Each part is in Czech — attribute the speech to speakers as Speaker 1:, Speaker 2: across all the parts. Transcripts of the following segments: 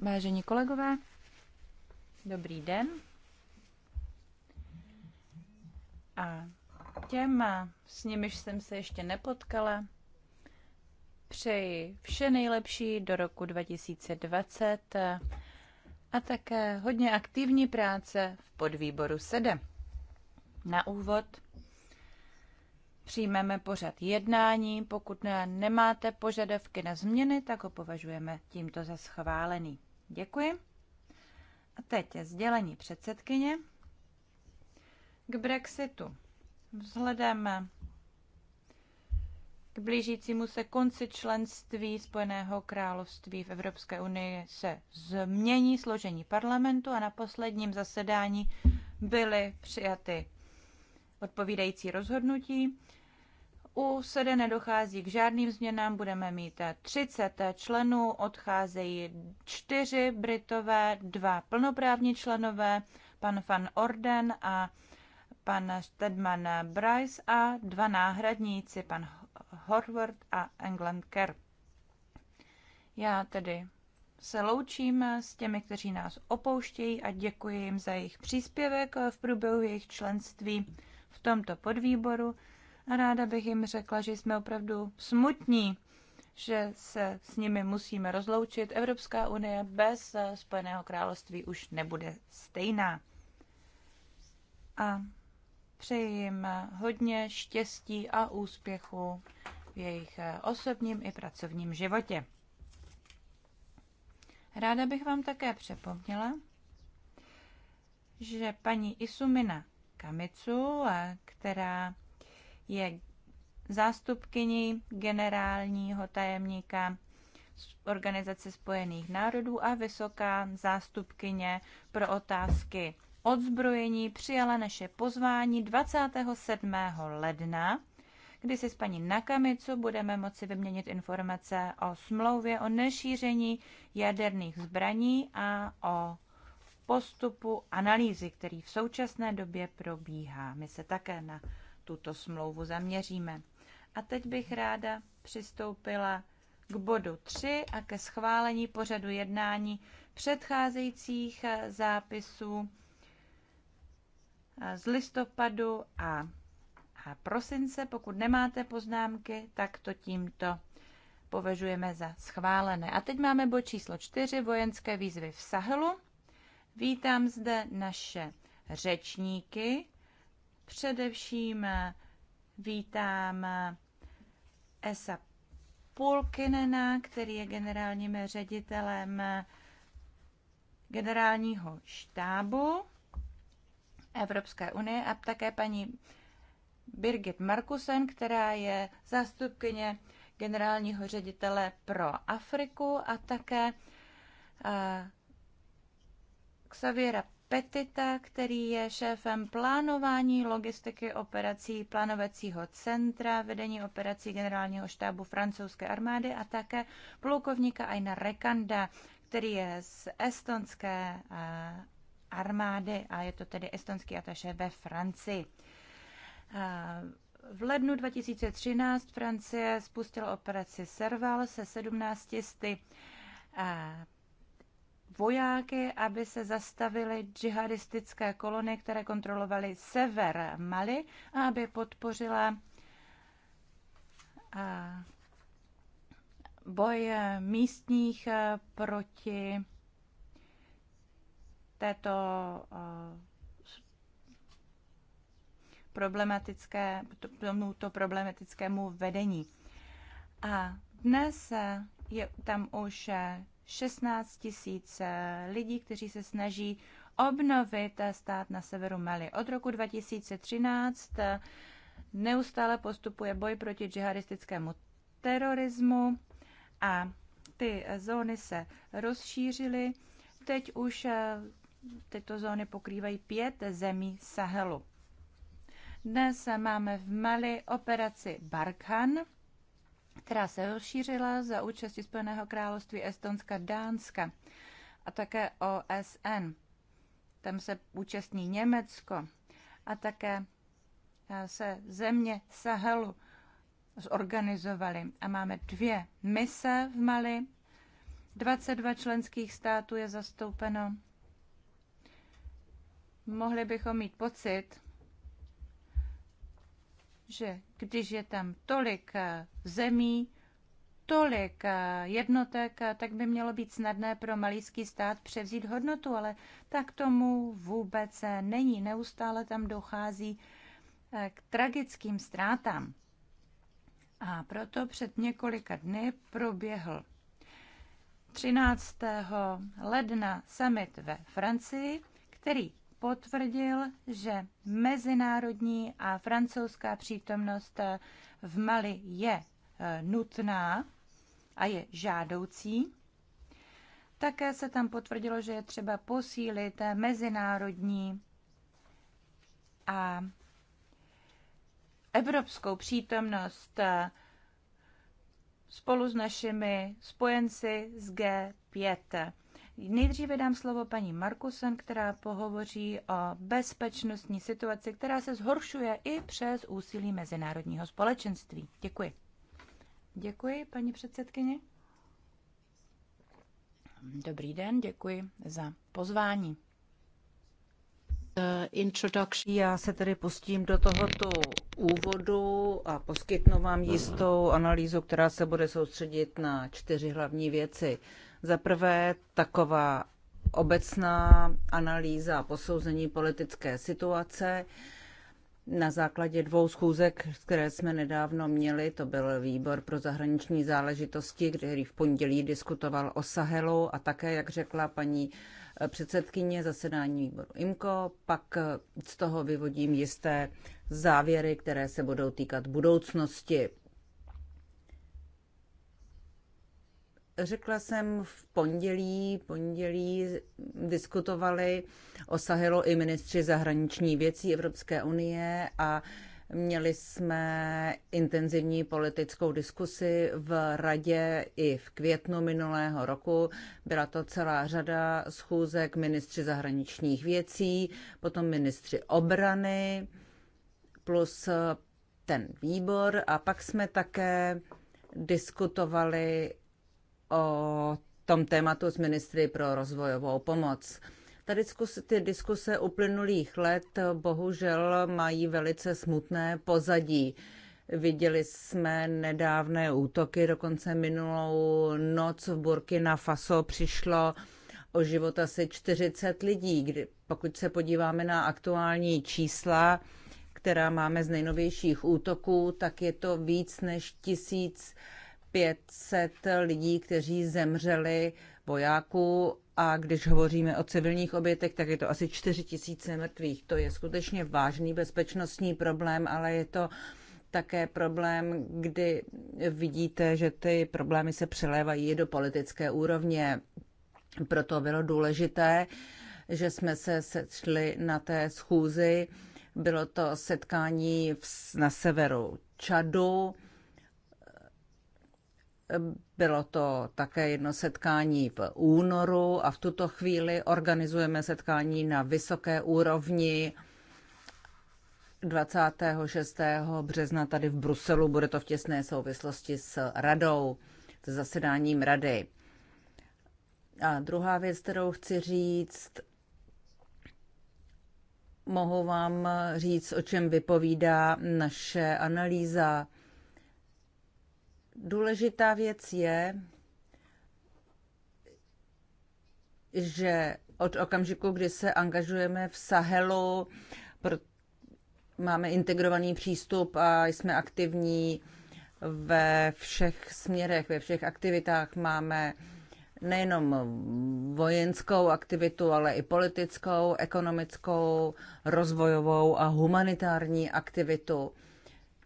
Speaker 1: Vážení kolegové, dobrý den. A těm, s nimiž jsem se ještě nepotkala, přeji vše nejlepší do roku 2020 a také hodně aktivní práce v podvýboru SEDE. Na úvod přijmeme pořad jednání. Pokud nemáte požadavky na změny, tak ho považujeme tímto za schválený. Děkuji. A teď je sdělení předsedkyně k Brexitu. Vzhledem k blížícímu se konci členství Spojeného království v Evropské unii se změní složení parlamentu a na posledním zasedání byly přijaty odpovídající rozhodnutí. U SEDE nedochází k žádným změnám, budeme mít 30 členů, odcházejí čtyři Britové, dva plnoprávní členové, pan Van Orden a pan Stedman Bryce a dva náhradníci, pan Horvath a England Kerr. Já tedy se loučím s těmi, kteří nás opouštějí a děkuji jim za jejich příspěvek v průběhu jejich členství v tomto podvýboru. A ráda bych jim řekla, že jsme opravdu smutní, že se s nimi musíme rozloučit. Evropská unie bez Spojeného království už nebude stejná. A přeji jim hodně štěstí a úspěchu v jejich osobním i pracovním životě. Ráda bych vám také připomněla, že paní Isumina Kamicu, která je zástupkyní generálního tajemníka Organizace spojených národů a vysoká zástupkyně pro otázky odzbrojení přijala naše pozvání 27. ledna, kdy si s paní Nakamicu budeme moci vyměnit informace o smlouvě o nešíření jaderných zbraní a o postupu analýzy, který v současné době probíhá. My se také na tuto smlouvu zaměříme. A teď bych ráda přistoupila k bodu 3 a ke schválení pořadu jednání předcházejících eh, zápisů eh, z listopadu a, a prosince. Pokud nemáte poznámky, tak to tímto považujeme za schválené. A teď máme bod číslo 4, vojenské výzvy v Sahelu. Vítám zde naše řečníky, Především vítám Esa Pulkinena, který je generálním ředitelem generálního štábu Evropské unie a také paní Birgit Markusen, která je zástupkyně generálního ředitele pro Afriku a také eh, Xaviera Petita, který je šéfem plánování logistiky operací plánovacího centra, vedení operací generálního štábu francouzské armády a také plukovníka Aina Rekanda, který je z estonské eh, armády a je to tedy estonský ataše ve Francii. Eh, v lednu 2013 Francie spustila operaci Serval se 17 vojáky, aby se zastavily džihadistické kolony, které kontrolovaly sever Mali a aby podpořila boj místních proti této problematické, tomuto problematickému vedení. A dnes je tam už 16 tisíc eh, lidí, kteří se snaží obnovit eh, stát na severu Mali. Od roku 2013 eh, neustále postupuje boj proti džihadistickému terorismu a ty zóny se rozšířily. Teď už tyto zóny pokrývají pět zemí Sahelu. Dnes máme v Mali operaci Barkhan, která se rozšířila za účasti Spojeného království Estonska, Dánska a také OSN. Tam se účastní Německo a také eh, se země Sahelu zorganizovali a máme dvě mise v Mali. 22 členských států je zastoupeno. Mohli bychom mít pocit, že když je tam tolik eh, zemí, tolik eh, jednotek, eh, tak by mělo být snadné pro malýský stát převzít hodnotu, ale tak tomu vůbec není. Neustále tam dochází k tragickým ztrátám. A proto před několika dny proběhl 13. ledna summit ve Francii, který potvrdil, že mezinárodní a francouzská přítomnost v Mali je e, nutná a je žádoucí. Také se tam potvrdilo, že je třeba posílit mezinárodní a evropskou přítomnost e, spolu s našimi spojenci z G5. Nejdříve dám slovo paní Markusen, která pohovoří o bezpečnostní situaci, která se zhoršuje i přes úsilí mezinárodního společenství. Děkuji. Děkuji, paní předsedkyně. Dobrý den, děkuji za pozvání.
Speaker 2: Uh, Já se tedy pustím do tohoto úvodu a poskytnu vám jistou analýzu, která se bude soustředit na čtyři hlavní věci. Za prvé taková obecná analýza a posouzení politické situace. Na základě dvou schůzek, které jsme nedávno měli, to byl výbor pro zahraniční záležitosti, který v pondělí diskutoval o Sahelu a také, jak řekla paní eh, předsedkyně zasedání výboru IMCO, pak eh, z toho vyvodím jisté závěry, které se budou týkat budoucnosti. Řekla jsem v pondělí, pondělí diskutovali o Sahelu i ministři zahraniční věcí Evropské unie a měli jsme intenzivní politickou diskusi v radě i v květnu minulého roku. Byla to celá řada schůzek ministři zahraničních věcí, potom ministři obrany plus ten výbor a pak jsme také diskutovali o tom tématu s ministry pro rozvojovou pomoc. Ta diskuse, ty diskuse uplynulých let bohužel mají velice smutné pozadí. Viděli jsme nedávné útoky, dokonce minulou noc v Burkina Faso přišlo o život asi 40 lidí. Kdy, pokud se podíváme na aktuální čísla, která máme z nejnovějších útoků, tak je to víc než tisíc 500 lidí, kteří zemřeli vojáků a když hovoříme o civilních obětech, tak je to asi 4 tisíce mrtvých. To je skutečně vážný bezpečnostní problém, ale je to také problém, kdy vidíte, že ty problémy se přelévají do politické úrovně. Proto bylo důležité, že jsme se sešli na té schůzi. Bylo to setkání na severu Čadu bylo to také jedno setkání v únoru a v tuto chvíli organizujeme setkání na vysoké úrovni 26. března tady v Bruselu. Bude to v těsné souvislosti s radou, s zasedáním rady. A druhá věc, kterou chci říct, mohu vám říct, o čem vypovídá naše analýza Důležitá věc je, že od okamžiku, kdy se angažujeme v Sahelu, máme integrovaný přístup a jsme aktivní ve všech směrech, ve všech aktivitách. Máme nejenom vojenskou aktivitu, ale i politickou, ekonomickou, rozvojovou a humanitární aktivitu.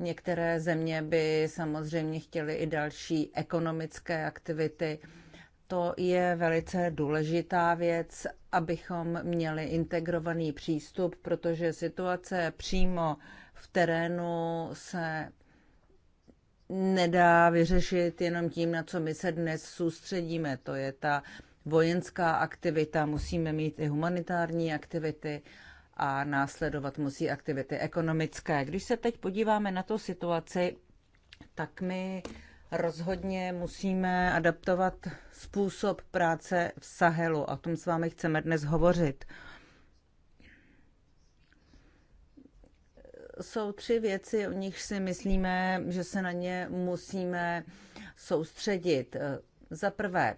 Speaker 2: Některé země by samozřejmě chtěly i další ekonomické aktivity. To je velice důležitá věc, abychom měli integrovaný přístup, protože situace přímo v terénu se nedá vyřešit jenom tím, na co my se dnes soustředíme. To je ta vojenská aktivita, musíme mít i humanitární aktivity a následovat musí aktivity ekonomické. Když se teď podíváme na tu situaci, tak my rozhodně musíme adaptovat způsob práce v Sahelu. O tom s vámi chceme dnes hovořit. Jsou tři věci, o nich si myslíme, že se na ně musíme soustředit. Za prvé,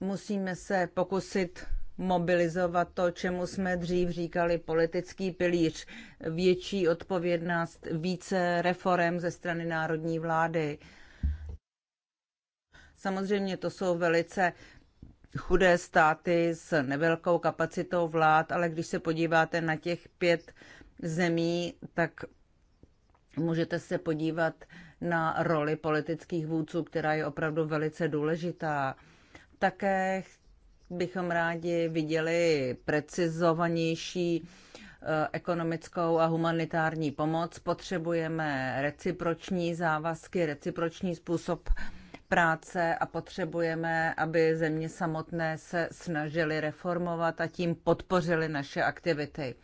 Speaker 2: musíme se pokusit mobilizovat to, čemu jsme dřív říkali politický pilíř, větší odpovědnost, více reform ze strany národní vlády. Samozřejmě to jsou velice chudé státy s nevelkou kapacitou vlád, ale když se podíváte na těch pět zemí, tak můžete se podívat na roli politických vůdců, která je opravdu velice důležitá. Také bychom rádi viděli precizovanější eh, ekonomickou a humanitární pomoc. Potřebujeme reciproční závazky, reciproční způsob práce a potřebujeme, aby země samotné se snažily reformovat a tím podpořily naše aktivity.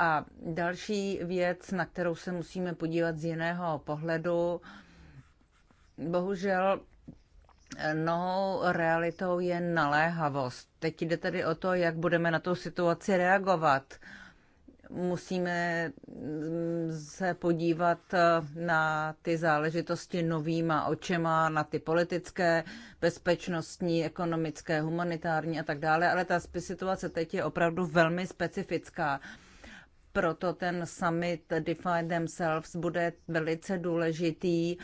Speaker 2: A další věc, na kterou se musíme podívat z jiného pohledu, bohužel novou realitou je naléhavost. Teď jde tedy o to, jak budeme na tu situaci reagovat. Musíme mm, se podívat eh, na ty záležitosti novýma očima, na ty politické, bezpečnostní, ekonomické, humanitární a tak dále, ale ta situace teď je opravdu velmi specifická. Proto ten summit Define Themselves bude velice důležitý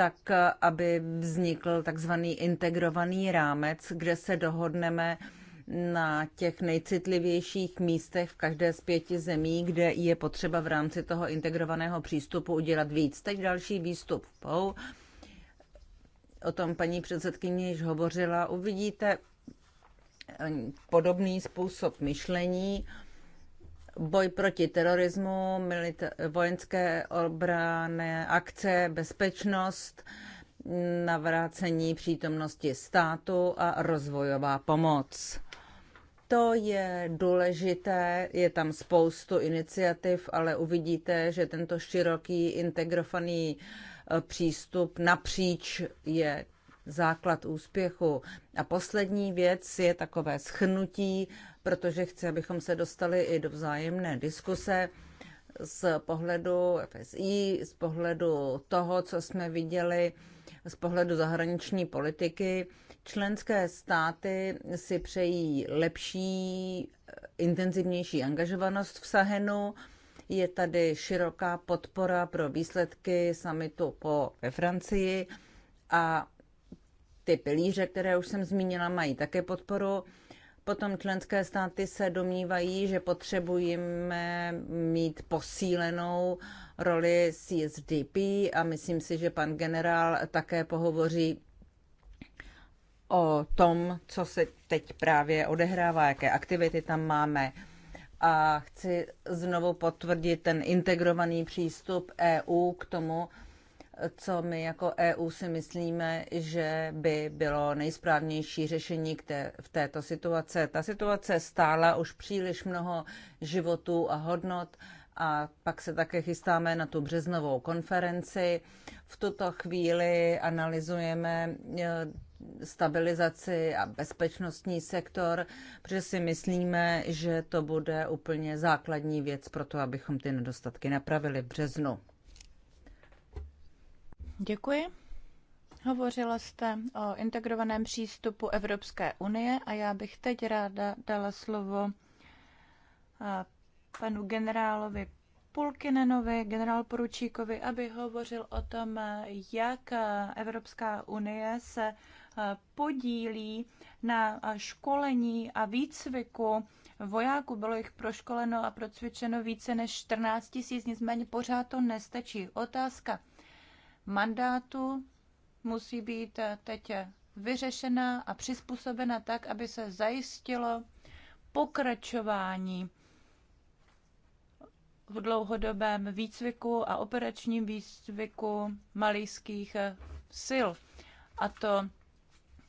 Speaker 2: tak aby vznikl takzvaný integrovaný rámec, kde se dohodneme na těch nejcitlivějších místech v každé z pěti zemí, kde je potřeba v rámci toho integrovaného přístupu udělat víc. Teď další výstup. POU. O tom paní předsedkyně již hovořila. Uvidíte podobný způsob myšlení boj proti terorismu, vojenské obrané akce, bezpečnost, navrácení přítomnosti státu a rozvojová pomoc. To je důležité, je tam spoustu iniciativ, ale uvidíte, že tento široký integrovaný eh, přístup napříč je základ úspěchu. A poslední věc je takové schnutí protože chci, abychom se dostali i do vzájemné diskuse z pohledu FSI, z pohledu toho, co jsme viděli z pohledu zahraniční politiky. Členské státy si přejí lepší, eh, intenzivnější angažovanost v Sahenu. Je tady široká podpora pro výsledky samitu po, ve Francii a ty pilíře, které už jsem zmínila, mají také podporu. Potom členské státy se domnívají, že potřebujeme mít posílenou roli CSDP a myslím si, že pan generál také pohovoří o tom, co se teď právě odehrává, jaké aktivity tam máme. A chci znovu potvrdit ten integrovaný přístup EU k tomu, co my jako EU si myslíme, že by bylo nejsprávnější řešení té, v této situace. Ta situace stála už příliš mnoho životů a hodnot a pak se také chystáme na tu březnovou konferenci. V tuto chvíli analyzujeme e, stabilizaci a bezpečnostní sektor, protože si myslíme, že to bude úplně základní věc pro to, abychom ty nedostatky napravili v březnu. Děkuji. Hovořila
Speaker 1: jste o integrovaném přístupu Evropské unie a já bych teď ráda dala slovo panu generálovi Pulkinenovi, generál Poručíkovi, aby hovořil o tom, jak Evropská unie se podílí na školení a výcviku vojáků. Bylo jich proškoleno a procvičeno více než 14 tisíc, nicméně pořád to nestačí. Otázka mandátu musí být teď vyřešena a přizpůsobena tak, aby se zajistilo pokračování v dlouhodobém výcviku a operačním výcviku malijských sil. A to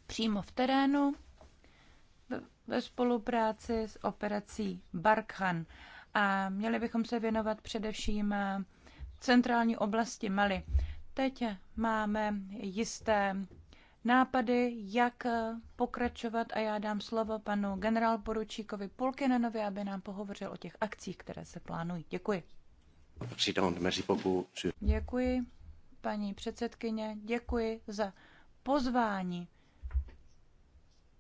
Speaker 1: přímo v terénu ve spolupráci s operací Barkhan. A měli bychom se věnovat především eh, centrální oblasti Mali. Teď máme jisté nápady, jak pokračovat a já dám slovo panu generál poručíkovi Pulkinenovi, aby nám pohovořil o těch akcích, které se plánují. Děkuji. Děkuji, paní předsedkyně, děkuji za pozvání.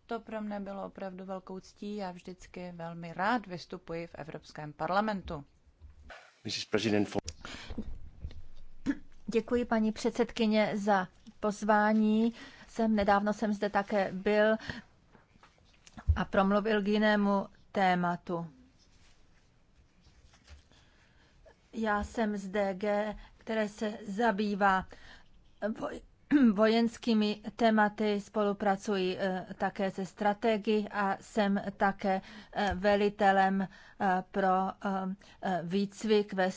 Speaker 1: To pro mne bylo opravdu velkou ctí. Já vždycky velmi rád vystupuji v Evropském parlamentu.
Speaker 3: Děkuji paní předsedkyně za pozvání. Jsem, nedávno jsem zde také byl a promluvil k jinému tématu. Já jsem z DG, které se zabývá vojenskými tématy, spolupracuji eh, také se strategií a jsem také eh, velitelem eh, pro výcvik ve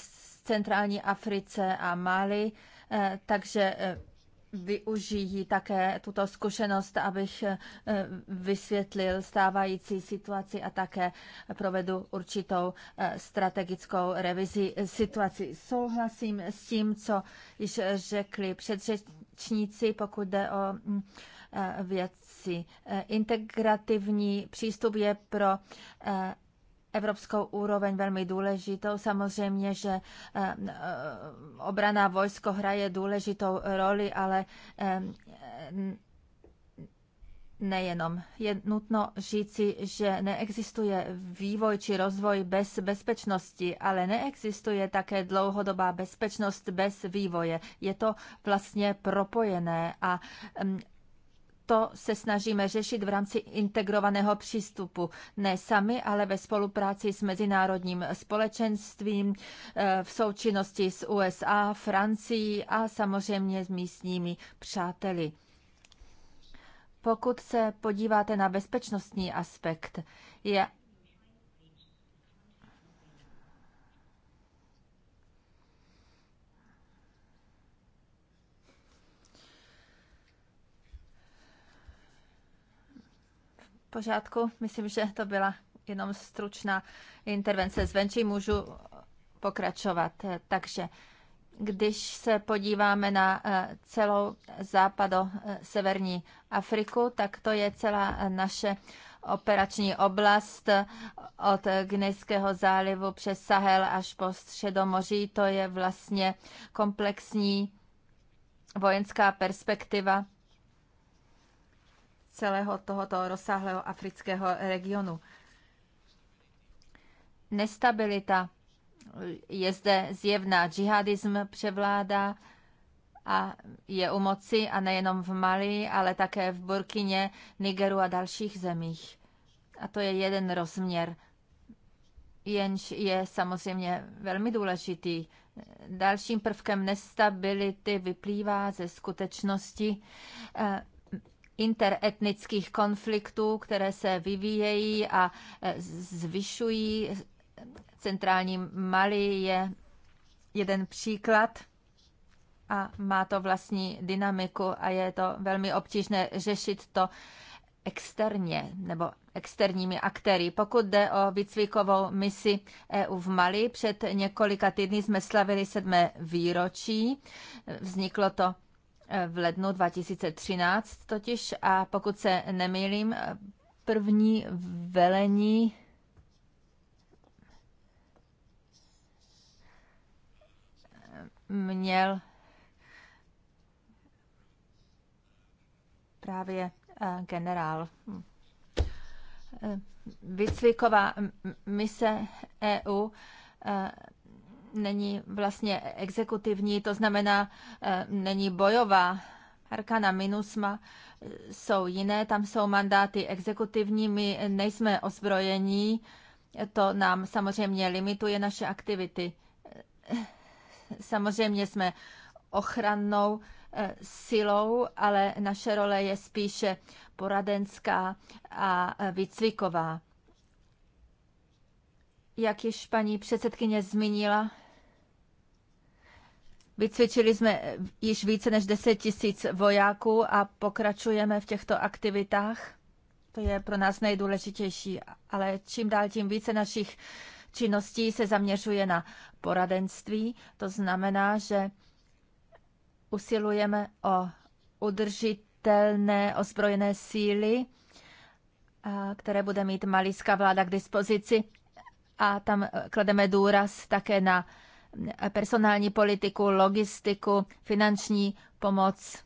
Speaker 3: centrální Africe a Mali, eh, takže eh, využijí také tuto zkušenost, abych eh, vysvětlil stávající situaci a také provedu určitou strategickou revizi situaci. Souhlasím s tím, co již řekli předřečníci, pokud jde o mm, věci. Integrativní přístup je pro evropskou úroveň velmi důležitou. Samozřejmě, že eh, eh, obrana vojsko hraje důležitou roli, ale eh, nejenom. Je nutno říci, že neexistuje vývoj či rozvoj bez bezpečnosti, ale neexistuje také dlouhodobá bezpečnost bez vývoje. Je to vlastně propojené a mm, to se snažíme řešit v rámci integrovaného přístupu. Ne sami, ale ve spolupráci s mezinárodním společenstvím, eh, v součinnosti s USA, Francií a samozřejmě s místními přáteli. Pokud se podíváte na bezpečnostní aspekt, je pořádku. Myslím, že to byla jenom stručná intervence zvenčí. Můžu pokračovat. Takže když se podíváme na eh, celou západo-severní Afriku, tak to je celá naše operační oblast od Gnejského zálivu přes Sahel až po Středomoří. To je vlastně komplexní vojenská perspektiva celého tohoto rozsáhlého afrického regionu. Nestabilita je zde zjevná. Džihadism převládá a je u moci a nejenom v Mali, ale také v Burkině, Nigeru a dalších zemích. A to je jeden rozměr, jenž je samozřejmě velmi důležitý. Dalším prvkem nestability vyplývá ze skutečnosti, eh, interetnických konfliktů, které se vyvíjejí a e, zvyšují. Centrální Mali je jeden příklad a má to vlastní dynamiku a je to velmi obtížné řešit to externě nebo externími aktéry. Pokud jde o výcvikovou misi EU v Mali, před několika týdny jsme slavili sedmé výročí. Vzniklo to v lednu 2013 totiž a pokud se nemýlím, první velení měl právě eh, generál. Hm, eh, Výcviková mise EU eh, není vlastně exekutivní, to znamená, eh, není bojová. Arkana Minusma eh, jsou jiné, tam jsou mandáty exekutivní, my nejsme ozbrojení, to nám samozřejmě limituje naše aktivity. Eh, samozřejmě jsme ochrannou silou, ale naše role je spíše poradenská a výcviková. Jak již paní předsedkyně zmínila, Vycvičili jsme eh, již více než 10 tisíc vojáků a pokračujeme v těchto aktivitách. To je pro nás nejdůležitější, ale čím dál tím více našich činností se zaměřuje na poradenství. To znamená, že usilujeme o udržitelné ozbrojené síly, které bude mít malíská vláda k dispozici. A tam eh, klademe důraz také na personální politiku, logistiku, finanční pomoc,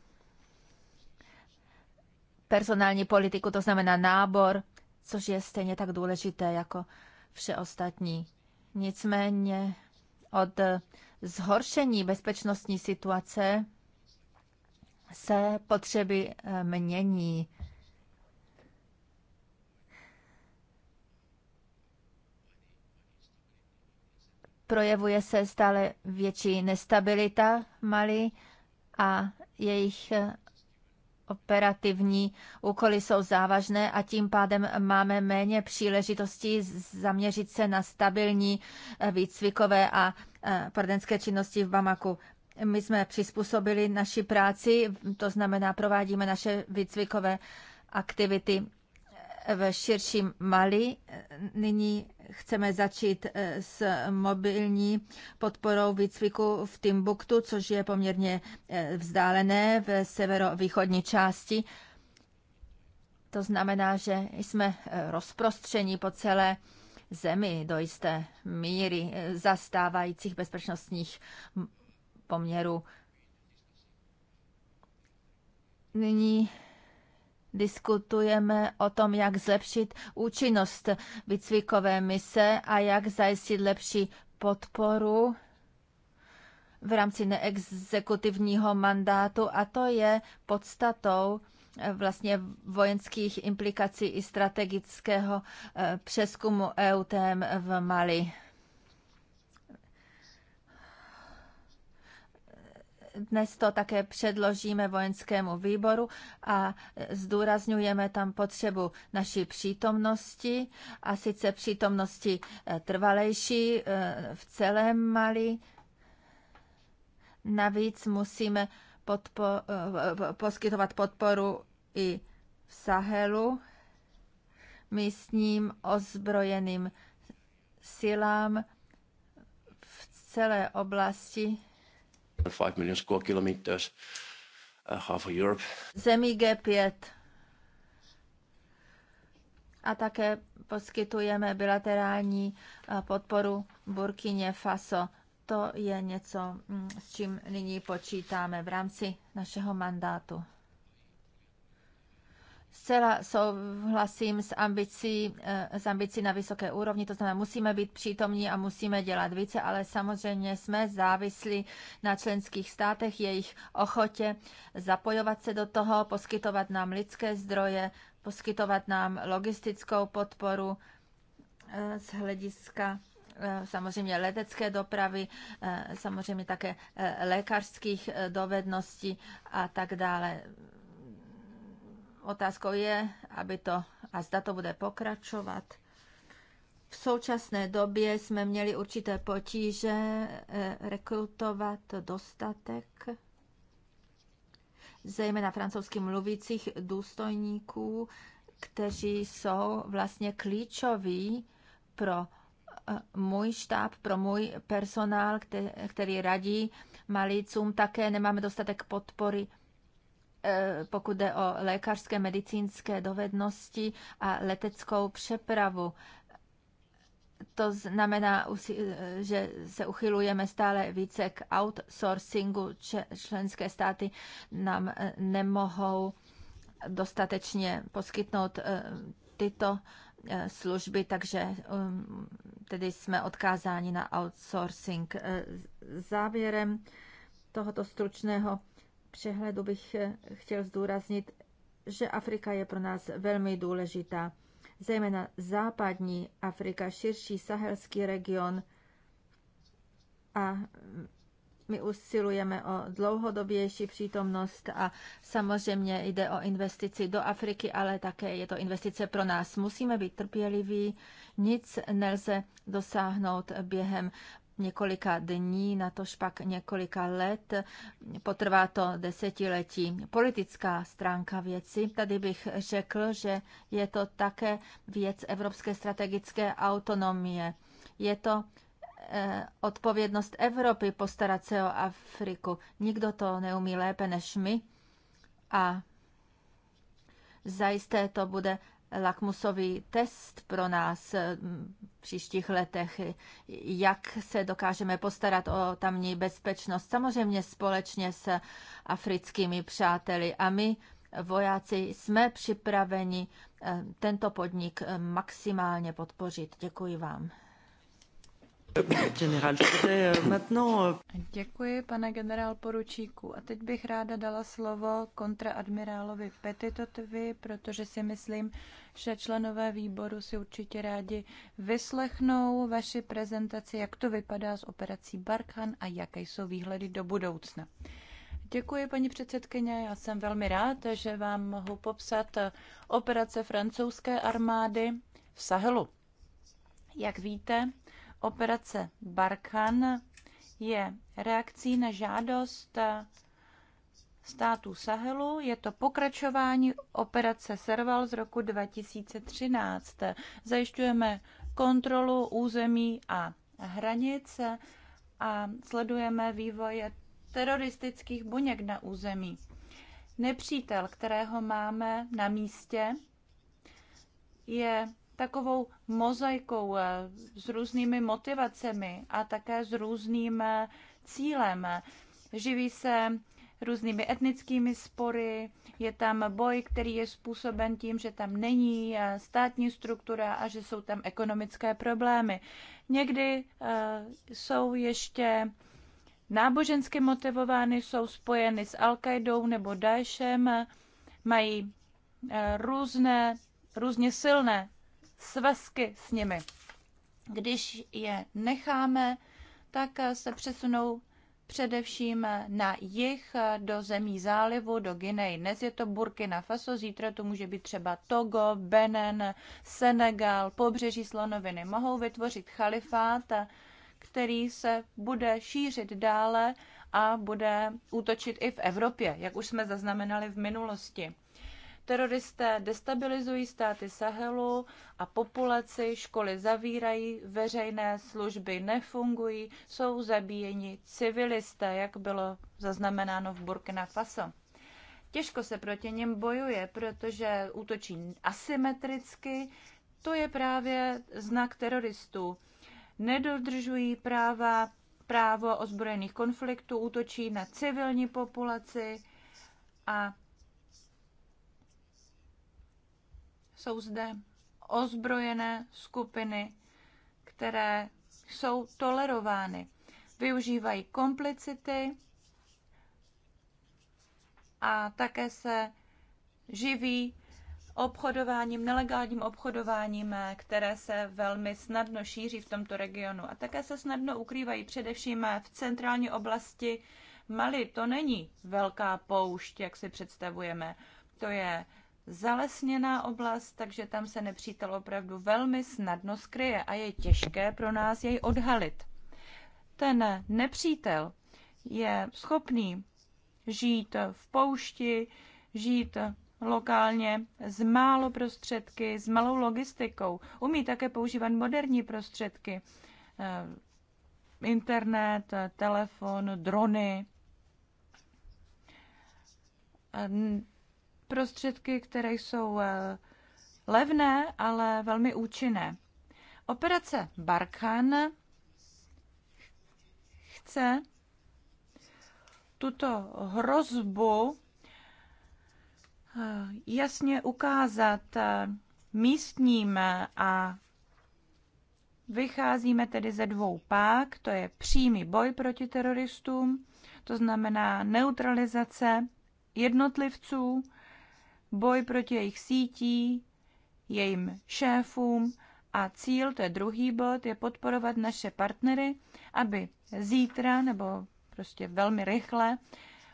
Speaker 3: personální politiku, to znamená nábor, což je stejně tak důležité jako vše ostatní. Nicméně od zhoršení bezpečnostní situace se potřeby eh, mění. projevuje se stále větší nestabilita Mali a jejich operativní úkoly jsou závažné a tím pádem máme méně příležitostí zaměřit se na stabilní eh, výcvikové a eh, poradenské činnosti v Bamaku. My jsme přizpůsobili naši práci, to znamená, provádíme naše výcvikové aktivity v širším Mali. Nyní chceme začít eh, s mobilní podporou výcviku v Timbuktu, což je poměrně eh, vzdálené v severovýchodní části. To znamená, že jsme eh, rozprostření po celé zemi do jisté míry zastávajících bezpečnostních poměrů. Nyní diskutujeme o tom, jak zlepšit účinnost výcvikové mise a jak zajistit lepší podporu v rámci neexekutivního mandátu a to je podstatou eh, vlastně vojenských implikací i strategického eh, přeskumu EUTM v Mali. Dnes to také předložíme vojenskému výboru a zdůrazňujeme tam potřebu naší přítomnosti a sice přítomnosti eh, trvalejší eh, v celém Mali. Navíc musíme podpo, eh, poskytovat podporu i v Sahelu místním ozbrojeným silám v celé oblasti
Speaker 4: 5 million square kilometers, uh, half of Europe.
Speaker 3: Zemí G5. A také poskytujeme bilaterální uh, podporu Burkině Faso. To je něco, mm, s čím nyní počítáme v rámci našeho mandátu. Zcela souhlasím s ambicí, eh, s ambicí na vysoké úrovni, to znamená, musíme být přítomní a musíme dělat více, ale samozřejmě jsme závislí na členských státech, jejich ochotě zapojovat se do toho, poskytovat nám lidské zdroje, poskytovat nám logistickou podporu eh, z hlediska eh, samozřejmě letecké dopravy, samozřejmě také lékařských dovedností a tak dále. Otázkou je, aby to, a zda to bude pokračovat. V současné době jsme měli určité potíže eh, rekrutovat dostatek, zejména francouzsky mluvících důstojníků, kteří jsou vlastně klíčoví pro eh, můj štáb, pro můj personál, který radí malícům. Také nemáme dostatek podpory E, pokud jde o lékařské medicínské dovednosti a leteckou přepravu. To znamená, e, že se uchylujeme stále více k outsourcingu. Členské státy nám e, nemohou dostatečně poskytnout tyto služby, takže um, tedy jsme odkázáni na outsourcing. Závěrem tohoto stručného přehledu bych eh, chtěl zdůraznit, že Afrika je pro nás velmi důležitá. Zejména západní Afrika, širší sahelský region a my usilujeme o dlouhodobější přítomnost a samozřejmě jde o investici do Afriky, ale také je to investice pro nás. Musíme být trpěliví, nic nelze dosáhnout během několika dní, na tož pak několika let, potrvá to desetiletí. Politická stránka věci, tady bych řekl, že je to také věc evropské strategické autonomie. Je to eh, odpovědnost Evropy postarat se o Afriku. Nikdo to neumí lépe než my a zajisté to bude lakmusový test pro nás eh, v příštích letech, jak se dokážeme postarat o tamní bezpečnost, samozřejmě společně s africkými přáteli. A my, vojáci, jsme připraveni eh, tento podnik eh, maximálně podpořit. Děkuji
Speaker 4: vám. Děkuji,
Speaker 1: pane generál poručíku. A teď bych ráda dala slovo kontraadmirálovi Petitotovi, protože si myslím, že členové výboru si určitě rádi vyslechnou vaši prezentaci, jak to vypadá s operací Barkhan a jaké jsou výhledy do budoucna. Děkuji, paní předsedkyně. Já jsem velmi rád, že vám mohu popsat operace francouzské armády v Sahelu. Jak víte, Operace Barkhan je reakcí na žádost států Sahelu. Je to pokračování operace Serval z roku 2013. Zajišťujeme kontrolu území a hranic a sledujeme vývoje teroristických buněk na území. Nepřítel, kterého máme na místě, je takovou mozaikou eh, s různými motivacemi a také s různým eh, cílem. Živí se různými etnickými spory, je tam boj, který je způsoben tím, že tam není eh, státní struktura a že jsou tam ekonomické problémy. Někdy jsou ještě nábožensky motivovány, jsou spojeny s al nebo Daeshem, mají různé, různě silné svazky s nimi. Když je necháme, tak se přesunou především na jich do zemí zálivu, do Guinei. Dnes je to Burkina Faso, zítra to může být třeba Togo, Benin, Senegal, pobřeží slonoviny. Mohou vytvořit chalifát, který se bude šířit dále a bude útočit i v Evropě, jak už jsme zaznamenali v minulosti. Teroristé destabilizují státy Sahelu a populaci, školy zavírají, veřejné služby nefungují, jsou zabíjeni civilisté, jak bylo zaznamenáno v Burkina Faso. Těžko se proti něm bojuje, protože útočí asymetricky. To je právě znak teroristů. Nedodržují práva, právo ozbrojených konfliktů, útočí na civilní populaci a Jsou zde ozbrojené skupiny, které jsou tolerovány. Využívají komplicity a také se živí obchodováním, nelegálním obchodováním, které se velmi snadno šíří v tomto regionu. A také se snadno ukrývají především v centrální oblasti Mali. To není velká poušť, jak si představujeme. To je zalesněná oblast, takže tam se nepřítel opravdu velmi snadno skryje a je těžké pro nás jej odhalit. Ten nepřítel je schopný žít v poušti, žít lokálně s málo prostředky, s malou logistikou. Umí také používat moderní prostředky, eh, internet, telefon, drony eh, prostředky, které jsou eh, levné, ale velmi účinné. Operace Barkhan chce tuto hrozbu eh, jasně ukázat eh, místním a vycházíme tedy ze dvou pák, to je přímý boj proti teroristům, to znamená neutralizace jednotlivců, boj proti jejich sítí, jejím šéfům a cíl, to je druhý bod, je podporovat naše partnery, aby zítra nebo prostě velmi rychle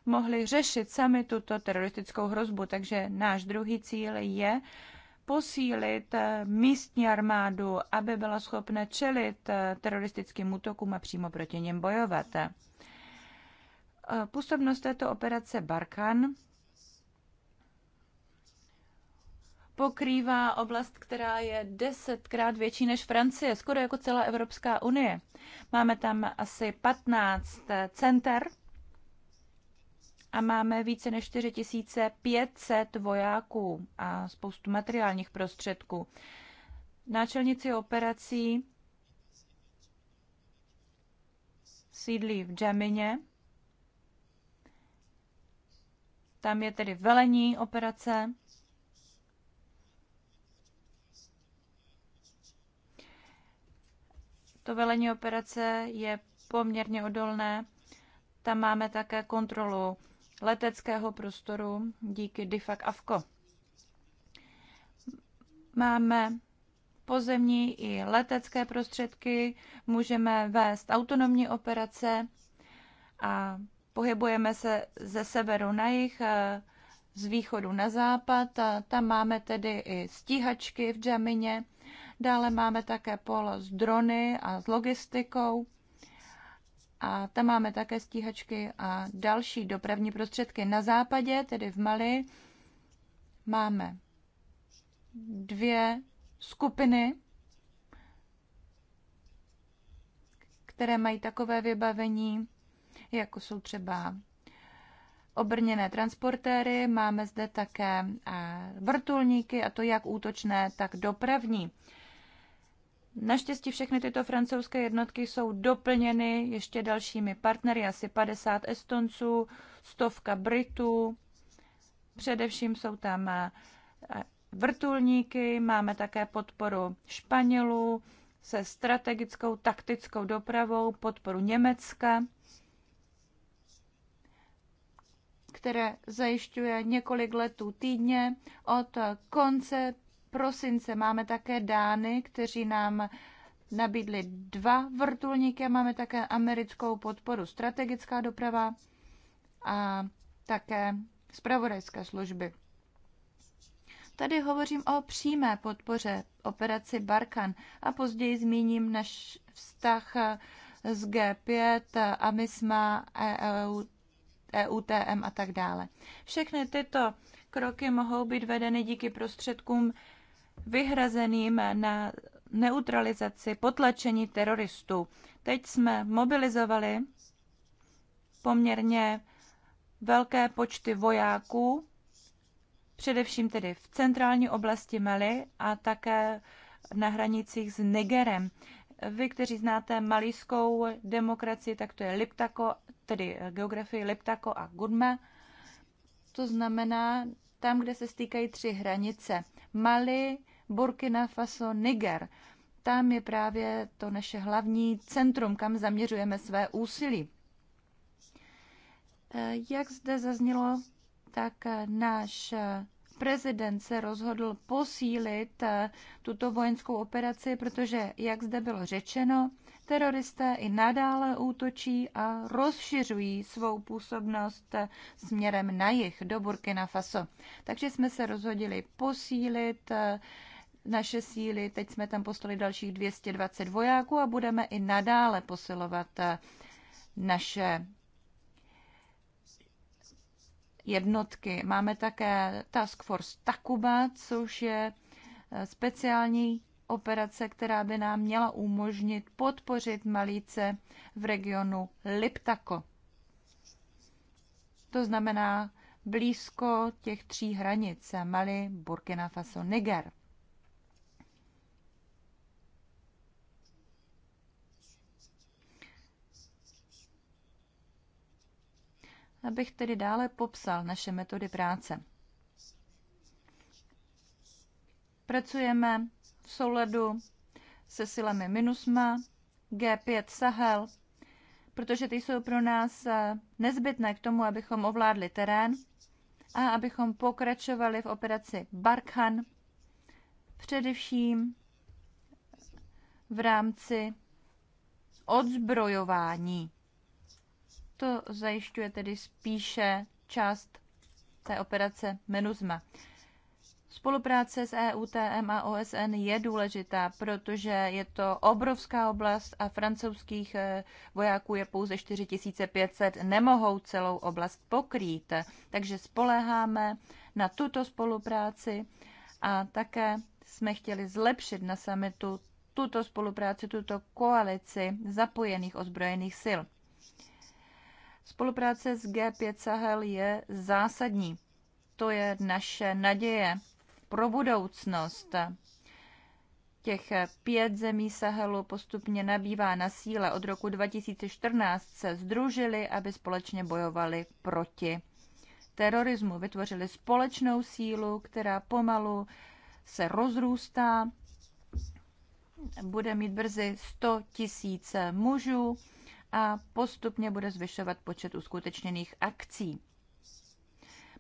Speaker 1: mohli řešit sami tuto teroristickou hrozbu. Takže náš druhý cíl je posílit eh, místní armádu, aby byla schopna čelit eh, teroristickým útokům a přímo proti něm bojovat. Eh, působnost této operace Barkan pokrývá oblast, která je desetkrát větší než Francie, skoro jako celá Evropská unie. Máme tam asi 15 center a máme více než 4500 vojáků a spoustu materiálních prostředků. Náčelnici operací sídlí v Džemině. Tam je tedy velení operace To velení operace je poměrně odolné. Tam máme také kontrolu leteckého prostoru díky DIFAC AFCO. Máme pozemní i letecké prostředky, můžeme vést autonomní operace a pohybujeme se ze severu na jih, eh, z východu na západ. A tam máme tedy i stíhačky v Džamině Dále máme také pole s drony a s logistikou. A tam máme také stíhačky a další dopravní prostředky. Na západě, tedy v Mali, máme dvě skupiny, které mají takové vybavení, jako jsou třeba obrněné transportéry, máme zde také eh, vrtulníky, a to jak útočné, tak dopravní. Naštěstí všechny tyto francouzské jednotky jsou doplněny ještě dalšími partnery, asi 50 Estonců, stovka Britů. Především jsou tam eh, vrtulníky, máme také podporu Španělů se strategickou taktickou dopravou, podporu Německa, které zajišťuje několik letů týdně od konce prosince. Máme také Dány, kteří nám nabídli dva vrtulníky máme také americkou podporu. Strategická doprava a také zpravodajské služby. Tady hovořím o přímé podpoře operaci Barkan a později zmíním náš vztah s G5, AMISMA, EU, EUTM a tak dále. Všechny tyto kroky mohou být vedeny díky prostředkům vyhrazeným na neutralizaci potlačení teroristů. Teď jsme mobilizovali poměrně velké počty vojáků, především tedy v centrální oblasti Mali a také na hranicích s Nigerem. Vy, kteří znáte malijskou demokracii, tak to je Liptako, tedy geografii Liptako a Gudme. To znamená tam, kde se stýkají tři hranice. Mali, Burkina Faso, Niger. Tam je právě to naše hlavní centrum, kam zaměřujeme své úsilí. Eh, jak zde zaznělo, tak eh, náš eh, prezident se rozhodl posílit tuto vojenskou operaci, protože, jak zde bylo řečeno, teroristé i nadále útočí a rozšiřují svou působnost směrem na jih do Burkina Faso. Takže jsme se rozhodli posílit naše síly. Teď jsme tam poslali dalších 220 vojáků a budeme i nadále posilovat eh, naše jednotky. Máme také Task Force Takuba, což je eh, speciální operace, která by nám měla umožnit podpořit malíce v regionu Liptako. To znamená blízko těch tří hranic Mali, Burkina Faso, Niger. abych tedy dále popsal naše metody práce. Pracujeme v souladu se silami MINUSMA, G5 Sahel, protože ty jsou pro nás eh, nezbytné k tomu, abychom ovládli terén a abychom pokračovali v operaci Barkhan, především v rámci odzbrojování. To zajišťuje tedy spíše část té operace MENUSMA. Spolupráce s EUTM a OSN je důležitá, protože je to obrovská oblast a francouzských eh, vojáků je pouze 4500, nemohou celou oblast pokrýt. Takže spoleháme na tuto spolupráci a také jsme chtěli zlepšit na samitu tuto spolupráci, tuto koalici zapojených ozbrojených sil. Spolupráce s G5 Sahel je zásadní. To je naše naděje pro budoucnost. Těch pět zemí Sahelu postupně nabývá na síle. Od roku 2014 se združili, aby společně bojovali proti terorismu. Vytvořili společnou sílu, která pomalu se rozrůstá. Bude mít brzy 100 tisíc mužů a postupně bude zvyšovat počet uskutečněných akcí.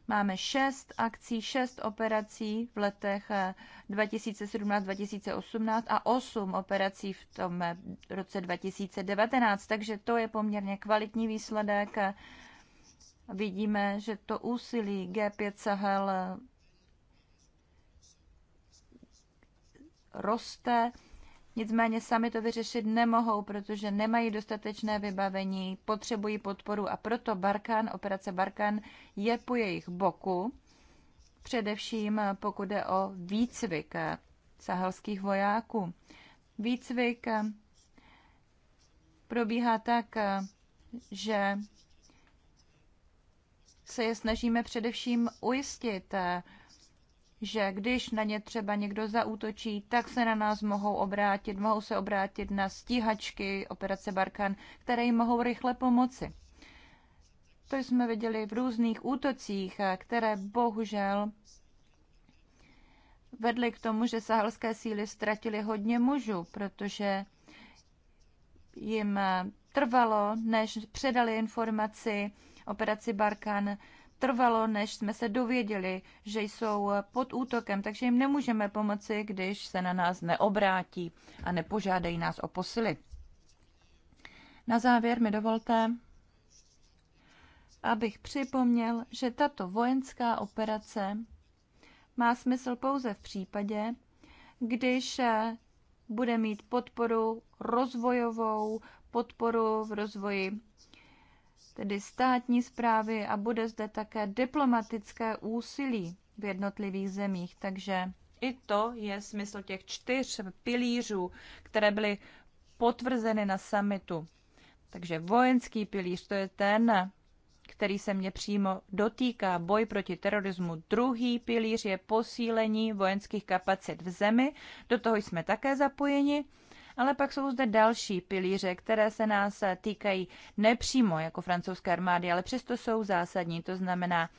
Speaker 1: Máme šest akcí, šest operací v letech 2017-2018 eh, a osm operací v tom eh, roce 2019, takže to je poměrně kvalitní výsledek. Vidíme, že to úsilí G5 Sahel eh, roste Nicméně sami to vyřešit nemohou, protože nemají dostatečné vybavení, potřebují podporu a proto Barkan, operace Barkan je po jejich boku, především pokud jde o výcvik sahelských vojáků. Výcvik probíhá tak, že se je snažíme především ujistit, že když na ně třeba někdo zaútočí, tak se na nás mohou obrátit, mohou se obrátit na stíhačky operace Barkan, které jim mohou rychle pomoci. To jsme viděli v různých útocích, které bohužel vedly k tomu, že sahelské síly ztratily hodně mužů, protože jim trvalo, než předali informaci operaci Barkan trvalo, než jsme se dověděli, že jsou pod útokem, takže jim nemůžeme pomoci, když se na nás neobrátí a nepožádají nás o posily. Na závěr mi dovolte, abych připomněl, že tato vojenská operace má smysl pouze v případě, když bude mít podporu rozvojovou, podporu v rozvoji tedy státní zprávy a bude zde také diplomatické úsilí v jednotlivých zemích. Takže i to je smysl těch čtyř pilířů, které byly potvrzeny na summitu. Takže vojenský pilíř, to je ten, který se mě přímo dotýká, boj proti terorismu. Druhý pilíř je posílení vojenských kapacit v zemi, do toho jsme také zapojeni. Ale pak jsou zde další pilíře, které se nás týkají nepřímo jako francouzské armády, ale přesto jsou zásadní. To znamená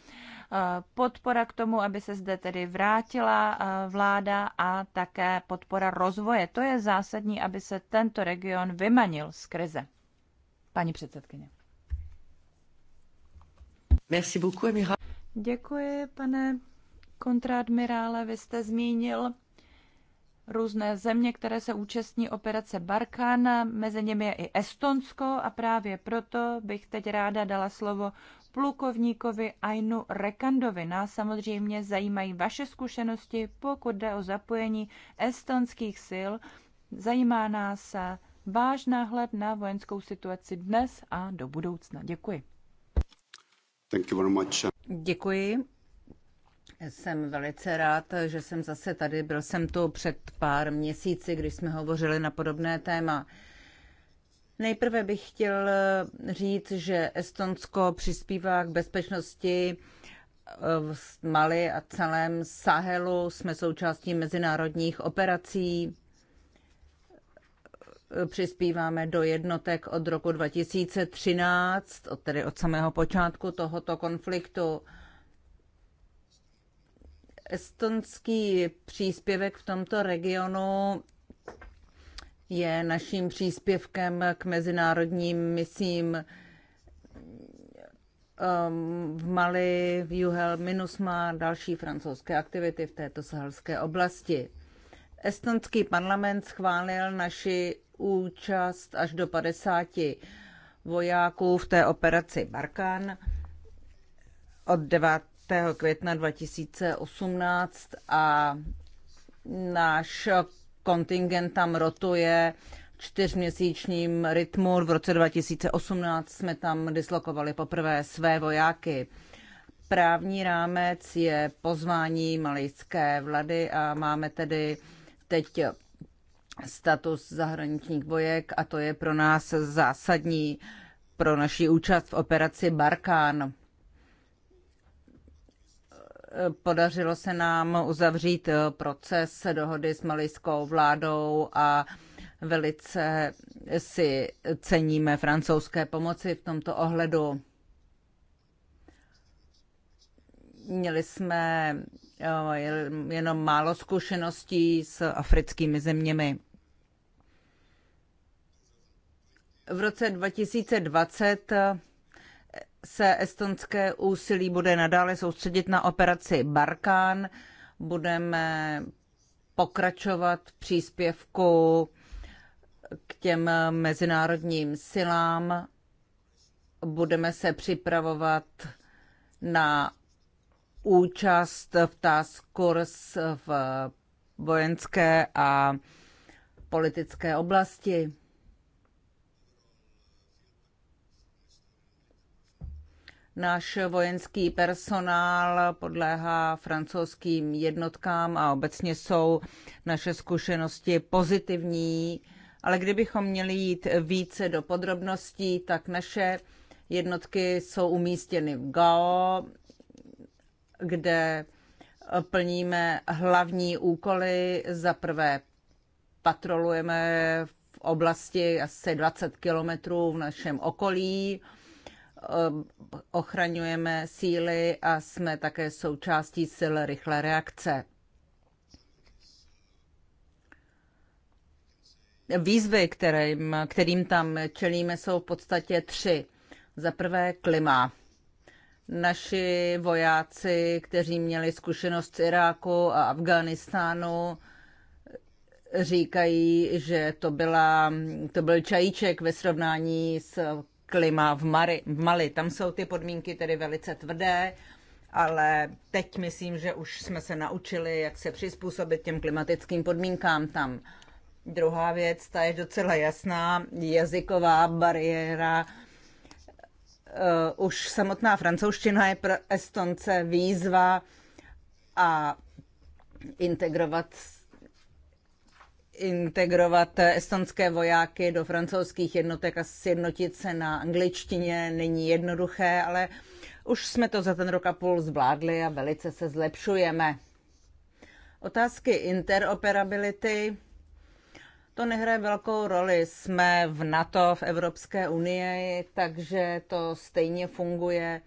Speaker 1: eh, podpora k tomu, aby se zde tedy vrátila eh, vláda a také podpora rozvoje. To je zásadní, aby se tento region vymanil z krize. Paní předsedkyně.
Speaker 4: Merci beaucoup,
Speaker 1: Děkuji, pane kontradmirále. Vy jste zmínil různé země, které se účastní operace Barkana, mezi nimi je i Estonsko a právě proto bych teď ráda dala slovo plukovníkovi Ainu Rekandovi. Nás samozřejmě zajímají vaše zkušenosti, pokud jde o zapojení estonských sil. Zajímá nás váš náhled na vojenskou situaci dnes a do budoucna. Děkuji.
Speaker 2: Thank you very much. Děkuji jsem velice rád, že jsem zase tady. Byl jsem tu před pár měsíci, když jsme hovořili na podobné téma. Nejprve bych chtěl říct, že Estonsko přispívá k bezpečnosti v Mali a celém Sahelu. Jsme součástí mezinárodních operací. Přispíváme do jednotek od roku 2013, tedy od samého počátku tohoto konfliktu. Estonský příspěvek v tomto regionu je naším příspěvkem k mezinárodním misím um, v Mali, v Juhel, Minusma, další francouzské aktivity v této sahelské oblasti. Estonský parlament schválil naši účast až do 50 vojáků v té operaci Barkan od 9 května 2018 a náš kontingent tam rotuje čtyřměsíčním rytmu. V roce 2018 jsme tam dislokovali poprvé své vojáky. Právní rámec je pozvání malijské vlady a máme tedy teď status zahraničních vojek a to je pro nás zásadní pro naši účast v operaci Barkán. Podařilo se nám uzavřít eh, proces dohody s malijskou vládou a velice si ceníme francouzské pomoci v tomto ohledu. Měli jsme eh, jenom málo zkušeností s africkými zeměmi. V roce 2020 eh, se estonské úsilí bude nadále soustředit na operaci Barkán. Budeme pokračovat v příspěvku k těm mezinárodním silám. Budeme se připravovat na účast v task v vojenské a politické oblasti. Náš vojenský personál podléhá francouzským jednotkám a obecně jsou naše zkušenosti pozitivní, ale kdybychom měli jít více do podrobností, tak naše jednotky jsou umístěny v Gao, kde plníme hlavní úkoly. Za prvé patrolujeme v oblasti asi 20 kilometrů v našem okolí, Eh, ochraňujeme síly a jsme také součástí sil rychlé reakce. Výzvy, kterým, kterým tam čelíme, jsou v podstatě tři. Za prvé klima. Naši vojáci, kteří měli zkušenost z Iráku a Afganistánu, říkají, že to, byla, to byl čajíček ve srovnání s klima v, Mari, v Mali. Tam jsou ty podmínky tedy velice tvrdé, ale teď myslím, že už jsme se naučili, jak se přizpůsobit těm klimatickým podmínkám tam. Druhá věc, ta je docela jasná, jazyková bariéra. Eh, už samotná francouzština je pro Estonce výzva a integrovat integrovat estonské vojáky do francouzských jednotek a sjednotit se na angličtině není jednoduché, ale už jsme to za ten rok a půl zvládli a velice se zlepšujeme. Otázky interoperability. To nehraje velkou roli. Jsme v NATO, v Evropské unii, takže to stejně funguje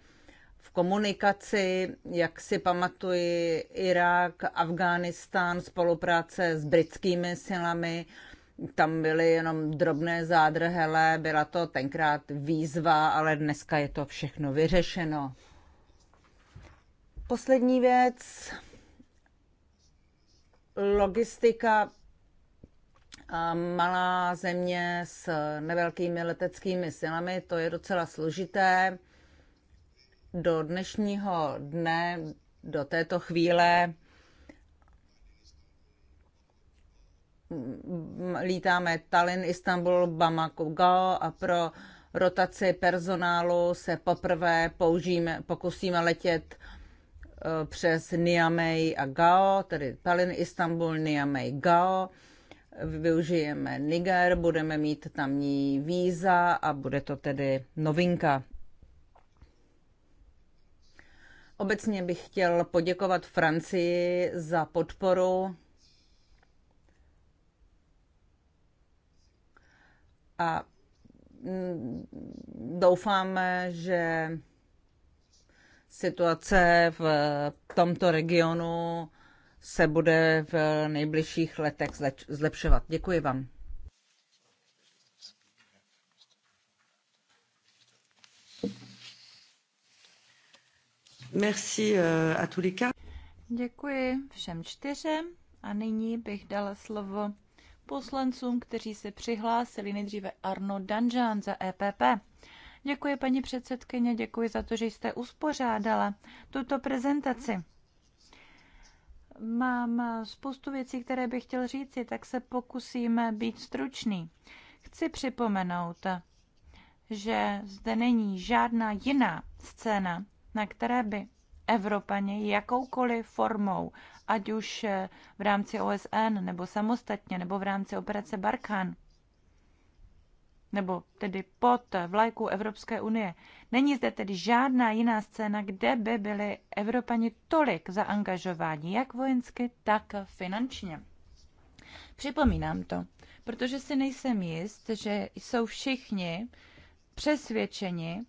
Speaker 2: komunikaci, jak si pamatuji, Irák, Afghánistán, spolupráce s britskými silami, tam byly jenom drobné zádrhele, byla to tenkrát výzva, ale dneska je to všechno vyřešeno. Poslední věc, logistika malá země s nevelkými leteckými silami, to je docela složité do dnešního dne, do této chvíle lítáme Tallinn, Istanbul, Bamako, Gao a pro rotaci personálu se poprvé použijeme, pokusíme letět eh, přes Niamey a Gao, tedy Tallinn, Istanbul, Niamey, Gao. Využijeme Niger, budeme mít tamní víza a bude to tedy novinka. Obecně bych chtěl poděkovat Francii za podporu a mm, doufáme, že situace v tomto regionu se bude v nejbližších letech zlepšovat. Děkuji vám.
Speaker 4: Merci euh, à tous les Děkuji všem
Speaker 1: čtyřem a nyní bych dala slovo poslancům, kteří se přihlásili nejdříve Arno Danžán za EPP. Děkuji, paní předsedkyně, děkuji za to, že jste uspořádala tuto prezentaci. Mám spoustu věcí, které bych chtěl říci, tak se pokusíme být stručný. Chci připomenout, že zde není žádná jiná scéna na které by Evropani jakoukoliv formou, ať už eh, v rámci OSN, nebo samostatně, nebo v rámci operace Barkhan, nebo tedy pod vlajkou Evropské unie. Není zde tedy žádná jiná scéna, kde by byli Evropani tolik zaangažováni, jak vojensky, tak finančně. Připomínám to, protože si nejsem jist, že jsou všichni přesvědčeni,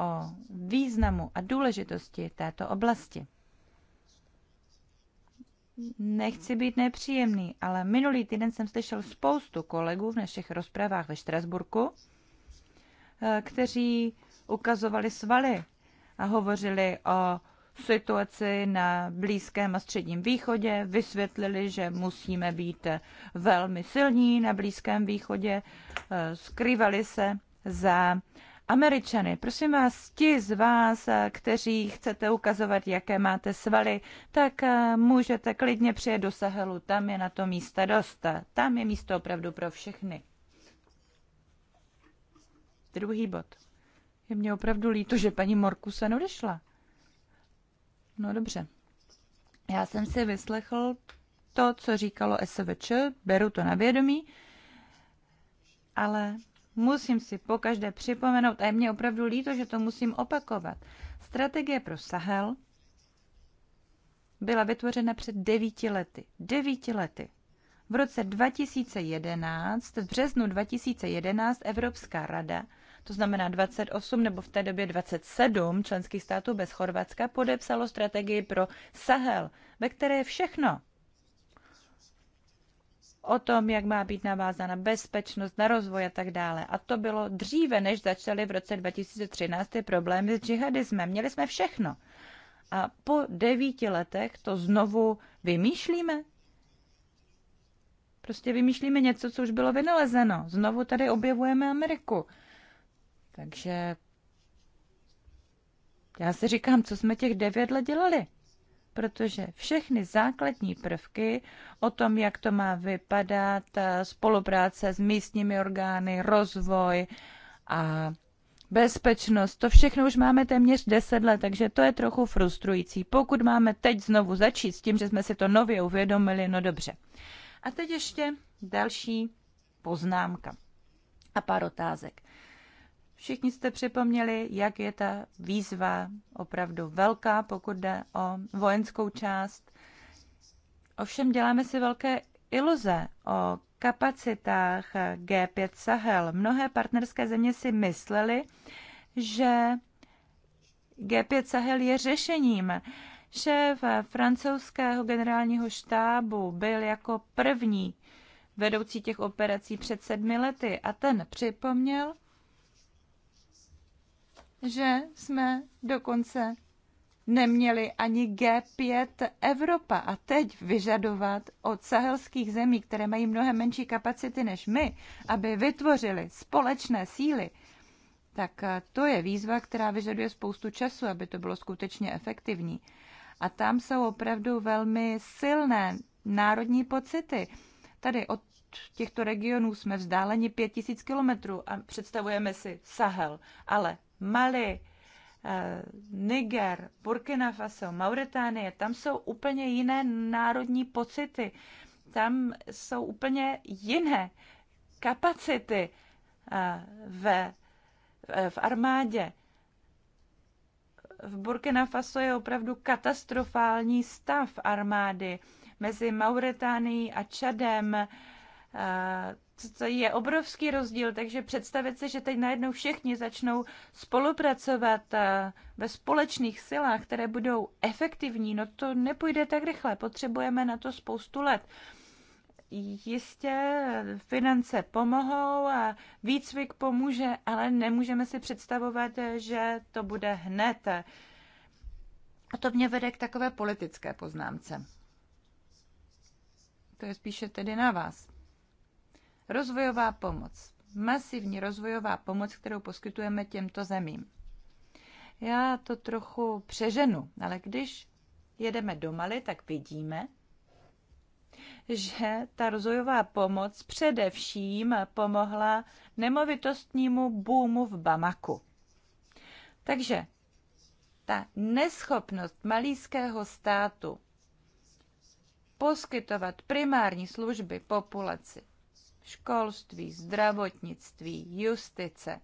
Speaker 1: o významu a důležitosti této oblasti. Nechci být nepříjemný, ale minulý týden jsem slyšel spoustu kolegů v našich rozpravách ve Štrasburku, eh, kteří ukazovali svaly a hovořili o situaci na Blízkém a Středním východě, vysvětlili, že musíme být velmi silní na Blízkém východě, eh, skrývali se za Američany. Prosím vás, ti z vás, eh, kteří chcete ukazovat, jaké máte svaly, tak eh, můžete klidně přijet do Sahelu, tam je na to místa dost. Tam je místo opravdu pro všechny. Druhý bod. Je mě opravdu líto, že paní se odešla. No dobře. Já jsem si vyslechl to, co říkalo SVČ, beru to na vědomí, ale musím si pokaždé připomenout a je mě opravdu líto, že to musím opakovat. Strategie pro Sahel byla vytvořena před devíti lety. Devíti lety. V roce 2011, v březnu 2011, Evropská rada, to znamená 28 nebo v té době 27 členských států bez Chorvatska, podepsalo strategii pro Sahel, ve které je všechno o tom, jak má být navázána bezpečnost, na rozvoj a tak dále. A to bylo dříve, než začaly v roce 2013 ty problémy s džihadismem. Měli jsme všechno. A po devíti letech to znovu vymýšlíme. Prostě vymýšlíme něco, co už bylo vynalezeno. Znovu tady objevujeme Ameriku. Takže já si říkám, co jsme těch devět let dělali protože všechny základní prvky o tom, jak to má vypadat, eh, spolupráce s místními orgány, rozvoj a bezpečnost, to všechno už máme téměř 10 let, takže to je trochu frustrující. Pokud máme teď znovu začít s tím, že jsme si to nově uvědomili, no dobře. A teď ještě další poznámka a pár otázek. Všichni jste připomněli, jak je ta výzva opravdu velká, pokud jde o vojenskou část. Ovšem děláme si velké iluze o kapacitách G5 Sahel. Mnohé partnerské země si myslely, že G5 Sahel je řešením. Šéf francouzského generálního štábu byl jako první vedoucí těch operací před sedmi lety a ten připomněl, že jsme dokonce neměli ani G5 Evropa a teď vyžadovat od sahelských zemí, které mají mnohem menší kapacity než my, aby vytvořili společné síly, tak eh, to je výzva, která vyžaduje spoustu času, aby to bylo skutečně efektivní. A tam jsou opravdu velmi silné národní pocity. Tady od těchto regionů jsme vzdáleni 5000 kilometrů a představujeme si Sahel, ale Mali, eh, Niger, Burkina Faso, Mauritánie, tam jsou úplně jiné národní pocity, tam jsou úplně jiné kapacity eh, v eh, v armádě. V Burkina Faso je opravdu katastrofální stav armády. Mezi Mauritánií a Čadem je obrovský rozdíl, takže představit si, že teď najednou všichni začnou spolupracovat eh, ve společných silách, které budou efektivní, no to nepůjde tak rychle, potřebujeme na to spoustu let. Jistě finance pomohou a výcvik pomůže, ale nemůžeme si představovat, že to bude hned. A to mě vede k takové politické poznámce. To je spíše tedy na vás. Rozvojová pomoc. Masivní rozvojová pomoc, kterou poskytujeme těmto zemím. Já to trochu přeženu, ale když jedeme do Mali, tak vidíme, že ta rozvojová pomoc především pomohla nemovitostnímu boomu v Bamaku. Takže ta neschopnost malýského státu poskytovat primární služby populaci školství, zdravotnictví, justice.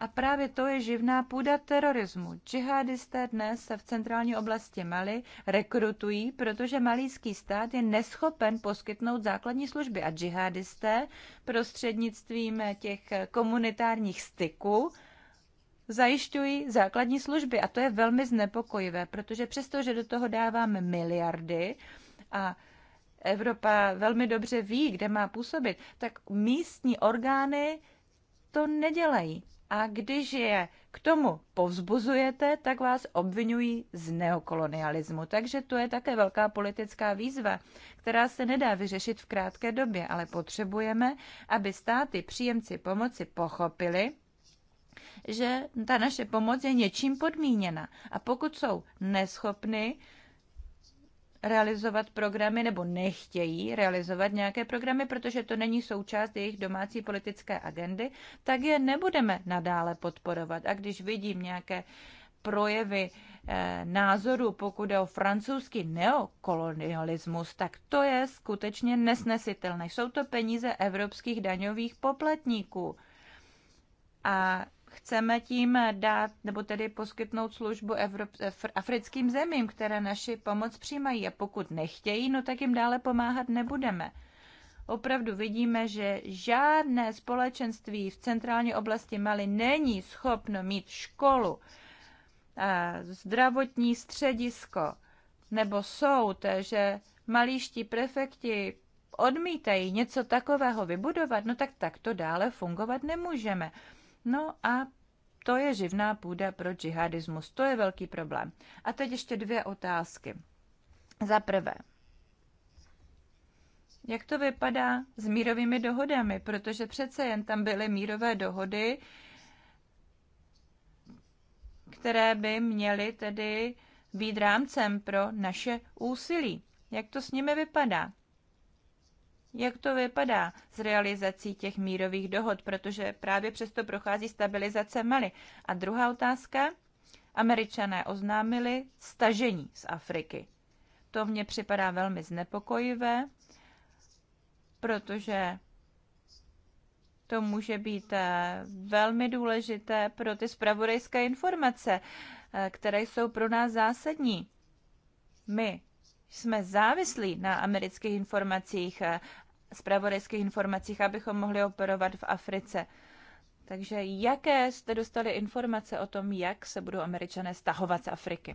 Speaker 1: A právě to je živná půda terorismu. Džihadisté dnes se v centrální oblasti Mali rekrutují, protože malýský stát je neschopen poskytnout základní služby. A džihadisté prostřednictvím těch komunitárních styků zajišťují základní služby. A to je velmi znepokojivé, protože přestože do toho dáváme miliardy a Evropa velmi dobře ví, kde má působit, tak místní orgány to nedělají. A když je k tomu povzbuzujete, tak vás obvinují z neokolonialismu. Takže to je také velká politická výzva, která se nedá vyřešit v krátké době, ale potřebujeme, aby státy příjemci pomoci pochopili, že ta naše pomoc je něčím podmíněna. A pokud jsou neschopny realizovat programy nebo nechtějí realizovat nějaké programy, protože to není součást jejich domácí politické agendy, tak je nebudeme nadále podporovat. A když vidím nějaké projevy eh, názoru, pokud je o francouzský neokolonialismus, tak to je skutečně nesnesitelné. Jsou to peníze evropských daňových poplatníků. A Chceme tím dát, nebo tedy poskytnout službu Evrop, africkým zemím, které naši pomoc přijímají. A pokud nechtějí, no tak jim dále pomáhat nebudeme. Opravdu vidíme, že žádné společenství v centrální oblasti Mali není schopno mít školu, zdravotní středisko nebo soud, že malíští prefekti odmítají něco takového vybudovat, no tak tak to dále fungovat nemůžeme. No a to je živná půda pro džihadismus. To je velký problém. A teď ještě dvě otázky. Za prvé, jak to vypadá s mírovými dohodami? Protože přece jen tam byly mírové dohody, které by měly tedy být rámcem pro naše úsilí. Jak to s nimi vypadá? jak to vypadá s realizací těch mírových dohod, protože právě přesto prochází stabilizace Mali. A druhá otázka. Američané oznámili stažení z Afriky. To mně připadá velmi znepokojivé, protože to může být eh, velmi důležité pro ty spravodajské informace, eh, které jsou pro nás zásadní. My jsme závislí na amerických informacích eh, zpravodajských informacích, abychom mohli operovat v Africe. Takže jaké jste dostali informace o tom, jak se budou američané stahovat z Afriky?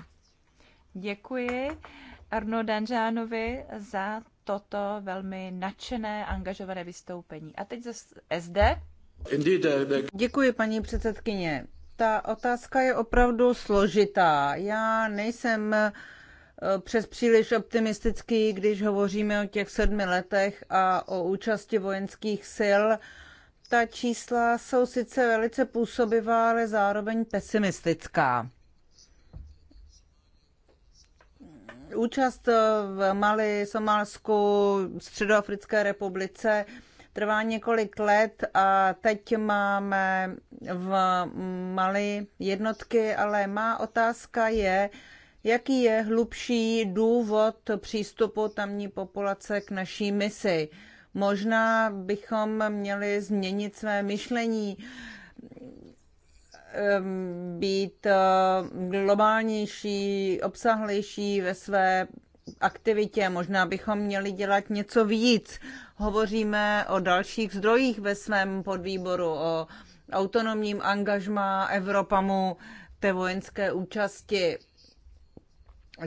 Speaker 1: Děkuji Arno Danžánovi za toto velmi nadšené, angažované vystoupení. A teď zase uh, SD.
Speaker 2: Děkuji, paní předsedkyně. Ta otázka je opravdu složitá. Já nejsem Eh, přes příliš optimistický, když hovoříme o těch sedmi letech a o účasti vojenských sil. Ta čísla jsou sice velice působivá, ale zároveň pesimistická. Účast v Mali, Somálsku, Středoafrické republice trvá několik let a teď máme v Mali jednotky, ale má otázka je, Jaký je hlubší důvod přístupu tamní populace k naší misi? Možná bychom měli změnit své myšlení, být eh, globálnější, obsahlejší ve své aktivitě. Možná bychom měli dělat něco víc. Hovoříme o dalších zdrojích ve svém podvýboru, o autonomním angažmá Evropamu té vojenské účasti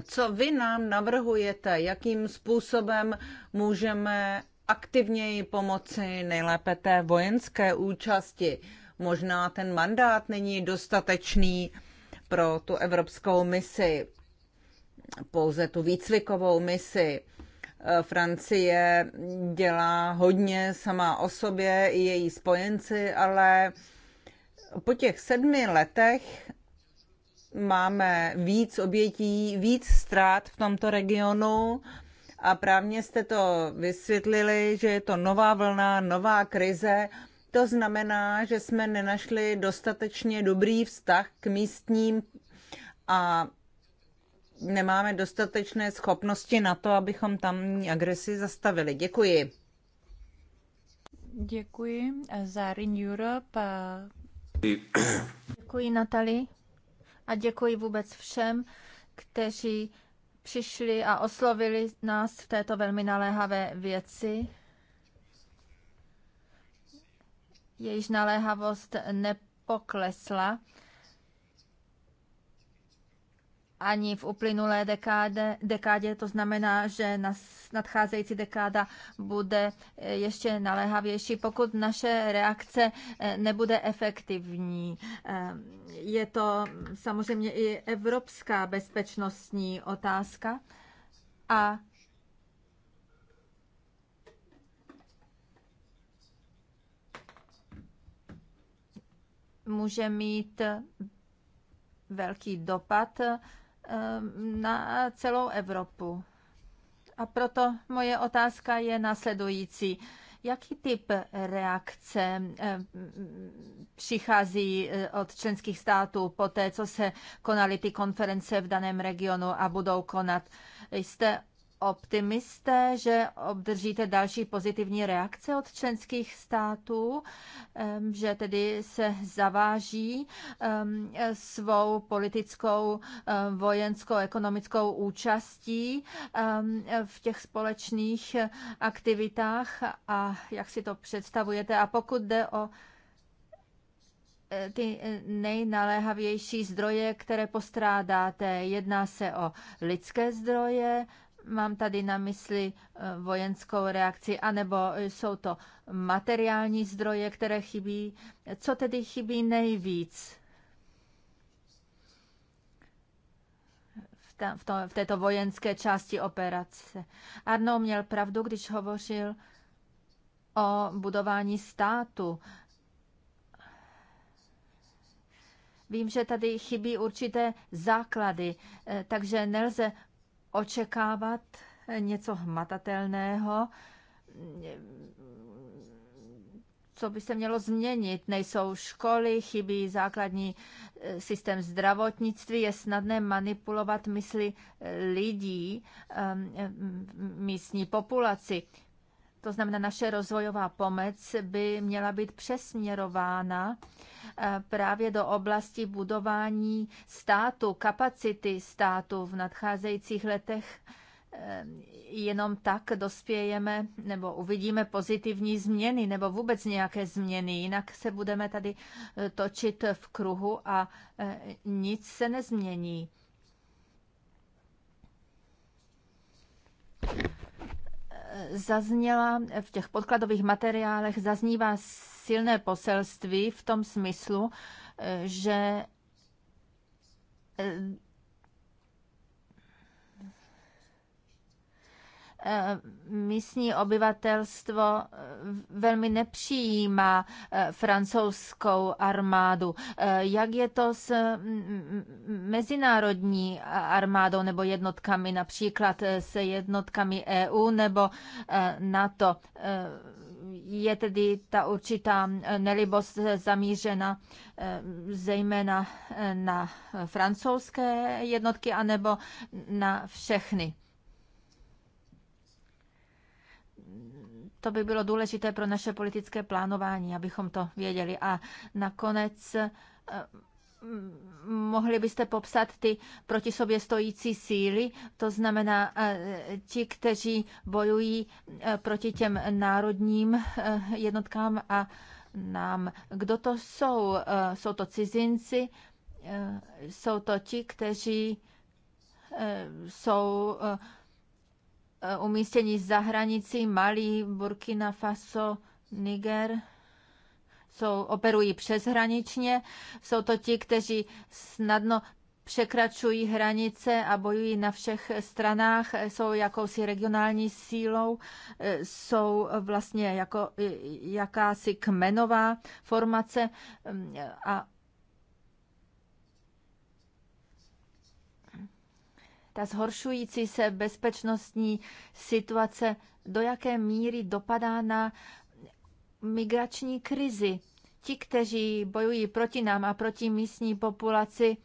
Speaker 2: co vy nám navrhujete, jakým způsobem můžeme aktivněji pomoci nejlépe té vojenské účasti? Možná ten mandát není dostatečný pro tu evropskou misi, pouze tu výcvikovou misi. Francie dělá hodně sama o sobě i její spojenci, ale po těch sedmi letech máme víc obětí, víc ztrát v tomto regionu a právně jste to vysvětlili, že je to nová vlna, nová krize. To znamená, že jsme nenašli dostatečně dobrý vztah k místním a nemáme dostatečné schopnosti na to, abychom tam agresi zastavili. Děkuji.
Speaker 1: Děkuji za
Speaker 3: Europe. Děkuji, Natali a děkuji vůbec všem, kteří přišli a oslovili nás v této velmi naléhavé věci. Jejíž naléhavost nepoklesla ani v uplynulé dekáde, dekádě. To znamená, že nadcházející dekáda bude eh, ještě naléhavější, pokud naše reakce eh, nebude efektivní. Eh, je to samozřejmě i evropská bezpečnostní otázka a může mít velký dopad Ehm, na celou Evropu. A proto moje otázka je následující. Jaký typ reakce ehm, přichází eh, od členských států po té, co se konaly ty konference v daném regionu a budou konat? Jste optimisté, že obdržíte další pozitivní reakce od členských států, že tedy se zaváží svou politickou, vojenskou, ekonomickou účastí v těch společných aktivitách a jak si to představujete. A pokud jde o e, ty nejnaléhavější zdroje, které postrádáte. Jedná se o lidské zdroje, Mám tady na mysli eh, vojenskou reakci, anebo jsou to materiální zdroje, které chybí. Co tedy chybí nejvíc v, ta, v, to, v této vojenské části operace? Arno měl pravdu, když hovořil o budování státu. Vím, že tady chybí určité základy, eh, takže nelze očekávat něco hmatatelného, co by se mělo změnit. Nejsou školy, chybí základní eh, systém zdravotnictví, je snadné manipulovat mysli eh, lidí, eh, místní populaci. To znamená, naše rozvojová pomoc by měla být přesměrována eh, právě do oblasti budování státu, kapacity státu v nadcházejících letech. Eh, jenom tak dospějeme nebo uvidíme pozitivní změny nebo vůbec nějaké změny, jinak se budeme tady eh, točit v kruhu a nic se nezmění zazněla v těch podkladových materiálech, zaznívá silné poselství v tom smyslu, eh, že eh, místní obyvatelstvo eh, velmi nepřijímá eh, francouzskou armádu. Eh, jak je to s mezinárodní armádou nebo jednotkami, například se jednotkami EU nebo NATO? Je tedy ta určitá nelibost zamířena zejména na francouzské jednotky anebo na všechny? To by bylo důležité pro naše politické plánování, abychom to věděli. A nakonec eh, mohli byste popsat ty proti sobě stojící síly, to znamená eh, ti, kteří bojují eh, proti těm národním jednotkám a nám. Kdo to jsou? Jsou to cizinci, jsou to ti, kteří jsou Eh, umístění za hranicí Mali, Burkina Faso, Niger jsou, operují přeshraničně. Jsou to ti, kteří snadno překračují hranice a bojují na všech stranách, jsou jakousi regionální sílou, eh, jsou vlastně jako eh, jakási kmenová formace mm, a ta zhoršující se bezpečnostní situace do jaké míry dopadá na migrační krizi. Ti, kteří bojují proti nám a proti místní populaci,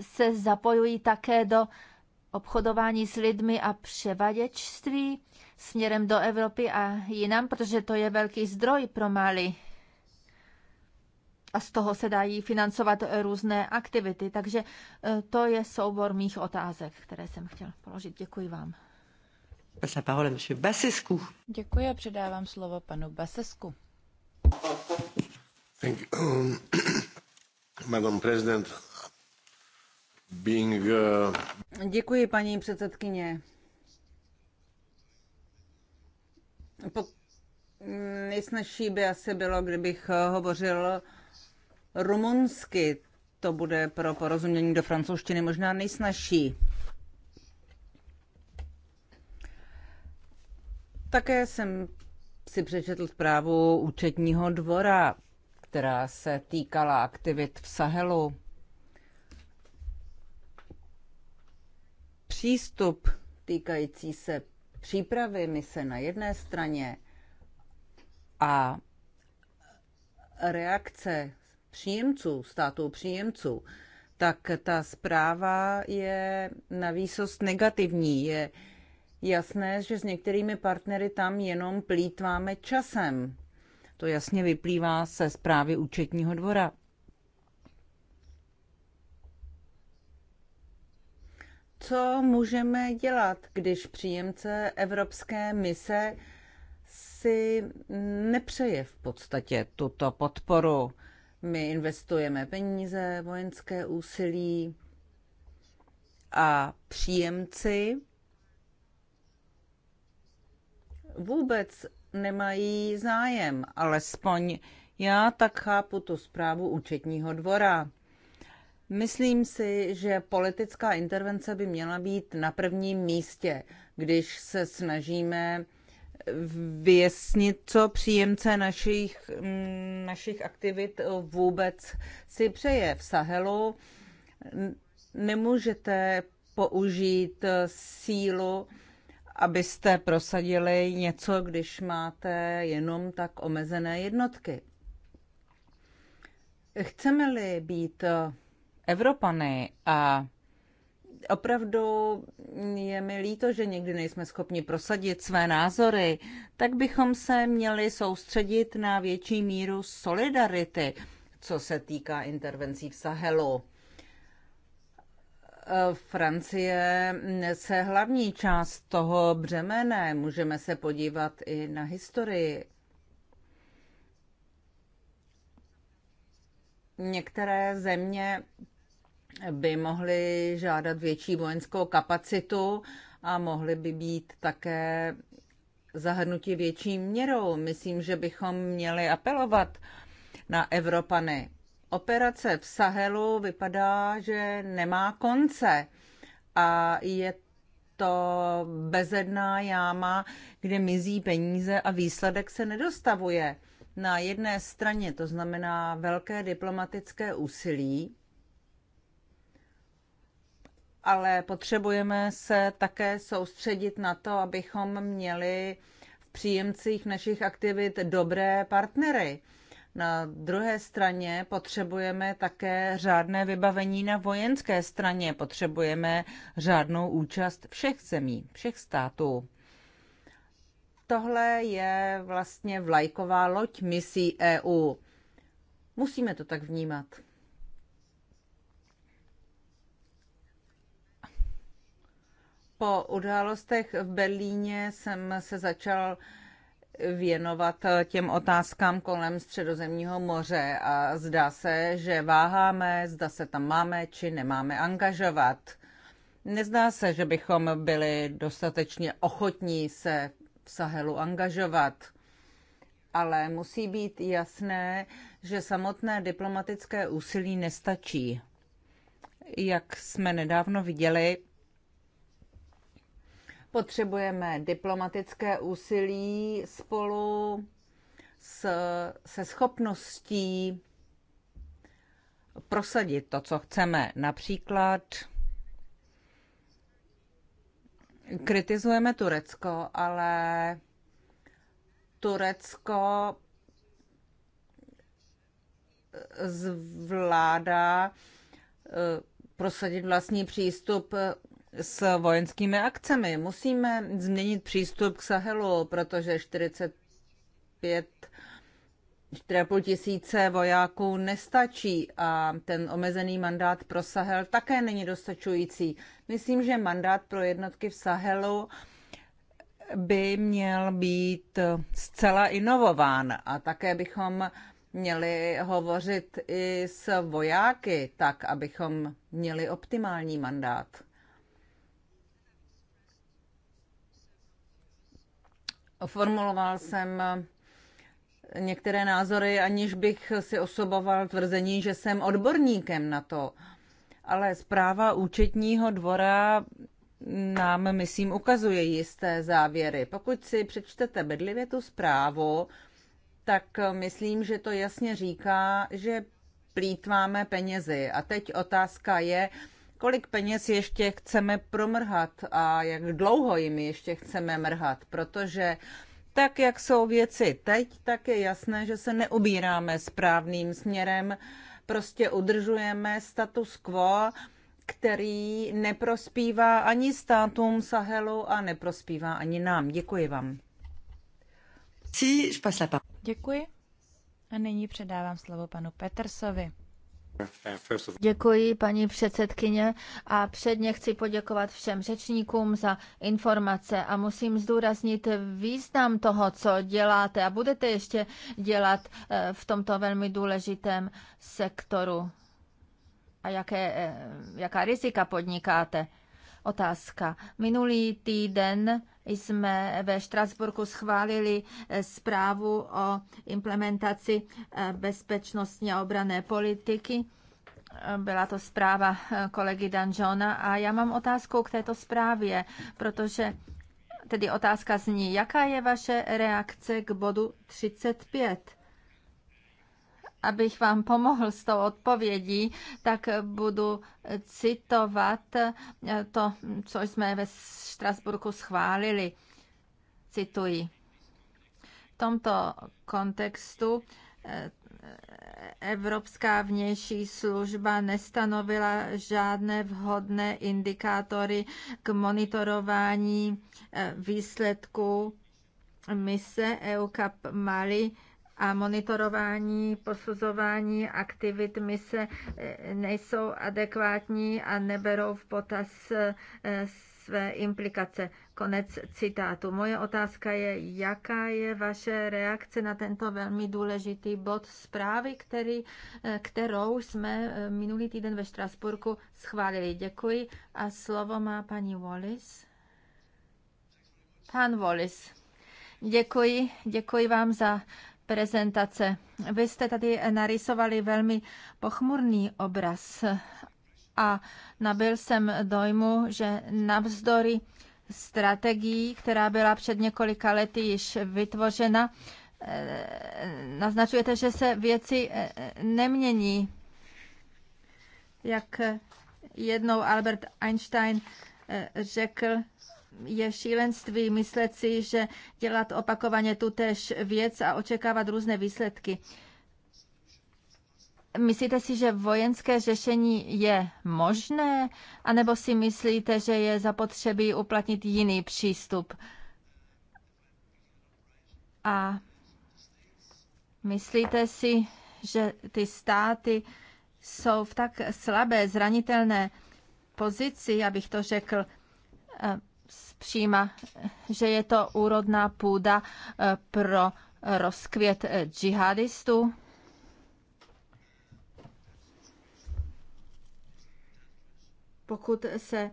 Speaker 3: se zapojují také do obchodování s lidmi a převaděčství směrem do Evropy a jinam, protože to je velký zdroj pro Mali a z toho se dají financovat eh, různé aktivity. Takže eh, to je soubor mých otázek, které jsem chtěl položit. Děkuji vám.
Speaker 4: La parole monsieur Basescu.
Speaker 3: Děkuji a předávám slovo
Speaker 2: panu Basescu.
Speaker 4: Thank you. Um, Madam President, being, uh...
Speaker 2: Děkuji, paní předsedkyně. Pod... Nejsnažší by asi bylo, kdybych eh, hovořil rumunsky. To bude pro porozumění do francouzštiny možná nejsnažší. Také jsem si přečetl zprávu účetního dvora, která se týkala aktivit v Sahelu. Přístup týkající se přípravy mise na jedné straně a reakce příjemců, států příjemců, tak ta zpráva je na výsost negativní. Je jasné, že s některými partnery tam jenom plítváme časem. To jasně vyplývá se zprávy účetního dvora. Co můžeme dělat, když příjemce evropské mise si nepřeje v podstatě tuto podporu? My investujeme peníze, vojenské úsilí a příjemci vůbec nemají zájem, alespoň já tak chápu tu zprávu účetního dvora. Myslím si, že politická intervence by měla být na prvním místě, když se snažíme vyjasnit, co příjemce našich, mm, našich aktivit vůbec si přeje. V Sahelu nemůžete použít sílu, abyste prosadili něco, když máte jenom tak omezené jednotky. Chceme-li být Evropany a opravdu je mi líto, že někdy nejsme schopni prosadit své názory, tak bychom se měli soustředit na větší míru solidarity, co se týká intervencí v Sahelu. Francie nese hlavní část toho břemene. Můžeme se podívat i na historii. Některé země by mohly žádat větší vojenskou kapacitu a mohly by být také zahrnuti větší měrou. Myslím, že bychom měli apelovat na Evropany. Operace v Sahelu vypadá, že nemá konce a je to bezedná jáma, kde mizí peníze a výsledek se nedostavuje. Na jedné straně to znamená velké diplomatické úsilí, ale potřebujeme se také soustředit na to, abychom měli v příjemcích našich aktivit dobré partnery. Na druhé straně potřebujeme také řádné vybavení na vojenské straně. Potřebujeme řádnou účast všech zemí, všech států. Tohle je vlastně vlajková loď misí EU. Musíme to tak vnímat. po událostech v Berlíně jsem se začal věnovat těm otázkám kolem Středozemního moře a zdá se, že váháme, zda se tam máme či nemáme angažovat. Nezdá se, že bychom byli dostatečně ochotní se v Sahelu angažovat, ale musí být jasné, že samotné diplomatické úsilí nestačí. Jak jsme nedávno viděli, Potřebujeme diplomatické úsilí spolu s, se schopností prosadit to, co chceme. Například kritizujeme Turecko, ale Turecko zvládá eh, prosadit vlastní přístup s vojenskými akcemi. Musíme změnit přístup k Sahelu, protože 45 4,5 tisíce vojáků nestačí a ten omezený mandát pro Sahel také není dostačující. Myslím, že mandát pro jednotky v Sahelu by měl být zcela inovován a také bychom měli hovořit i s vojáky tak, abychom měli optimální mandát. formuloval jsem eh, některé názory, aniž bych si osoboval tvrzení, že jsem odborníkem na to. Ale zpráva účetního dvora nám, myslím, ukazuje jisté závěry. Pokud si přečtete bedlivě tu zprávu, tak eh, myslím, že to jasně říká, že plítváme penězi. A teď otázka je, kolik peněz ještě chceme promrhat a jak dlouho jim ještě chceme mrhat, protože tak, jak jsou věci teď, tak je jasné, že se neubíráme správným směrem, prostě udržujeme status quo, který neprospívá ani státům Sahelu a neprospívá ani nám. Děkuji vám. Děkuji. A nyní
Speaker 3: předávám slovo panu Petersovi. Děkuji, paní předsedkyně, a předně chci poděkovat všem řečníkům za informace a musím zdůraznit význam toho, co děláte a budete ještě dělat eh, v tomto velmi důležitém sektoru a jaké, eh, jaká rizika podnikáte. Otázka. Minulý týden jsme ve Štrasburku schválili eh, zprávu o implementaci eh, bezpečnostně obrané politiky. Eh, byla to zpráva kolegy Danžona a já mám otázku k této zprávě, protože tedy otázka zní, jaká je vaše reakce k bodu 35? abych vám pomohl s tou odpovědí, tak budu citovat eh, to, co jsme ve Štrasburku schválili. Cituji. V tomto kontextu eh, Evropská vnější služba nestanovila žádné vhodné indikátory k monitorování eh, výsledků mise EUCAP Mali a monitorování, posuzování aktivit mise eh, nejsou adekvátní a neberou v potaz eh, své implikace. Konec citátu. Moje otázka je, jaká je vaše reakce na tento velmi důležitý bod zprávy, který, eh, kterou jsme minulý týden ve Štrasburku schválili. Děkuji. A slovo má paní Wallis. Pan Wallis. Děkuji, děkuji vám za prezentace. Vy jste tady narysovali velmi pochmurný obraz a nabil jsem dojmu, že navzdory strategií, která byla před několika lety již vytvořena, eh, naznačujete, že se věci eh, nemění. Jak jednou Albert Einstein eh, řekl, je šílenství myslet si, že dělat opakovaně tu též věc a očekávat různé výsledky. Myslíte si, že vojenské řešení je možné, anebo si myslíte, že je zapotřebí uplatnit jiný přístup? A myslíte si, že ty státy jsou v tak slabé, zranitelné pozici, abych to řekl, přijíma, že je to úrodná půda eh, pro eh, rozkvět eh, džihadistů. Pokud se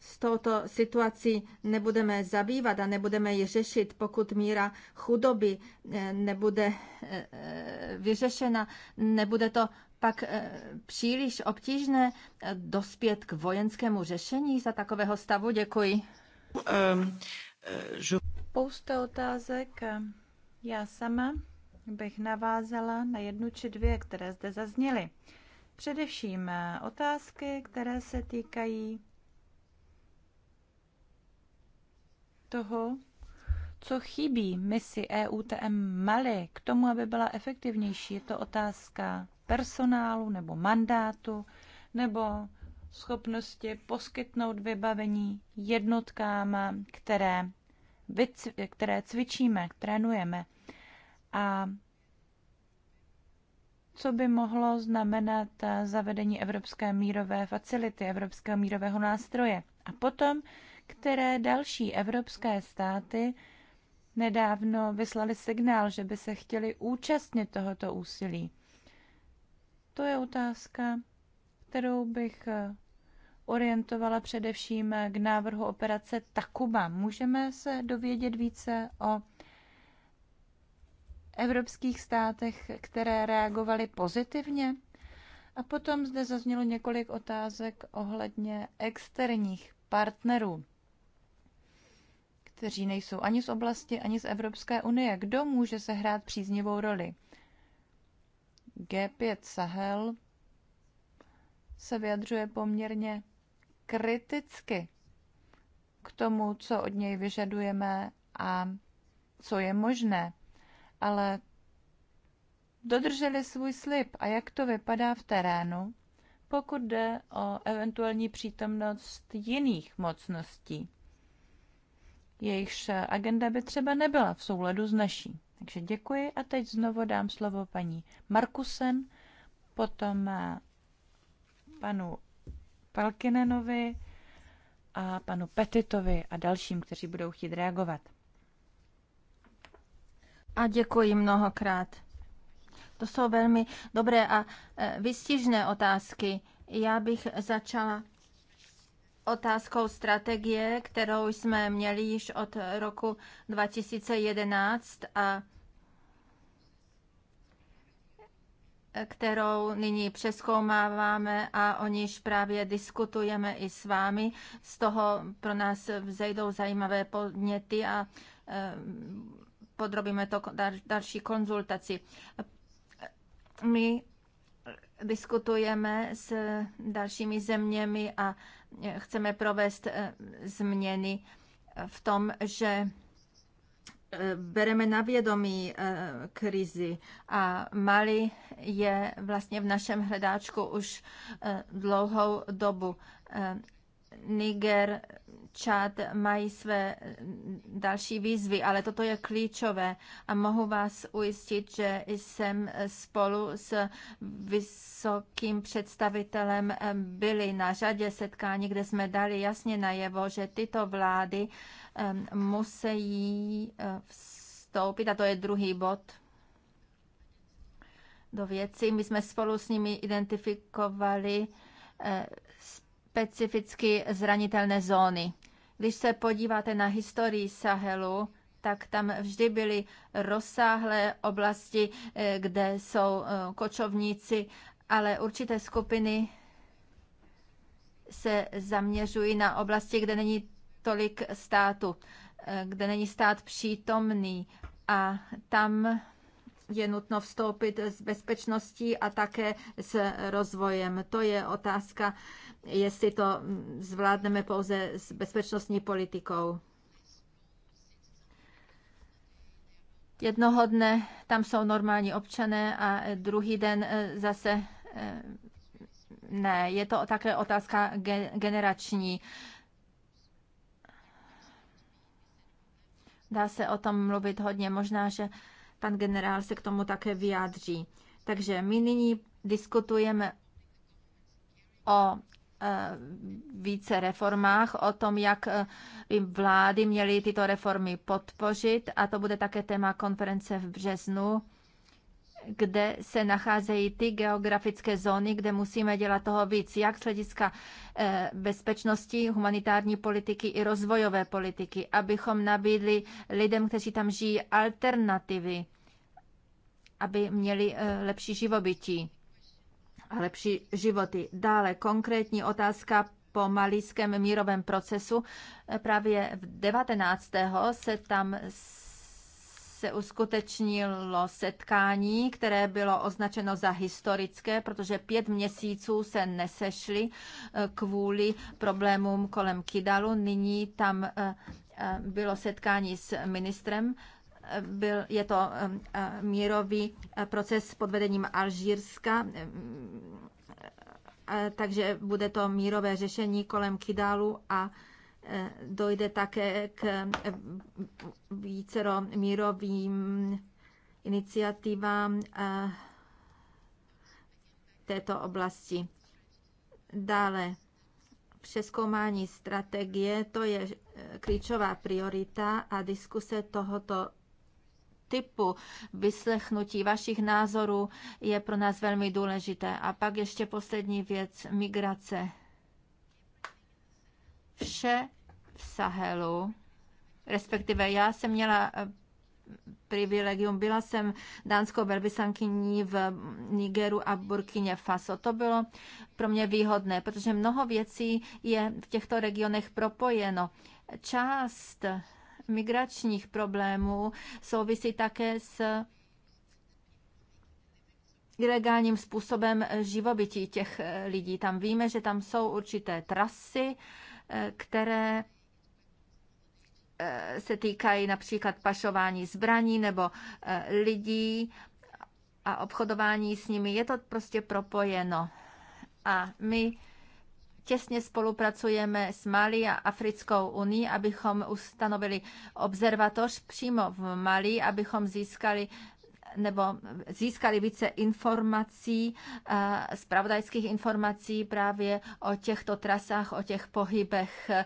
Speaker 3: s touto situací nebudeme zabývat a nebudeme ji řešit, pokud míra chudoby nebude vyřešena, nebude to pak příliš obtížné dospět k vojenskému řešení za takového stavu. Děkuji. Spousta otázek. Já
Speaker 1: sama bych navázala na jednu či dvě, které zde zazněly. Především otázky, které se týkají toho, co chybí misi EUTM Mali k tomu, aby byla efektivnější. Je to otázka personálu nebo mandátu nebo schopnosti poskytnout vybavení jednotkám, které, které cvičíme, trénujeme. A co by mohlo znamenat zavedení Evropské mírové facility, Evropského mírového nástroje. A potom, které další evropské státy nedávno vyslali signál, že by se chtěli účastnit tohoto úsilí. To je otázka, kterou bych eh, orientovala především eh, k návrhu operace Takuba. Můžeme se dovědět více o evropských státech, které reagovaly pozitivně? A potom zde zaznělo několik otázek ohledně externích partnerů, kteří nejsou ani z oblasti, ani z Evropské unie. Kdo může sehrát příznivou roli? G5 Sahel se vyjadřuje poměrně kriticky k tomu, co od něj vyžadujeme a co je možné. Ale dodrželi svůj slib a jak to vypadá v terénu, pokud jde o eventuální přítomnost jiných mocností. Jejichž agenda by třeba nebyla v souladu s naší. Takže děkuji a teď znovu dám slovo paní Markusen, potom panu Palkinenovi a panu Petitovi
Speaker 3: a dalším, kteří budou chtít reagovat. A děkuji mnohokrát. To jsou velmi dobré a e, vystižné otázky. Já bych začala otázkou strategie, kterou jsme měli již od roku 2011 a kterou nyní přeskoumáváme a o níž právě diskutujeme i s vámi. Z toho pro nás vzejdou zajímavé podněty a eh, podrobíme to další konzultaci. My diskutujeme s dalšími zeměmi a eh, chceme provést eh, změny v tom, že bereme na vědomí eh, krizi a Mali je vlastně v našem hledáčku už eh, dlouhou dobu. Eh, Niger, Čad mají své další výzvy, ale toto je klíčové a mohu vás ujistit, že jsem spolu s vysokým představitelem byli na řadě setkání, kde jsme dali jasně najevo, že tyto vlády musí eh, vstoupit, a to je druhý bod, do věci. My jsme spolu s nimi identifikovali eh, specificky zranitelné zóny. Když se podíváte na historii Sahelu, tak tam vždy byly rozsáhlé oblasti, eh, kde jsou kočovníci, ale určité skupiny se zaměřují na oblasti, kde není tolik státu, eh, kde není stát přítomný a tam je nutno vstoupit s bezpečností a také s rozvojem. To je otázka, jestli to zvládneme pouze s bezpečnostní politikou. Jednoho dne tam jsou normální občané a druhý den eh, zase eh, ne. Je to také otázka generační Dá se o tom mluvit hodně, možná, že pan generál se k tomu také vyjádří. Takže my nyní diskutujeme o e, více reformách, o tom, jak e, by vlády měly tyto reformy podpořit a to bude také téma konference v březnu kde se nacházejí ty geografické zóny, kde musíme dělat toho víc, jak z hlediska eh, bezpečnosti, humanitární politiky i rozvojové politiky, abychom nabídli lidem, kteří tam žijí, alternativy, aby měli eh, lepší živobytí a lepší životy. Dále konkrétní otázka po malijském mírovém procesu. Eh, právě v 19. se tam se uskutečnilo setkání, které bylo označeno za historické, protože pět měsíců se nesešli eh, kvůli problémům kolem Kidalu. Nyní tam eh, eh, bylo setkání s ministrem byl, je to mírový proces pod vedením Alžírska, takže bude to mírové řešení kolem Kidalu a Eh, dojde také k eh, vícero mírovým iniciativám eh, této oblasti. Dále přeskoumání strategie, to je klíčová priorita a diskuse tohoto typu vyslechnutí vašich názorů je pro nás velmi důležité. A pak ještě poslední věc, migrace vše v Sahelu, respektive já jsem měla eh, privilegium. Byla jsem dánskou velvyslankyní v Nigeru a Burkině Faso. To bylo pro mě výhodné, protože mnoho věcí je v těchto regionech propojeno. Část migračních problémů souvisí také s ilegálním způsobem živobytí těch eh, lidí. Tam víme, že tam jsou určité trasy, které eh, se týkají například pašování zbraní nebo eh, lidí a obchodování s nimi. Je to prostě propojeno. A my těsně spolupracujeme s Mali a Africkou unii, abychom ustanovili observatoř přímo v Mali, abychom získali nebo získali více informací, spravodajských eh, informací právě o těchto trasách, o těch pohybech, eh,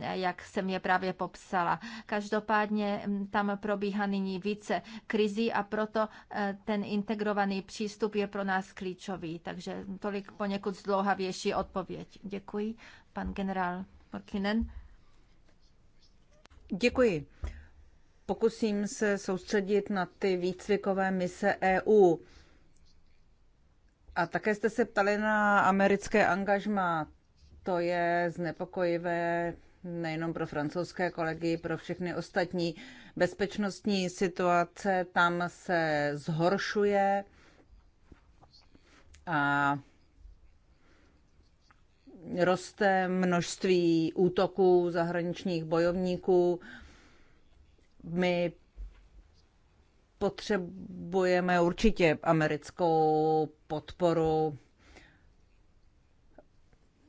Speaker 3: jak jsem je právě popsala. Každopádně mm, tam probíhá nyní více krizí a proto eh, ten integrovaný přístup je pro nás klíčový. Takže tolik poněkud zdlouhavější odpověď. Děkuji, pan generál Morkinen.
Speaker 2: Děkuji. Pokusím se soustředit na ty výcvikové mise EU. A také jste se ptali na americké angažmá. To je znepokojivé nejenom pro francouzské kolegy, pro všechny ostatní. Bezpečnostní situace tam se zhoršuje a roste množství útoků zahraničních bojovníků my potřebujeme určitě americkou podporu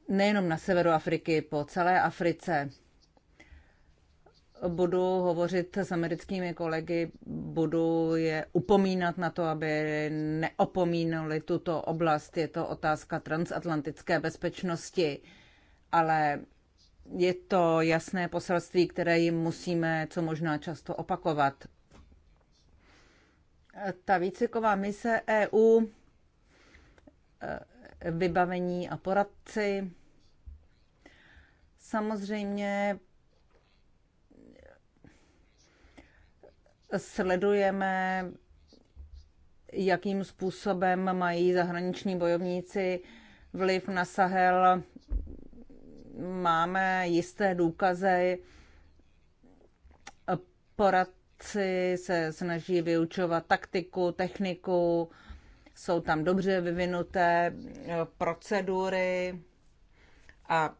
Speaker 2: nejenom na severu Afriky, po celé Africe. Budu hovořit s americkými kolegy, budu je upomínat na to, aby neopomínali tuto oblast. Je to otázka transatlantické bezpečnosti, ale je to jasné poselství, které jim musíme co možná často opakovat. Ta výcviková mise EU, eh, vybavení a poradci, samozřejmě eh, sledujeme, jakým způsobem mají zahraniční bojovníci vliv na Sahel máme jisté důkazy. Poradci se snaží vyučovat taktiku, techniku, jsou tam dobře vyvinuté eh, procedury a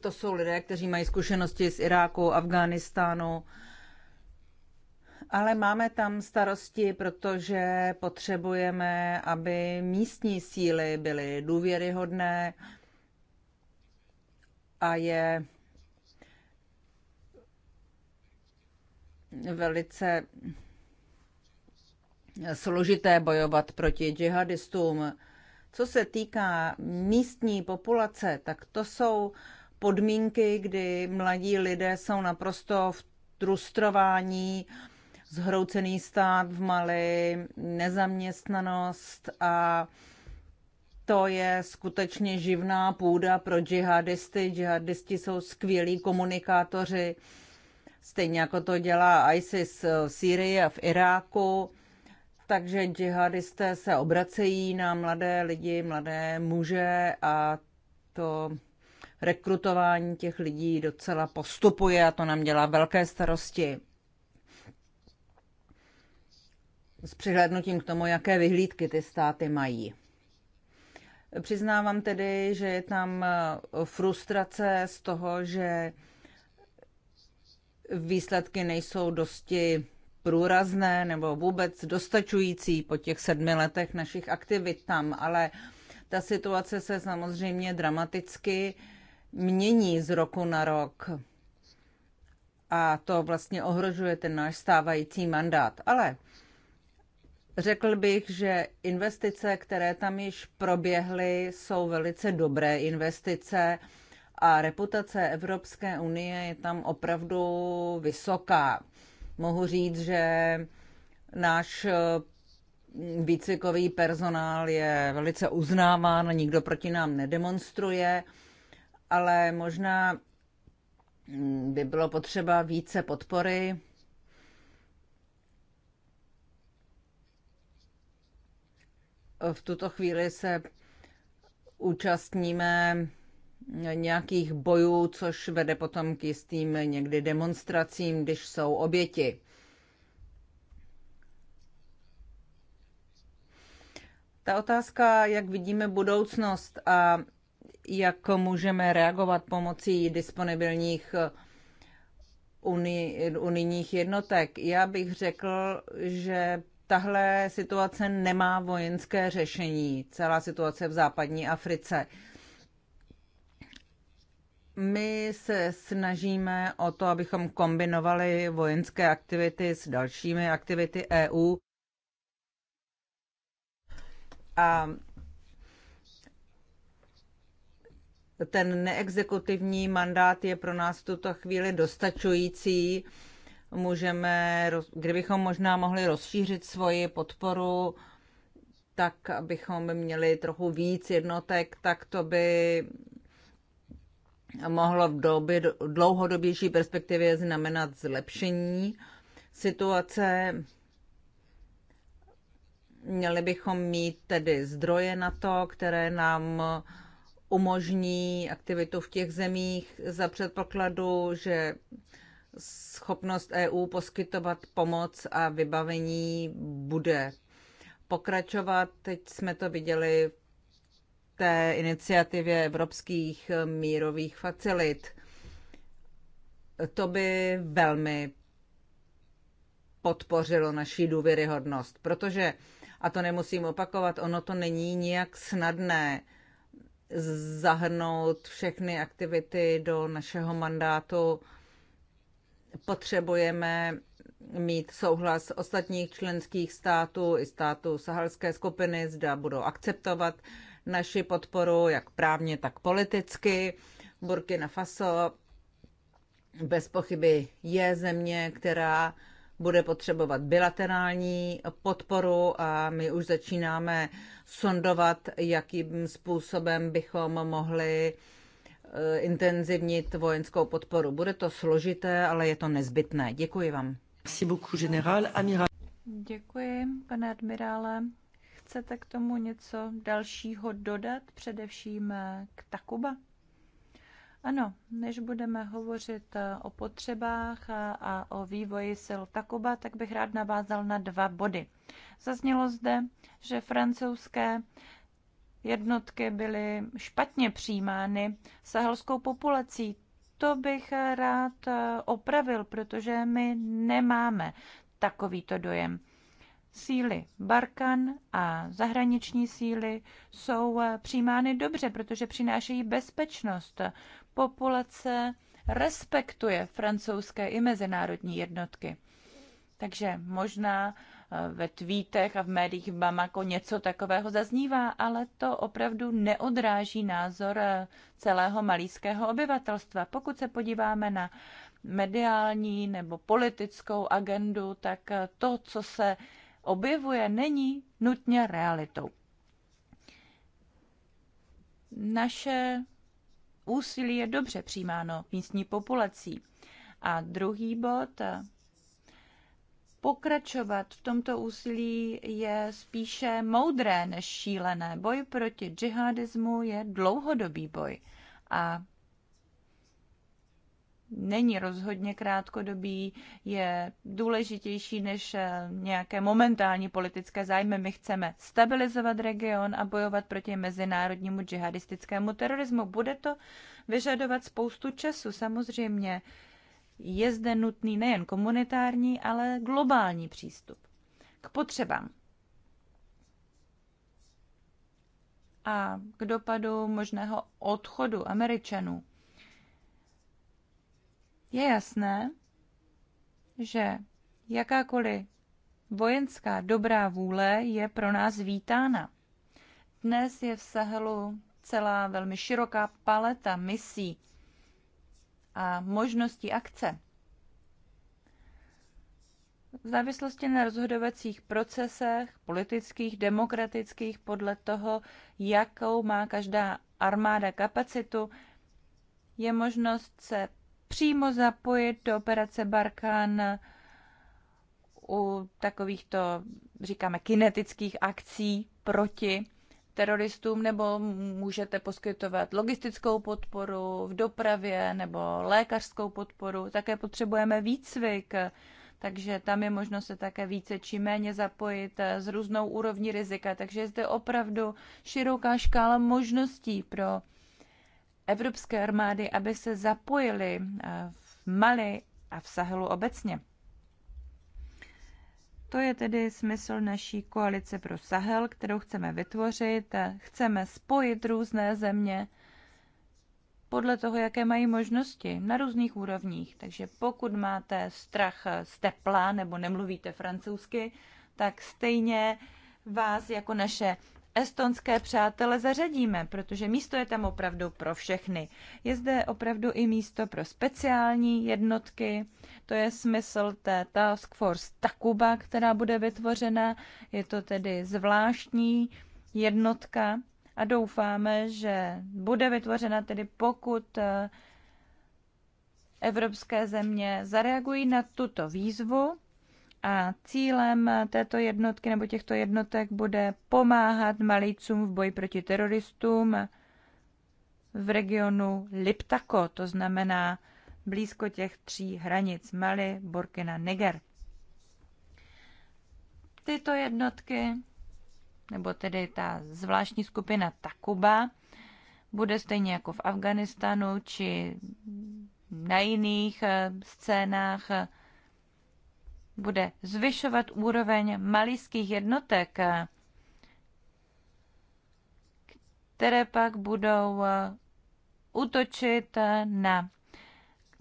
Speaker 2: to jsou lidé, kteří mají zkušenosti z Iráku, Afghánistánu, ale máme tam starosti, protože potřebujeme, aby místní síly byly důvěryhodné, a je velice složité bojovat proti džihadistům. Co se týká místní populace, tak to jsou podmínky, kdy mladí lidé jsou naprosto v trustrování, zhroucený stát v Mali, nezaměstnanost a to je skutečně živná půda pro džihadisty. Džihadisti jsou skvělí komunikátoři, stejně jako to dělá ISIS v Sýrii a v Iráku. Takže džihadisté se obracejí na mladé lidi, mladé muže a to rekrutování těch lidí docela postupuje a to nám dělá velké starosti. S přihlednutím k tomu, jaké vyhlídky ty státy mají. Přiznávám tedy, že je tam eh, frustrace z toho, že výsledky nejsou dosti průrazné nebo vůbec dostačující po těch sedmi letech našich aktivit tam, ale ta situace se samozřejmě dramaticky mění z roku na rok. A to vlastně ohrožuje ten náš stávající mandát. Ale Řekl bych, že investice, které tam již proběhly, jsou velice dobré investice a reputace Evropské unie je tam opravdu vysoká. Mohu říct, že náš mm, výcvikový personál je velice uznáván, nikdo proti nám nedemonstruje, ale možná mm, by bylo potřeba více podpory v tuto chvíli se účastníme nějakých bojů, což vede potom k jistým někdy demonstracím, když jsou oběti. Ta otázka, jak vidíme budoucnost a jak můžeme reagovat pomocí disponibilních unijních jednotek. Já bych řekl, že tahle situace nemá vojenské řešení, celá situace v západní Africe. My se snažíme o to, abychom kombinovali vojenské aktivity s dalšími aktivity EU. A ten neexekutivní mandát je pro nás v tuto chvíli dostačující můžeme, kdybychom možná mohli rozšířit svoji podporu, tak abychom měli trochu víc jednotek, tak to by mohlo v době, dlouhodobější perspektivě znamenat zlepšení situace. Měli bychom mít tedy zdroje na to, které nám umožní aktivitu v těch zemích za předpokladu, že schopnost EU poskytovat pomoc a vybavení bude pokračovat. Teď jsme to viděli v té iniciativě evropských mírových facilit. To by velmi podpořilo naší důvěryhodnost, protože, a to nemusím opakovat, ono to není nijak snadné zahrnout všechny aktivity do našeho mandátu potřebujeme mít souhlas ostatních členských států i států sahalské skupiny, zda budou akceptovat naši podporu, jak právně, tak politicky. Burkina Faso bez pochyby je země, která bude potřebovat bilaterální podporu a my už začínáme sondovat, jakým způsobem bychom mohli uh, Eh, intenzivnit vojenskou podporu. Bude to složité, ale je to nezbytné. Děkuji vám.
Speaker 1: Děkuji, pane admirále. Chcete k tomu něco dalšího dodat, především eh, k Takuba? Ano, než budeme hovořit eh, o potřebách a, a o vývoji sil Takuba, tak bych rád navázal na dva body. Zaznělo zde, že francouzské jednotky byly špatně přijímány sahelskou populací. To bych rád eh, opravil, protože my nemáme takovýto dojem. Síly Barkan a zahraniční síly jsou eh, přijímány dobře, protože přinášejí bezpečnost. Populace respektuje francouzské i mezinárodní jednotky. Takže možná ve tweetech a v médiích v Bamako jako něco takového zaznívá, ale to opravdu neodráží názor eh, celého malíského obyvatelstva. Pokud se podíváme na mediální nebo politickou agendu, tak eh, to, co se objevuje, není nutně realitou. Naše úsilí je dobře přijímáno místní populací. A druhý bod, eh, Pokračovat v tomto úsilí je spíše moudré než šílené. Boj proti džihadismu je dlouhodobý boj a není rozhodně krátkodobý, je důležitější než eh, nějaké momentální politické zájmy. My chceme stabilizovat region a bojovat proti mezinárodnímu džihadistickému terorismu. Bude to vyžadovat spoustu času, samozřejmě je zde nutný nejen komunitární, ale globální přístup k potřebám a k dopadu možného odchodu Američanů. Je jasné, že jakákoliv vojenská dobrá vůle je pro nás vítána. Dnes je v Sahelu celá velmi široká paleta misí, a možnosti akce. V závislosti na rozhodovacích procesech, politických, demokratických, podle toho, jakou má každá armáda kapacitu, je možnost se přímo zapojit do operace Barkan u takovýchto, říkáme, kinetických akcí proti teroristům, nebo můžete poskytovat logistickou podporu v dopravě nebo lékařskou podporu. Také potřebujeme výcvik, takže tam je možno se také více či méně zapojit s různou úrovní rizika. Takže je zde opravdu široká škála možností pro evropské armády, aby se zapojili v Mali a v Sahelu obecně. To je tedy smysl naší koalice pro Sahel, kterou chceme vytvořit. Chceme spojit různé země podle toho, jaké mají možnosti na různých úrovních. Takže pokud máte strach z tepla nebo nemluvíte francouzsky, tak stejně vás jako naše estonské přátele zařadíme, protože místo je tam opravdu pro všechny. Je zde opravdu i místo pro speciální jednotky, to je smysl té Task Force Takuba, která bude vytvořena. Je to tedy zvláštní jednotka a doufáme, že bude vytvořena tedy pokud eh, evropské země zareagují na tuto výzvu a cílem této jednotky nebo těchto jednotek bude pomáhat malícům v boji proti teroristům v regionu Liptako, to znamená blízko těch tří hranic Mali, Burkina, Niger. Tyto jednotky, nebo tedy ta zvláštní skupina Takuba, bude stejně jako v Afganistanu či na jiných eh, scénách bude zvyšovat úroveň malíských jednotek, které pak budou eh, útočit eh, na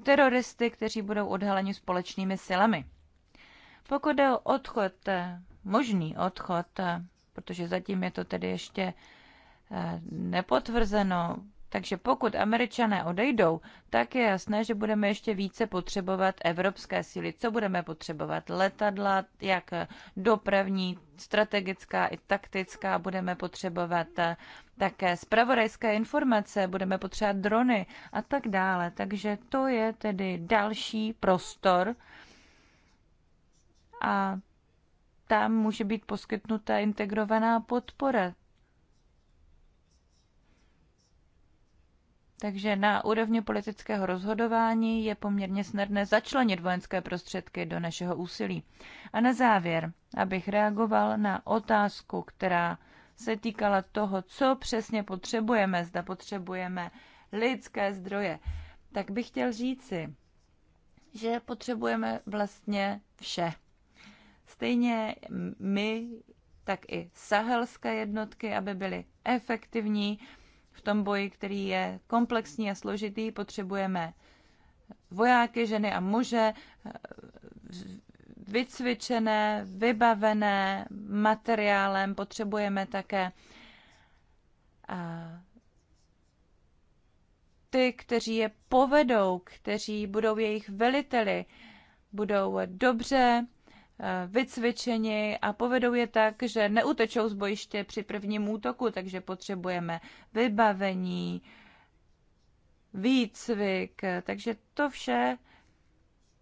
Speaker 1: teroristy, kteří budou odhaleni společnými silami. Pokud jde o odchod, eh, možný odchod, protože zatím je to tedy ještě nepotvrzeno, takže pokud američané odejdou, tak je jasné, že budeme ještě více potřebovat evropské síly. Co budeme potřebovat? Letadla, jak dopravní, strategická i taktická, budeme potřebovat eh, také zpravodajské informace, budeme potřebovat drony a tak dále. Takže to je tedy další prostor a tam může být poskytnuta integrovaná podpora Takže na úrovni politického rozhodování je poměrně snadné začlenit vojenské prostředky do našeho úsilí. A na závěr, abych reagoval na otázku, která se týkala toho, co přesně potřebujeme, zda potřebujeme lidské zdroje, tak bych chtěl říci, že potřebujeme vlastně vše. Stejně my, tak i sahelské jednotky, aby byly efektivní, v tom boji, který je komplexní a složitý. Potřebujeme vojáky, ženy a muže, eh, vycvičené, vybavené materiálem. Potřebujeme také eh, ty, kteří je povedou, kteří budou jejich veliteli, budou dobře Eh, vycvičeni a povedou je tak, že neutečou z bojiště při prvním útoku, takže potřebujeme vybavení, výcvik, takže to vše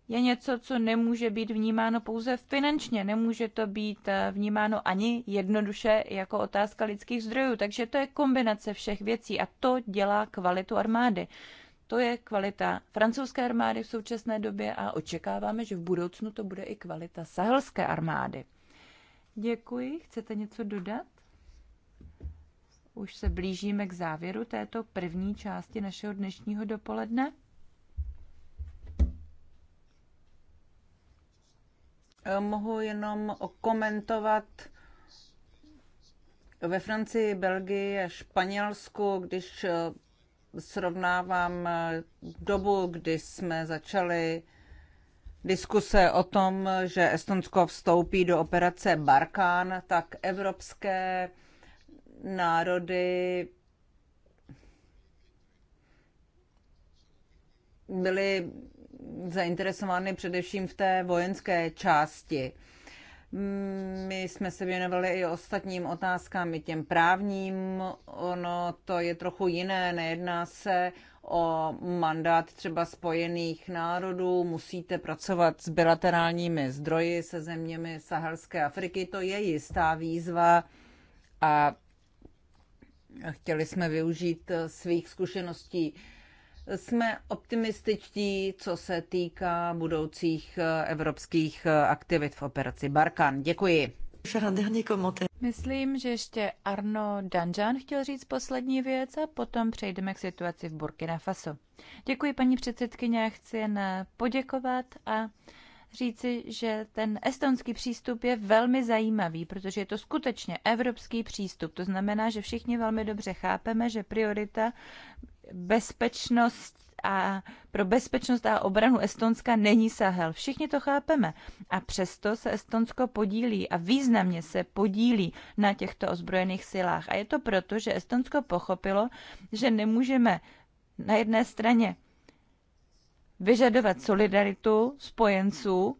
Speaker 1: je něco, co nemůže být vnímáno pouze finančně, nemůže to být eh, vnímáno ani jednoduše jako otázka lidských zdrojů. Takže to je kombinace všech věcí a to dělá kvalitu armády. To je kvalita francouzské armády v současné době a očekáváme, že v budoucnu to bude i kvalita sahelské armády. Děkuji. Chcete něco dodat? Už se blížíme k závěru této první části našeho dnešního dopoledne.
Speaker 2: Mohu jenom komentovat ve Francii, Belgii a Španělsku, když srovnávám eh, dobu, kdy jsme začali diskuse o tom, že Estonsko vstoupí do operace Barkán, tak evropské národy byly zainteresovány především v té vojenské části. My jsme se věnovali i ostatním otázkám, i těm právním. Ono to je trochu jiné, nejedná se o mandát třeba spojených národů, musíte pracovat s bilaterálními zdroji se zeměmi Saharské Afriky, to je jistá výzva a chtěli jsme využít svých zkušeností jsme optimističtí, co se týká budoucích eh, evropských eh, aktivit v operaci Barkan. Děkuji. Myslím, že ještě Arno Danjan chtěl
Speaker 1: říct poslední věc a potom přejdeme k situaci v Burkina Faso. Děkuji, paní předsedkyně, chci jen eh, poděkovat a říci, že ten estonský přístup je velmi zajímavý, protože je to skutečně evropský přístup. To znamená, že všichni velmi dobře chápeme, že priorita bezpečnost a pro bezpečnost a obranu Estonska není Sahel. Všichni to chápeme. A přesto se Estonsko podílí a významně se podílí na těchto ozbrojených silách. A je to proto, že Estonsko pochopilo, že nemůžeme na jedné straně vyžadovat solidaritu spojenců,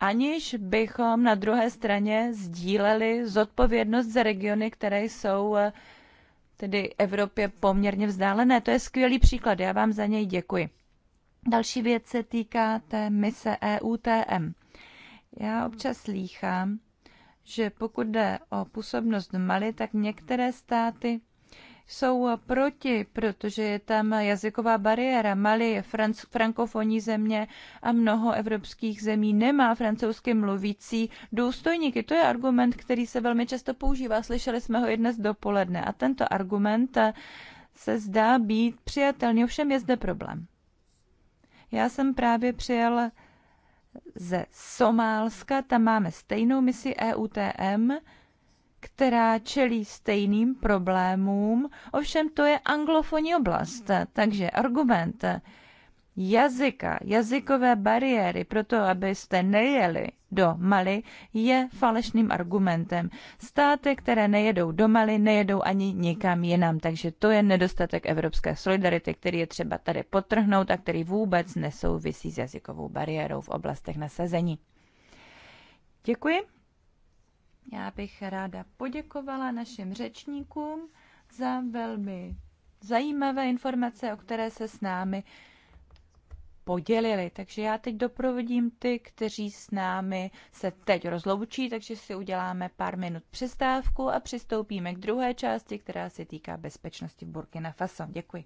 Speaker 1: aniž bychom na druhé straně sdíleli zodpovědnost za regiony, které jsou eh, tedy Evropě poměrně vzdálené. To je skvělý příklad, já vám za něj děkuji. Další věc se týká té mise EUTM. Já občas slýchám, že pokud jde o působnost Mali, tak některé státy jsou proti, protože je tam jazyková bariéra. Mali je franc- frankofonní země a mnoho evropských zemí nemá francouzsky mluvící důstojníky. To je argument, který se velmi často používá. Slyšeli jsme ho i dnes dopoledne. A tento argument se zdá být přijatelný, ovšem je zde problém. Já jsem právě přijel ze Somálska, tam máme stejnou misi EUTM, která čelí stejným problémům, ovšem to je anglofonní oblast. Takže argument jazyka, jazykové bariéry pro to, abyste nejeli do Mali, je falešným argumentem. Státy, které nejedou do Mali, nejedou ani nikam jinam, takže to je nedostatek evropské solidarity, který je třeba tady potrhnout a který vůbec nesouvisí s jazykovou bariérou v oblastech nasazení. Děkuji. Já bych ráda poděkovala našim řečníkům za velmi zajímavé informace, o které se s námi podělili. Takže já teď doprovodím ty, kteří s námi se teď rozloučí, takže si uděláme pár minut přestávku a přistoupíme k druhé části, která se týká bezpečnosti v Burkina Faso. Děkuji.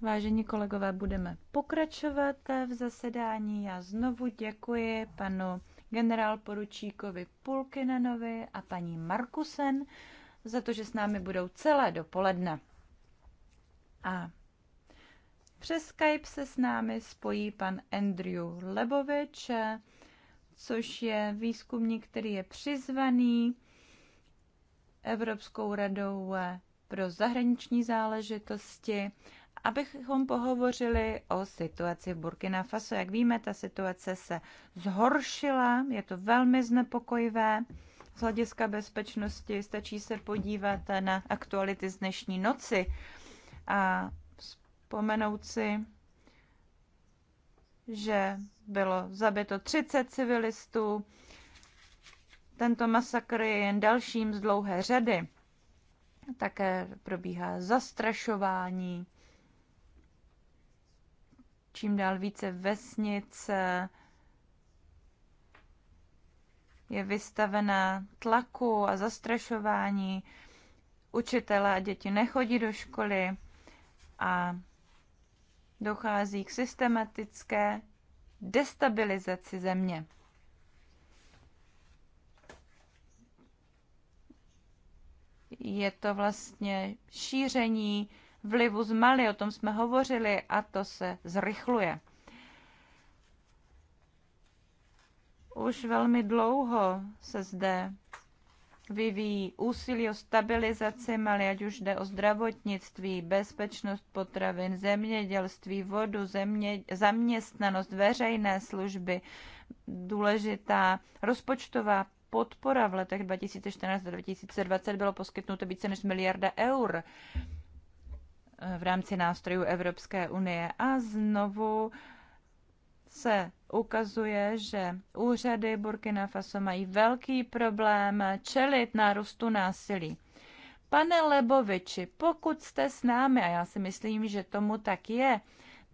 Speaker 1: Vážení kolegové, budeme pokračovat v zasedání. Já znovu děkuji panu generál poručíkovi Pulkinenovi a paní Markusen za to, že s námi budou celé dopoledne. A přes Skype se s námi spojí pan Andrew Lebovič, což je výzkumník, který je přizvaný Evropskou radou pro zahraniční záležitosti, abychom pohovořili o situaci v Burkina Faso. Jak víme, ta situace se zhoršila, je to velmi znepokojivé. Z hlediska bezpečnosti stačí se podívat na aktuality z dnešní noci a vzpomenout si, že bylo zabito 30 civilistů. Tento masakr je jen dalším z dlouhé řady. Také probíhá zastrašování. Čím dál více vesnic eh, je vystavena tlaku a zastrašování. Učitelé a děti nechodí do školy a dochází k systematické destabilizaci země. je to vlastně šíření vlivu z Mali, o tom jsme hovořili a to se zrychluje. Už velmi dlouho se zde vyvíjí úsilí o stabilizaci Mali, ať už jde o zdravotnictví, bezpečnost potravin, zemědělství, vodu, země, zaměstnanost, veřejné služby, důležitá rozpočtová podpora v letech 2014 a 2020 bylo poskytnuto více než miliarda eur eh, v rámci nástrojů Evropské unie. A znovu se ukazuje, že úřady Burkina Faso mají velký problém čelit nárůstu násilí. Pane Leboviči, pokud jste s námi, a já si myslím, že tomu tak je,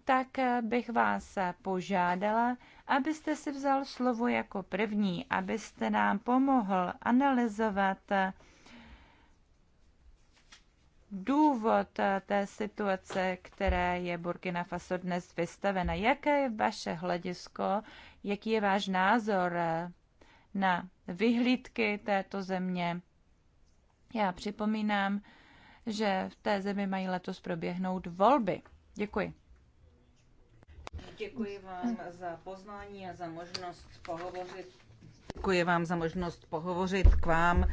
Speaker 1: tak eh, bych vás eh, požádala, abyste si vzal slovo jako první, abyste nám pomohl analyzovat eh, důvod té situace, které je Burkina Faso dnes vystavena. Jaké je vaše hledisko, jaký je váš názor na vyhlídky této země? Já připomínám, že v té zemi mají letos proběhnout volby. Děkuji.
Speaker 2: Děkuji vám za poznání a za možnost pohovořit. Děkuji vám za možnost pohovořit k vám.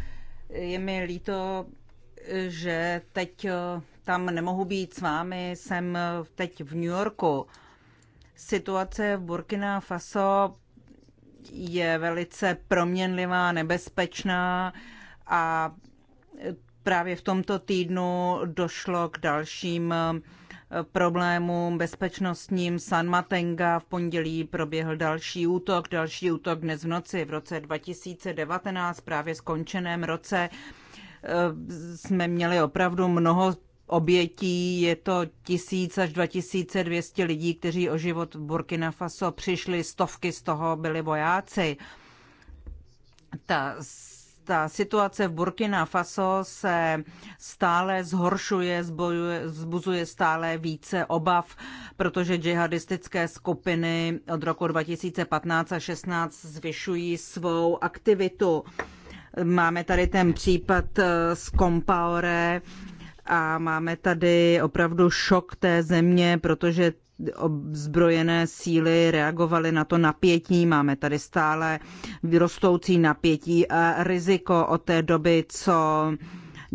Speaker 2: Je mi líto, že teď eh, tam nemohu být s vámi, jsem eh, teď v New Yorku. Situace v Burkina Faso je velice proměnlivá, nebezpečná a eh, právě v tomto týdnu došlo k dalším problémům bezpečnostním San Matenga. V pondělí proběhl další útok, další útok dnes v noci v roce 2019, právě skončeném roce. E, jsme měli opravdu mnoho obětí, je to 1000 až 2200 lidí, kteří o život v Burkina Faso přišli, stovky z toho byli vojáci. Ta ta situace v Burkina Faso se stále zhoršuje, zbojuje, zbuzuje stále více obav, protože džihadistické skupiny od roku 2015 a 16 zvyšují svou aktivitu. Máme tady ten případ eh, z Compaore a máme tady opravdu šok té země, protože zbrojené síly reagovaly na to napětí. Máme tady stále vyrostoucí napětí a riziko od té doby, co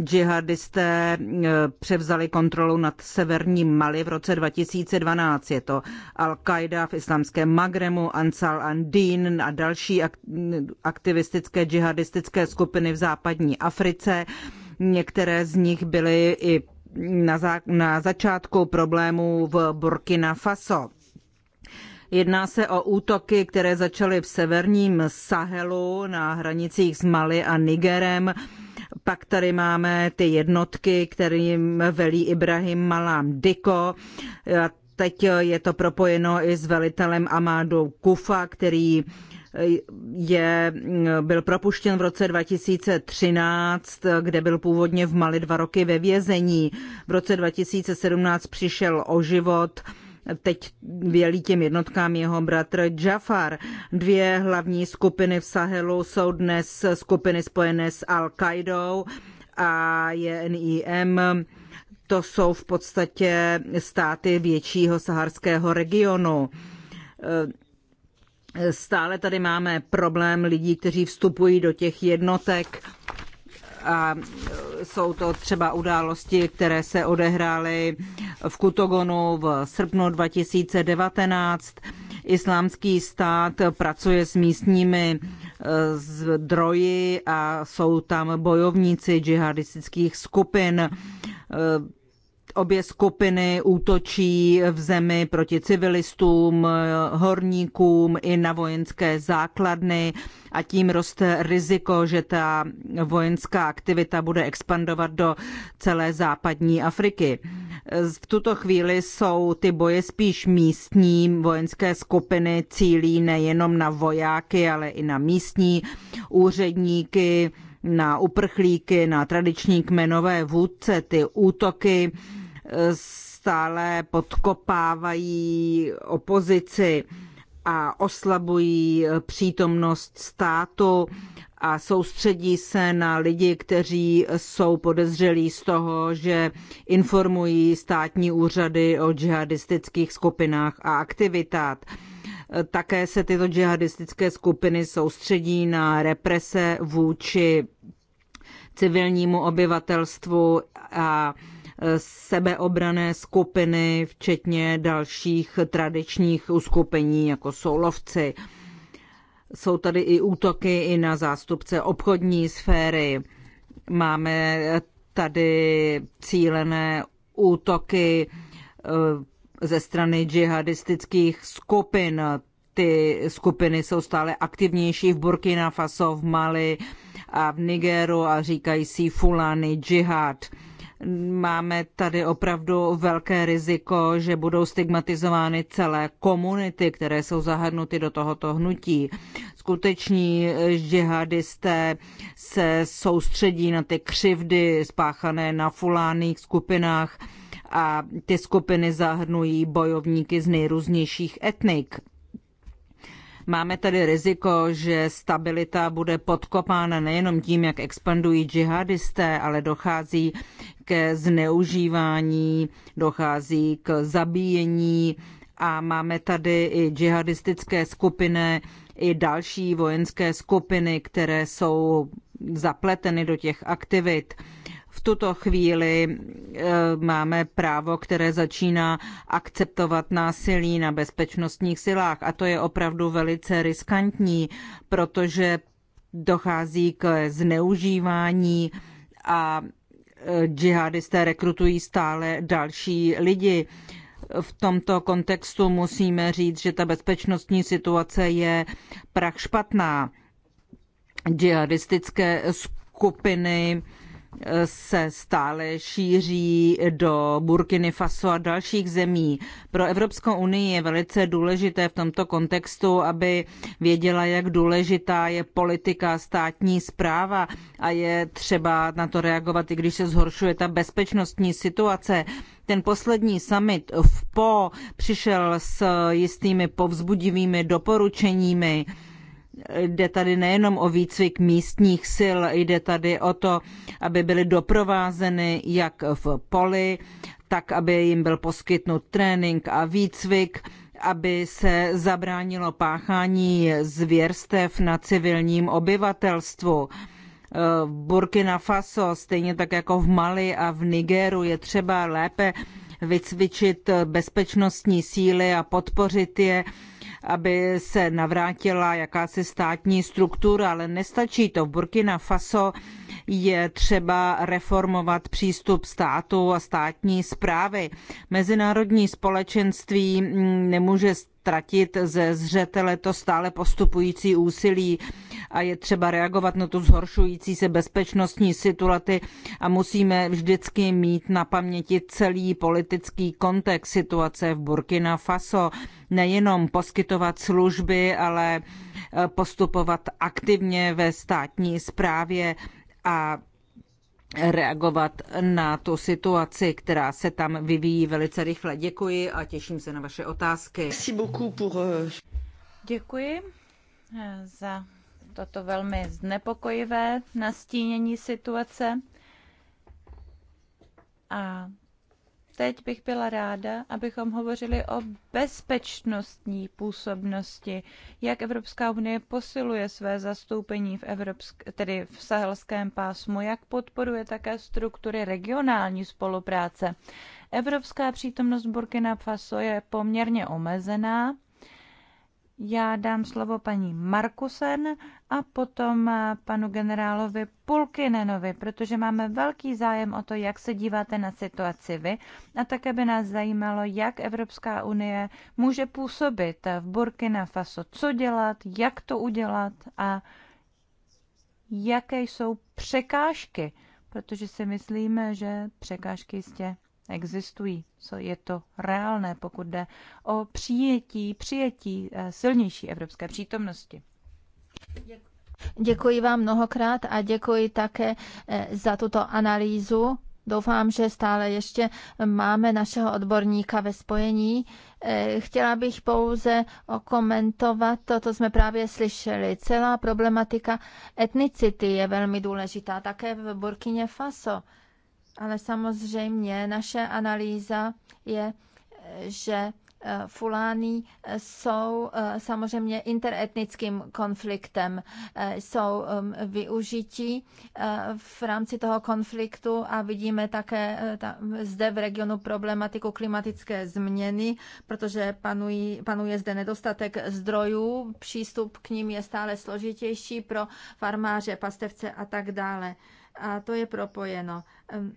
Speaker 2: džihadisté eh, převzali kontrolu nad severním Mali v roce 2012. Je to Al-Qaida v islamském Magremu, Ansal Andin a další aktivistické džihadistické skupiny v západní Africe. Některé z nich byly i na, za, na začátku problémů v Burkina Faso. Jedná se o útoky, které začaly v severním Sahelu na hranicích s Mali a Nigerem. Pak tady máme ty jednotky, kterým velí Ibrahim Malám Diko. Teď je to propojeno i s velitelem Amádou Kufa, který je, byl propuštěn v roce 2013, kde byl původně v Mali dva roky ve vězení. V roce 2017 přišel o život teď vělí těm jednotkám jeho bratr Jafar. Dvě hlavní skupiny v Sahelu jsou dnes skupiny spojené s Al-Qaidou a JNIM. To jsou v podstatě státy většího saharského regionu Stále tady máme problém lidí, kteří vstupují do těch jednotek a jsou to třeba události, které se odehrály v Kutogonu v srpnu 2019. Islámský stát pracuje s místními zdroji eh, a jsou tam bojovníci džihadistických skupin. Eh, obě skupiny útočí v zemi proti civilistům, horníkům i na vojenské základny a tím roste riziko, že ta vojenská aktivita bude expandovat do celé západní Afriky. V tuto chvíli jsou ty boje spíš místní, vojenské skupiny cílí nejenom na vojáky, ale i na místní úředníky, na uprchlíky, na tradiční kmenové vůdce, ty útoky stále podkopávají opozici a oslabují přítomnost státu a soustředí se na lidi, kteří jsou podezřelí z toho, že informují státní úřady o džihadistických skupinách a aktivitách. Také se tyto džihadistické skupiny soustředí na represe vůči civilnímu obyvatelstvu a sebeobrané skupiny, včetně dalších tradičních uskupení jako lovci. Jsou tady i útoky i na zástupce obchodní sféry. Máme tady cílené útoky eh, ze strany džihadistických skupin. Ty skupiny jsou stále aktivnější v Burkina Faso, v Mali a v Nigeru a říkají si Fulani džihad. Máme tady opravdu velké riziko, že budou stigmatizovány celé komunity, které jsou zahrnuty do tohoto hnutí. Skuteční džihadisté se soustředí na ty křivdy spáchané na fulánných skupinách a ty skupiny zahrnují bojovníky z nejrůznějších etnik Máme tedy riziko, že stabilita bude podkopána nejenom tím, jak expandují džihadisté, ale dochází ke zneužívání, dochází k zabíjení a máme tady i džihadistické skupiny, i další vojenské skupiny, které jsou zapleteny do těch aktivit tuto chvíli eh, máme právo, které začíná akceptovat násilí na bezpečnostních silách a to je opravdu velice riskantní, protože dochází k zneužívání a eh, džihadisté rekrutují stále další lidi. V tomto kontextu musíme říct, že ta bezpečnostní situace je prach špatná. Džihadistické skupiny se stále šíří do Burkiny Faso a dalších zemí. Pro Evropskou unii je velice důležité v tomto kontextu, aby věděla, jak důležitá je politika, státní zpráva a je třeba na to reagovat, i když se zhoršuje ta bezpečnostní situace. Ten poslední summit v Po přišel s jistými povzbudivými doporučeními Jde tady nejenom o výcvik místních sil, jde tady o to, aby byly doprovázeny jak v poli, tak aby jim byl poskytnut trénink a výcvik, aby se zabránilo páchání zvěrstev na civilním obyvatelstvu. V Burkina Faso, stejně tak jako v Mali a v Nigeru, je třeba lépe vycvičit bezpečnostní síly a podpořit je aby se navrátila jakási státní struktura, ale nestačí to. V Burkina Faso je třeba reformovat přístup státu a státní zprávy. Mezinárodní společenství nemůže ztratit ze zřetele to stále postupující úsilí a je třeba reagovat na tu zhoršující se bezpečnostní situaci a musíme vždycky mít na paměti celý politický kontext situace v Burkina Faso. Nejenom poskytovat služby, ale eh, postupovat aktivně ve státní správě a reagovat na tu situaci, která se tam vyvíjí velice rychle. Děkuji a těším se na vaše otázky. Euh, Děkuji
Speaker 1: eh, za toto velmi znepokojivé nastínění situace. A teď bych byla ráda, abychom hovořili o bezpečnostní působnosti, jak Evropská unie posiluje své zastoupení v, Evropsk- tedy v sahelském pásmu, jak podporuje také struktury regionální spolupráce. Evropská přítomnost Burkina Faso je poměrně omezená já dám slovo paní Markusen a potom panu generálovi Pulkinenovi, protože máme velký zájem o to, jak se díváte na situaci vy a také by nás zajímalo, jak Evropská unie může působit v Burkina Faso, co dělat, jak to udělat a jaké jsou překážky, protože si myslíme, že překážky jistě existují, co je to reálné, pokud jde o přijetí, přijetí eh, silnější evropské přítomnosti.
Speaker 3: Děkuji vám mnohokrát a děkuji také eh, za tuto analýzu. Doufám, že stále ještě máme našeho odborníka ve spojení. Eh, chtěla bych pouze okomentovat to, co jsme právě slyšeli. Celá problematika etnicity je velmi důležitá, také v Burkině Faso ale samozřejmě naše analýza je, že eh, fulány eh, jsou eh, samozřejmě interetnickým konfliktem. Jsou ehm, využití v rámci toho konfliktu a vidíme také zde v regionu problematiku klimatické změny, protože panují, panuje zde nedostatek zdrojů, přístup k ním je stále složitější pro farmáře, pastevce a tak dále. A to je propojeno. Ehm,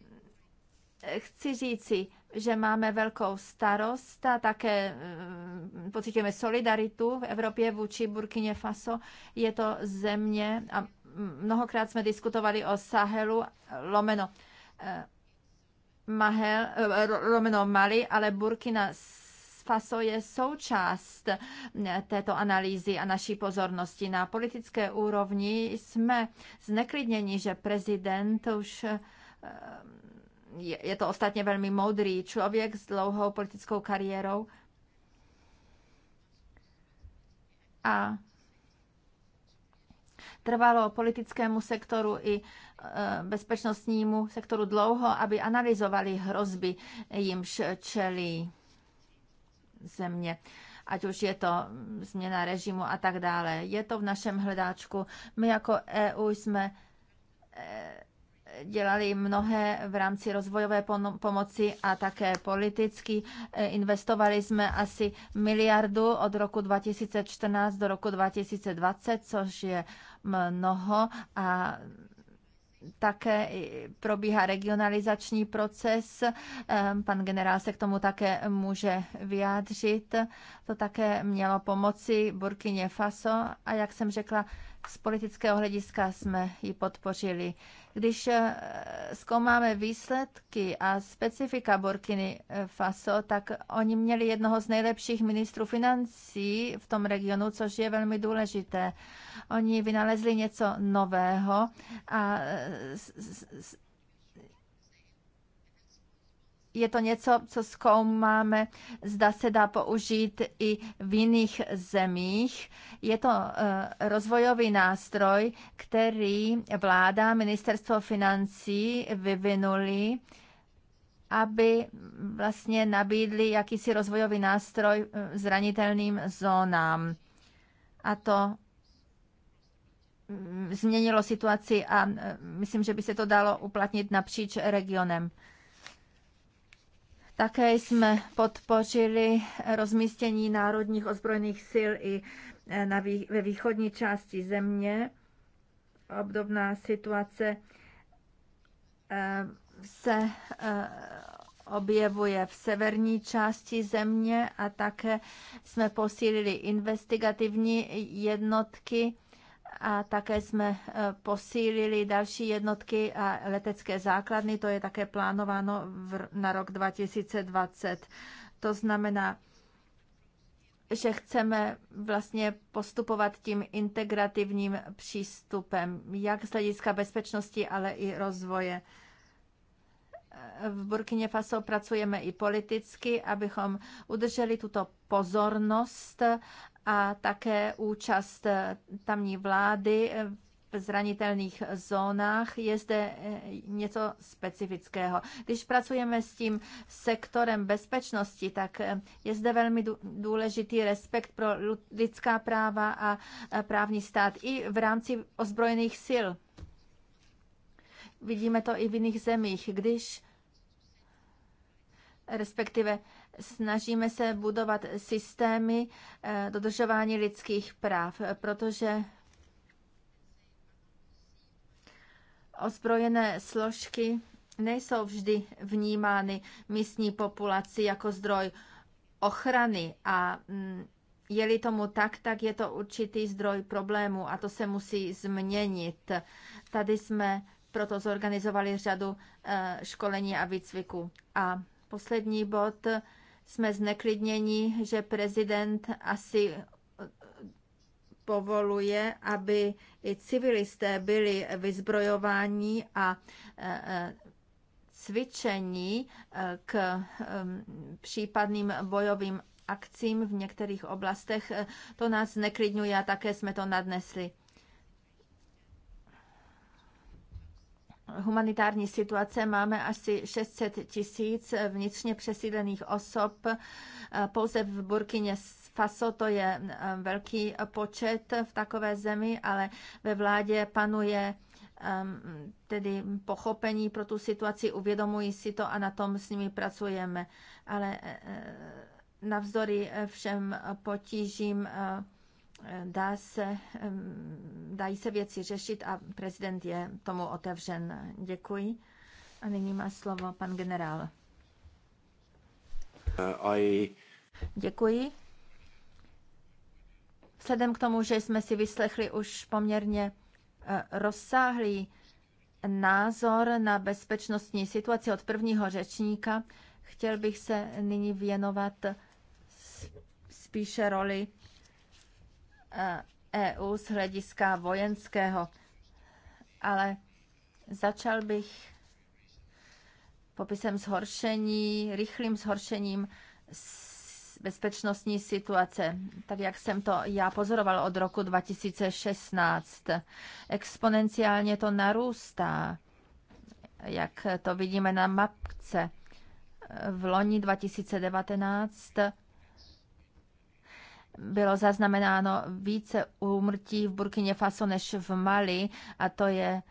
Speaker 3: chci říci, že máme velkou starost a také mm, pocitujeme solidaritu v Evropě vůči Burkině Faso. Je to země a mnohokrát jsme diskutovali o Sahelu lomeno, eh, Mahel, eh, lomeno Mali, ale Burkina Faso je součást eh, této analýzy a naší pozornosti. Na politické úrovni jsme zneklidněni, že prezident už je to ostatně velmi moudrý člověk s dlouhou politickou kariérou. A trvalo politickému sektoru i e, bezpečnostnímu sektoru dlouho, aby analyzovali hrozby, jimž čelí země ať už je to změna režimu a tak dále. Je to v našem hledáčku. My jako EU jsme e, dělali mnohé v rámci rozvojové pomoci a také politicky. E, investovali jsme asi miliardu od roku 2014 do roku 2020, což je mnoho a také probíhá regionalizační proces. E, pan generál se k tomu také může vyjádřit. To také mělo pomoci Burkině Faso a jak jsem řekla, z politického hlediska jsme ji podpořili. Když eh, zkoumáme výsledky a specifika Burkiny eh, Faso, tak oni měli jednoho z nejlepších ministrů financí v tom regionu, což je velmi důležité. Oni vynalezli něco nového a eh, je to něco, co zkoumáme, zda se dá použít i v jiných zemích. Je to eh, rozvojový nástroj, který vláda, ministerstvo financí vyvinuli, aby vlastně nabídli jakýsi rozvojový nástroj eh, zranitelným zónám. A to mm, změnilo situaci a eh, myslím, že by se to dalo uplatnit napříč regionem. Také jsme podpořili rozmístění národních ozbrojených sil i eh, na vý, ve východní části země. Obdobná situace eh, se eh, objevuje v severní části země a také jsme posílili investigativní jednotky a také jsme e, posílili další jednotky a letecké základny, to je také plánováno na rok 2020. To znamená, že chceme vlastně postupovat tím integrativním přístupem, jak z hlediska bezpečnosti, ale i rozvoje. E, v Burkině Faso pracujeme i politicky, abychom udrželi tuto pozornost a také účast eh, tamní vlády eh, v zranitelných zónách je zde eh, něco specifického. Když pracujeme s tím sektorem bezpečnosti, tak je zde velmi důležitý respekt pro lidská práva a právní stát i v rámci ozbrojených sil. Vidíme to i v jiných zemích, když respektive Snažíme se budovat systémy eh, dodržování lidských práv, protože ozbrojené složky nejsou vždy vnímány místní populací jako zdroj ochrany a mm, je-li tomu tak, tak je to určitý zdroj problému a to se musí změnit. Tady jsme proto zorganizovali řadu eh, školení a výcviku. A poslední bod jsme zneklidněni, že prezident asi eh, povoluje, aby i civilisté byli vyzbrojováni a eh, eh, cvičení k ehm, případným bojovým akcím v některých oblastech. To nás zneklidňuje a také jsme to nadnesli. humanitární situace máme asi 600 tisíc vnitřně přesídlených osob. Pouze v Burkině Faso to je eh, velký počet v takové zemi, ale ve vládě panuje ehm, tedy pochopení pro tu situaci, uvědomují si to a na tom s nimi pracujeme. Ale eh, eh, navzdory všem potížím dá se, dají se věci řešit a prezident je tomu otevřen. Děkuji. A nyní má slovo pan generál.
Speaker 4: Uh, I...
Speaker 3: Děkuji. Vzhledem k tomu, že jsme si vyslechli už poměrně eh, rozsáhlý názor na bezpečnostní situaci od prvního řečníka, chtěl bych se nyní věnovat spíše roli EU eh, e z hlediska vojenského, ale začal bych popisem zhoršení, rychlým zhoršením bezpečnostní situace, tak jak jsem to já pozoroval od roku 2016. Exponenciálně to narůstá, jak to vidíme na mapce. V loni 2019 bylo zaznamenáno více úmrtí v Burkině Faso než v Mali a to je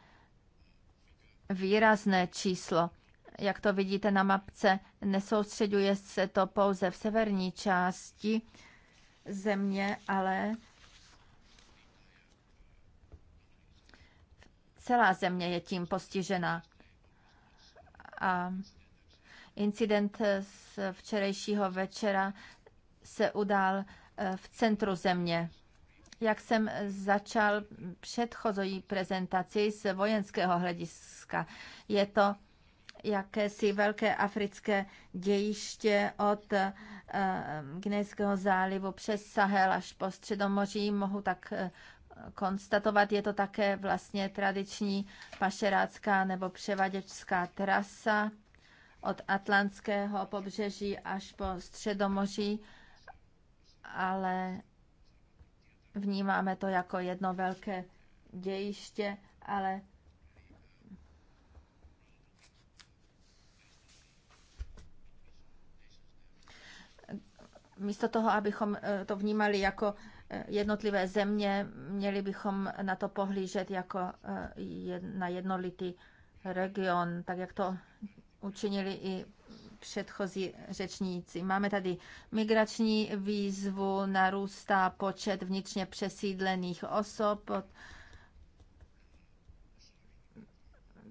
Speaker 3: výrazné číslo. Jak to vidíte na mapce, nesoustředuje se to pouze v severní části země, ale celá země je tím postižena. A incident z včerejšího večera se udál Eh, v centru země. Jak jsem začal předchozí prezentaci z vojenského hlediska, je to jakési velké africké dějiště od eh, Gnejského zálivu přes Sahel až po Středomoří. Mohu tak eh, konstatovat, je to také vlastně tradiční pašerácká nebo převaděčská trasa od atlantského pobřeží až po Středomoří ale vnímáme to jako jedno velké dějiště, ale místo toho, abychom eh, to vnímali jako eh, jednotlivé země, měli bychom na to pohlížet jako eh, na jednolitý region, tak jak to učinili i předchozí řečníci. Máme tady migrační výzvu, narůstá počet vnitřně přesídlených osob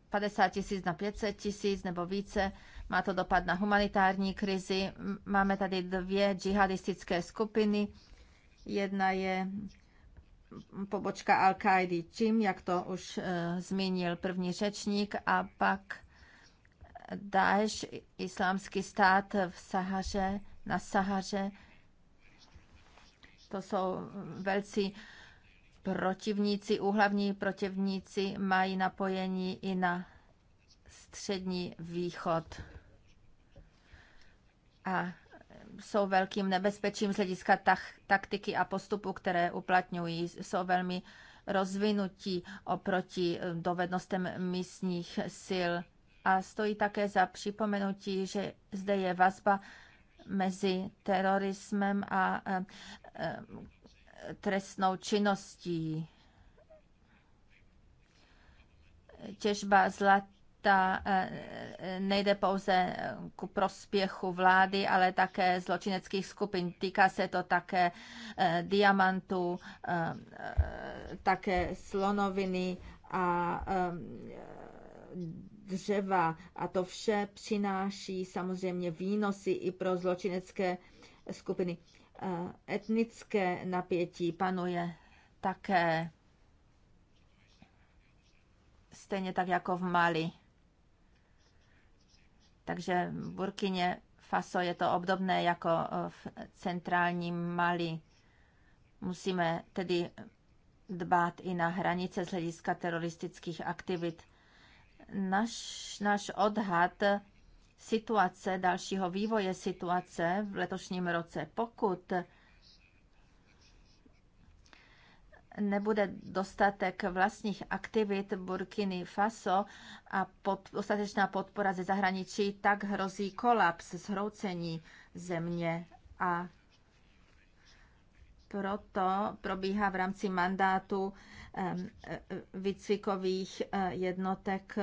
Speaker 3: 50 tisíc na 500 tisíc nebo více. Má to dopad na humanitární krizi. Máme tady dvě džihadistické skupiny. Jedna je pobočka Al-Qaidi Jim, jak to už uh, zmínil první řečník, a pak Daesh, islámský stát v Sahaře, na Sahaře. To jsou velcí protivníci, úhlavní protivníci mají napojení i na střední východ. A jsou velkým nebezpečím z hlediska taktiky a postupu, které uplatňují. Jsou velmi rozvinutí oproti eh, dovednostem místních sil a stojí také za připomenutí, že zde je vazba mezi terorismem a eh, eh, trestnou činností. Těžba zlata eh, nejde pouze ku prospěchu vlády, ale také zločineckých skupin. Týká se to také diamantů, také slonoviny a dřeva a to vše přináší samozřejmě výnosy i pro zločinecké skupiny. Etnické napětí panuje také stejně tak jako v Mali. Takže v Burkině Faso je to obdobné jako v centrálním Mali. Musíme tedy dbát i na hranice z hlediska teroristických aktivit. Naš, náš odhad situace, dalšího vývoje situace v letošním roce, pokud nebude dostatek vlastních aktivit Burkiny Faso a pod, dostatečná podpora ze zahraničí, tak hrozí kolaps, zhroucení země a proto probíhá v rámci mandátu e, výcvikových e, jednotek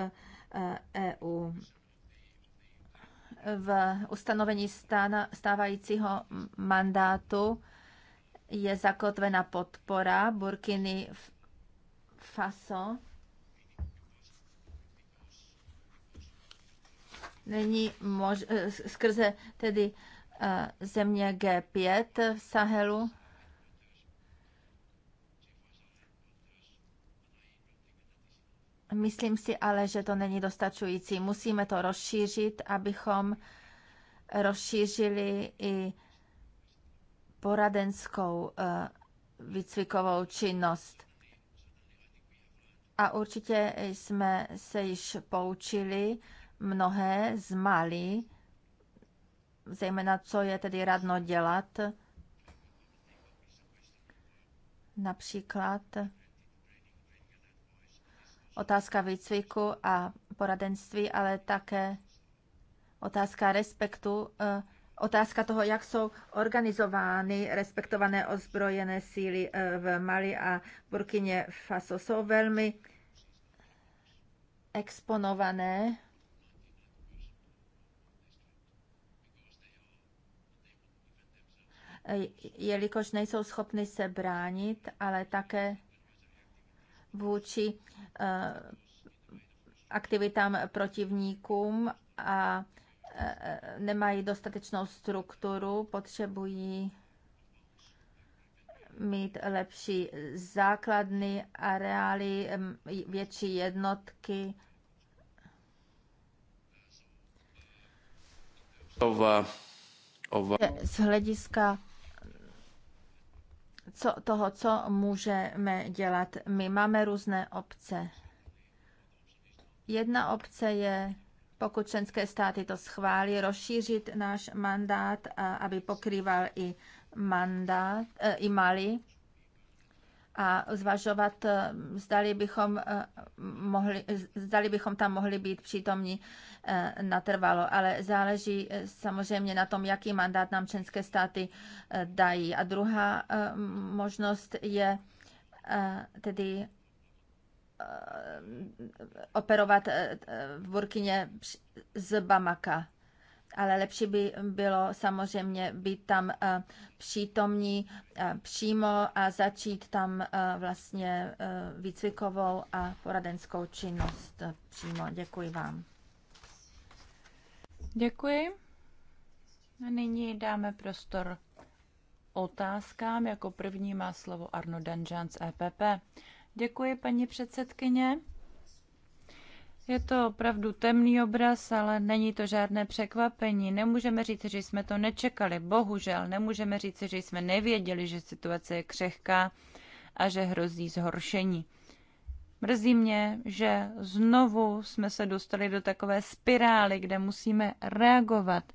Speaker 3: EU. E v ustanovení stávajícího mandátu je zakotvena podpora Burkiny Faso. Není mož- skrze tedy země G5 v Sahelu Myslím si ale, že to není dostačující. Musíme to rozšířit, abychom rozšířili i poradenskou eh, výcvikovou činnost. A určitě jsme se již poučili mnohé z Mali, zejména co je tedy radno dělat. Například otázka výcviku a poradenství, ale také otázka respektu, e, otázka toho, jak jsou organizovány respektované ozbrojené síly e, v Mali a Burkině Faso. Jsou velmi exponované e, jelikož nejsou schopny se bránit, ale také vůči eh, aktivitám protivníkům a eh, nemají dostatečnou strukturu, potřebují mít lepší základny, areály, mm, větší jednotky. Z hlediska co, toho, co můžeme dělat. My máme různé obce. Jedna obce je, pokud členské státy to schválí, rozšířit náš mandát, aby pokrýval i mandát, eh, i Mali a zvažovat, eh, zdali bychom, eh, mohli, zdali bychom tam mohli být přítomní eh, natrvalo, ale záleží samozřejmě na tom, jaký mandát nám členské státy dají. A druhá možnost je tedy operovat v Burkině z Bamaka ale lepší by bylo samozřejmě být tam eh, přítomní eh, přímo a začít tam eh, vlastně výcvikovou a poradenskou činnost přímo. Děkuji vám.
Speaker 1: Děkuji. A nyní dáme prostor otázkám. Jako první má slovo Arno Danžan z EPP. Děkuji, paní předsedkyně. Je to opravdu temný obraz, ale není to žádné překvapení. Nemůžeme říct, že jsme to nečekali, bohužel. Nemůžeme říct, že jsme nevěděli, že situace je křehká a že hrozí zhoršení. Mrzí mě, že znovu jsme se dostali do takové spirály, kde musíme reagovat.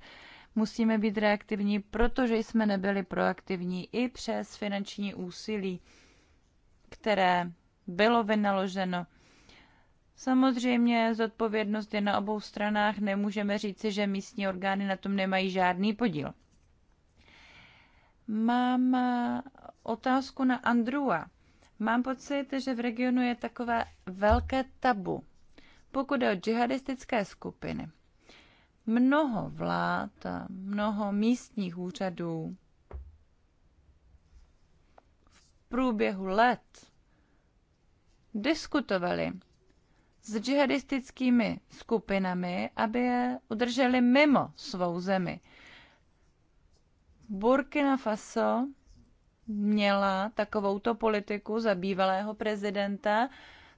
Speaker 1: Musíme být reaktivní, protože jsme nebyli proaktivní i přes finanční úsilí, které bylo vynaloženo. Samozřejmě zodpovědnost je na obou stranách, nemůžeme říci, že místní orgány na tom nemají žádný podíl. Mám eh, otázku na Andrua. Mám pocit, že v regionu je takové velké tabu, pokud je o džihadistické skupiny. Mnoho vlád, mnoho místních úřadů v průběhu let diskutovali s džihadistickými skupinami, aby je udrželi mimo svou zemi. Burkina Faso měla takovouto politiku za bývalého prezidenta.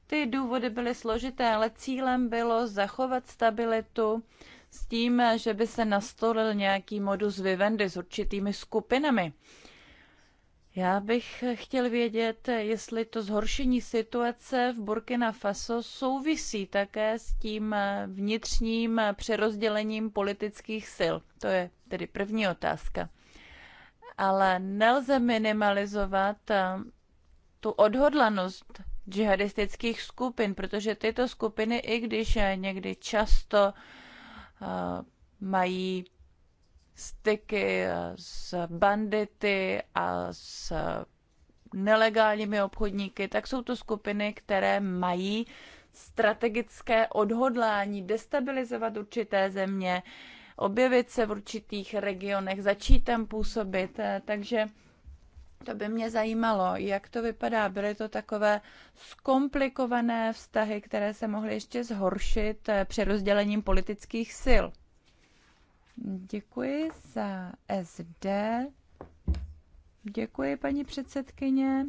Speaker 1: Ty důvody byly složité, ale cílem bylo zachovat stabilitu s tím, že by se nastolil nějaký modus vivendi s určitými skupinami. Já bych chtěl vědět, jestli to zhoršení situace v Burkina Faso souvisí také s tím vnitřním přerozdělením politických sil. To je tedy první otázka. Ale nelze minimalizovat eh, tu odhodlanost džihadistických skupin, protože tyto skupiny, i když eh, někdy často eh, mají styky s bandity a s nelegálními obchodníky, tak jsou to skupiny, které mají strategické odhodlání destabilizovat určité země, objevit se v určitých regionech, začít tam působit. Takže to by mě zajímalo, jak to vypadá. Byly to takové zkomplikované vztahy, které se mohly ještě zhoršit přerozdělením politických sil. Děkuji za SD. Děkuji, paní předsedkyně.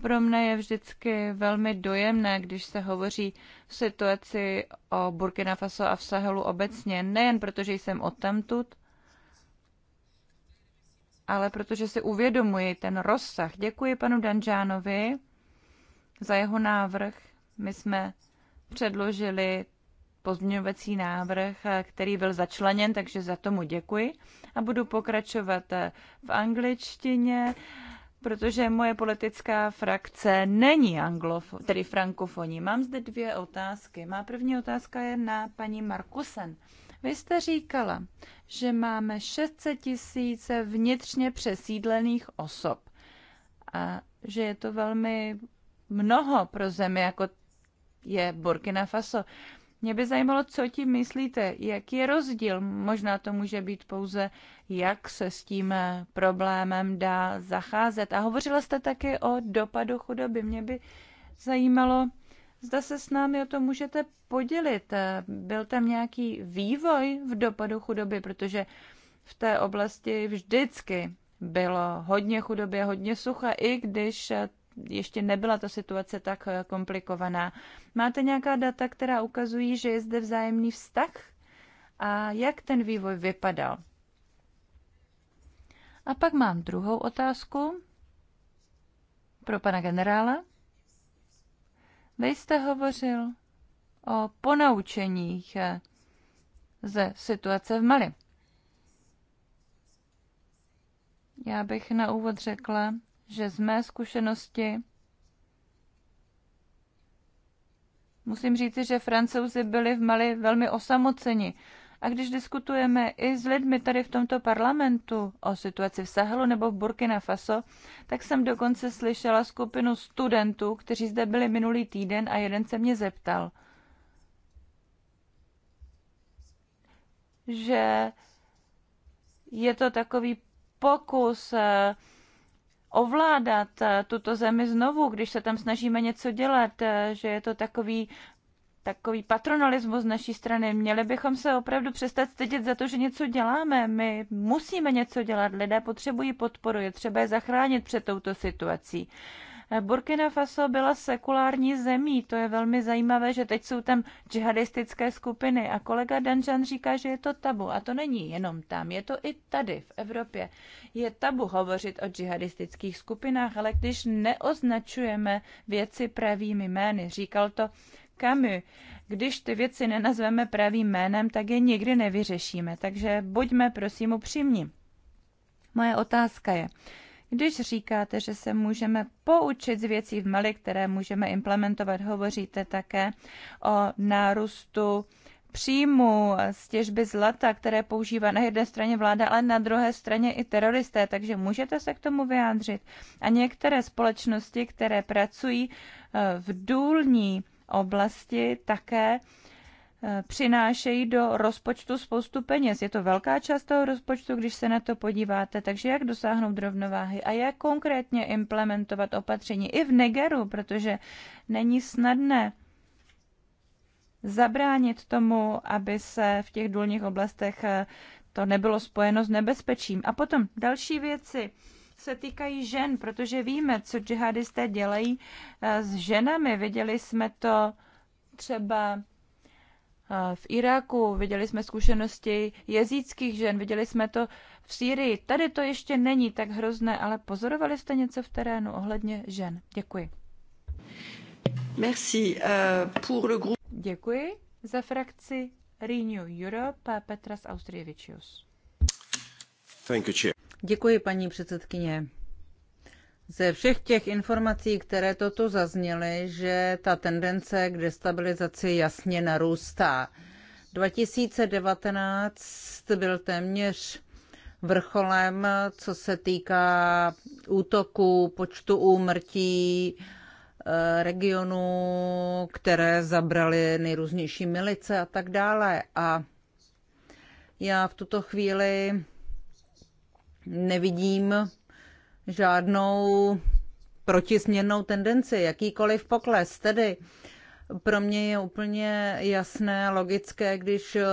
Speaker 1: Pro mne je vždycky velmi dojemné, když se hovoří v situaci o Burkina Faso a v Sahelu obecně, nejen protože jsem odtamtud, ale protože si uvědomuji ten rozsah. Děkuji panu Danžánovi za jeho návrh. My jsme předložili pozměňovací návrh, eh, který byl začleněn, takže za tomu děkuji. A budu pokračovat eh, v angličtině, protože moje politická frakce není anglof, tedy frankofoní. Mám zde dvě otázky. Má první otázka je na paní Markusen. Vy jste říkala, že máme 600 tisíc vnitřně přesídlených osob a že je to velmi mnoho pro zemi, jako je Burkina Faso. Mě by zajímalo, co tím myslíte, jaký je rozdíl. Možná to může být pouze, jak se s tím problémem dá zacházet. A hovořila jste taky o dopadu chudoby. Mě by zajímalo, zda se s námi o to můžete podělit. Byl tam nějaký vývoj v dopadu chudoby, protože v té oblasti vždycky bylo hodně chudoby, hodně sucha, i když ještě nebyla ta situace tak eh, komplikovaná. Máte nějaká data, která ukazují, že je zde vzájemný vztah? A jak ten vývoj vypadal? A pak mám druhou otázku pro pana generála. Vy jste hovořil o ponaučeních eh, ze situace v Mali. Já bych na úvod řekla, že z mé zkušenosti musím říci, že francouzi byli v Mali velmi osamoceni. A když diskutujeme i s lidmi tady v tomto parlamentu o situaci v Sahelu nebo v Burkina Faso, tak jsem dokonce slyšela skupinu studentů, kteří zde byli minulý týden a jeden se mě zeptal, že je to takový pokus eh, ovládat eh, tuto zemi znovu, když se tam snažíme něco dělat, eh, že je to takový takový patronalismus z naší strany. Měli bychom se opravdu přestat stydět za to, že něco děláme. My musíme něco dělat. Lidé potřebují podporu. Je třeba je zachránit před touto situací. Burkina Faso byla sekulární zemí, to je velmi zajímavé, že teď jsou tam džihadistické skupiny a kolega Danžan říká, že je to tabu a to není jenom tam, je to i tady v Evropě. Je tabu hovořit o džihadistických skupinách, ale když neoznačujeme věci pravými jmény, říkal to Camus, když ty věci nenazveme pravým jménem, tak je nikdy nevyřešíme, takže buďme prosím upřímní. Moje otázka je, když říkáte, že se můžeme poučit z věcí v Mali, které můžeme implementovat, hovoříte také o nárůstu příjmu z těžby zlata, které používá na jedné straně vláda, ale na druhé straně i teroristé, takže můžete se k tomu vyjádřit. A některé společnosti, které pracují eh, v důlní oblasti, také uh, Eh, přinášejí do rozpočtu spoustu peněz. Je to velká část toho rozpočtu, když se na to podíváte. Takže jak dosáhnout rovnováhy a jak konkrétně implementovat opatření i v Nigeru, protože není snadné zabránit tomu, aby se v těch důlních oblastech eh, to nebylo spojeno s nebezpečím. A potom další věci se týkají žen, protože víme, co džihadisté dělají eh, s ženami. Viděli jsme to třeba v Iráku, viděli jsme zkušenosti jezíckých žen, viděli jsme to v Sýrii. Tady to ještě není tak hrozné, ale pozorovali jste něco v terénu ohledně žen. Děkuji. Merci uh, pour le group... Děkuji za frakci
Speaker 2: Renew Europe Petras Austrievičius. Thank you, chair. Děkuji, paní předsedkyně ze všech těch informací, které toto zazněly, že ta tendence k destabilizaci jasně narůstá. 2019 byl téměř vrcholem, co se týká útoku, počtu úmrtí, eh, regionů, které zabrali nejrůznější milice a tak dále. A já v tuto chvíli nevidím žádnou protisměrnou tendenci, jakýkoliv pokles. Tedy pro mě je úplně jasné, logické, když eh,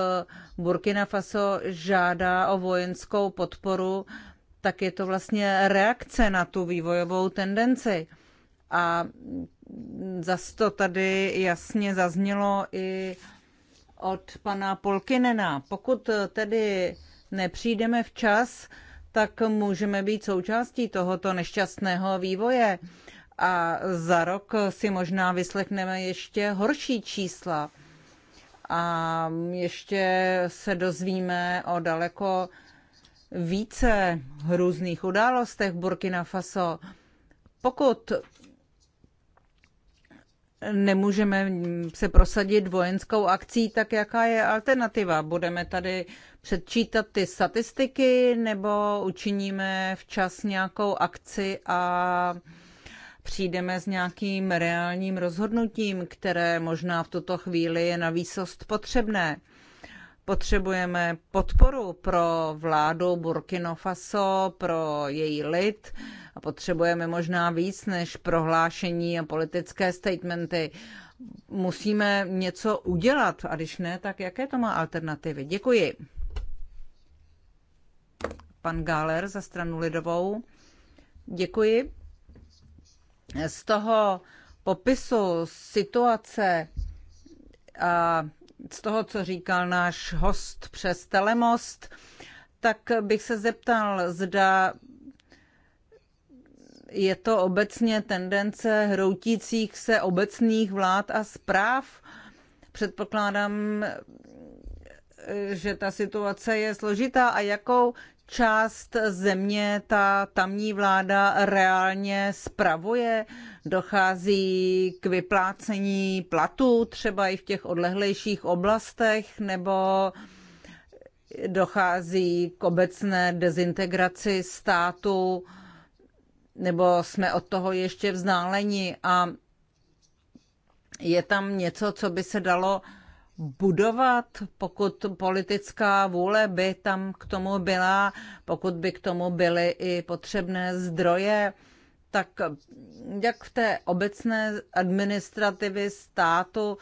Speaker 2: Burkina Faso žádá o vojenskou podporu, tak je to vlastně reakce na tu vývojovou tendenci. A zase to tady jasně zaznělo i od pana Polkinena. Pokud eh, tedy nepřijdeme včas, tak můžeme být součástí tohoto nešťastného vývoje. A za rok si možná vyslechneme ještě horší čísla. A ještě se dozvíme o daleko více různých událostech Burkina Faso. Pokud nemůžeme se prosadit vojenskou akcí, tak jaká je alternativa? Budeme tady předčítat ty statistiky nebo učiníme včas nějakou akci a přijdeme s nějakým reálním rozhodnutím, které možná v tuto chvíli je na výsost potřebné. Potřebujeme podporu pro vládu Burkina Faso, pro její lid, a potřebujeme možná víc než prohlášení a politické statementy. Musíme něco udělat a když ne, tak jaké to má alternativy? Děkuji. Pan Gáler za stranu lidovou. Děkuji. Z toho popisu situace a z toho, co říkal náš host přes Telemost, tak bych se zeptal, zda je to obecně tendence hroutících se obecných vlád a zpráv. Předpokládám, že ta situace je složitá a jakou část země ta tamní vláda reálně spravuje. Dochází k vyplácení platů třeba i v těch odlehlejších oblastech nebo dochází k obecné dezintegraci státu nebo jsme od toho ještě vzdáleni a je tam něco, co by se dalo budovat, pokud politická vůle by tam k tomu byla, pokud by k tomu byly i potřebné zdroje, tak jak v té obecné administrativy státu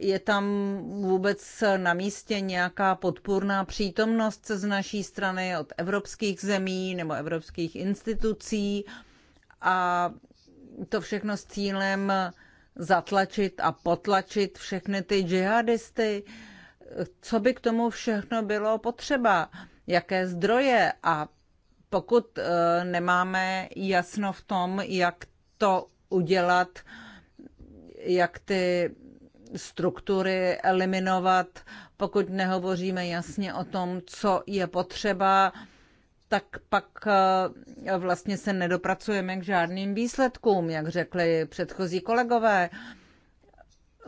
Speaker 2: je tam vůbec na místě nějaká podpůrná přítomnost z naší strany od evropských zemí nebo evropských institucí a to všechno s cílem zatlačit a potlačit všechny ty džihadisty. Co by k tomu všechno bylo potřeba? Jaké zdroje? A pokud eh, nemáme jasno v tom, jak to udělat, jak ty struktury eliminovat, pokud nehovoříme jasně o tom, co je potřeba, tak pak eh, vlastně se nedopracujeme k žádným výsledkům, jak řekli předchozí kolegové.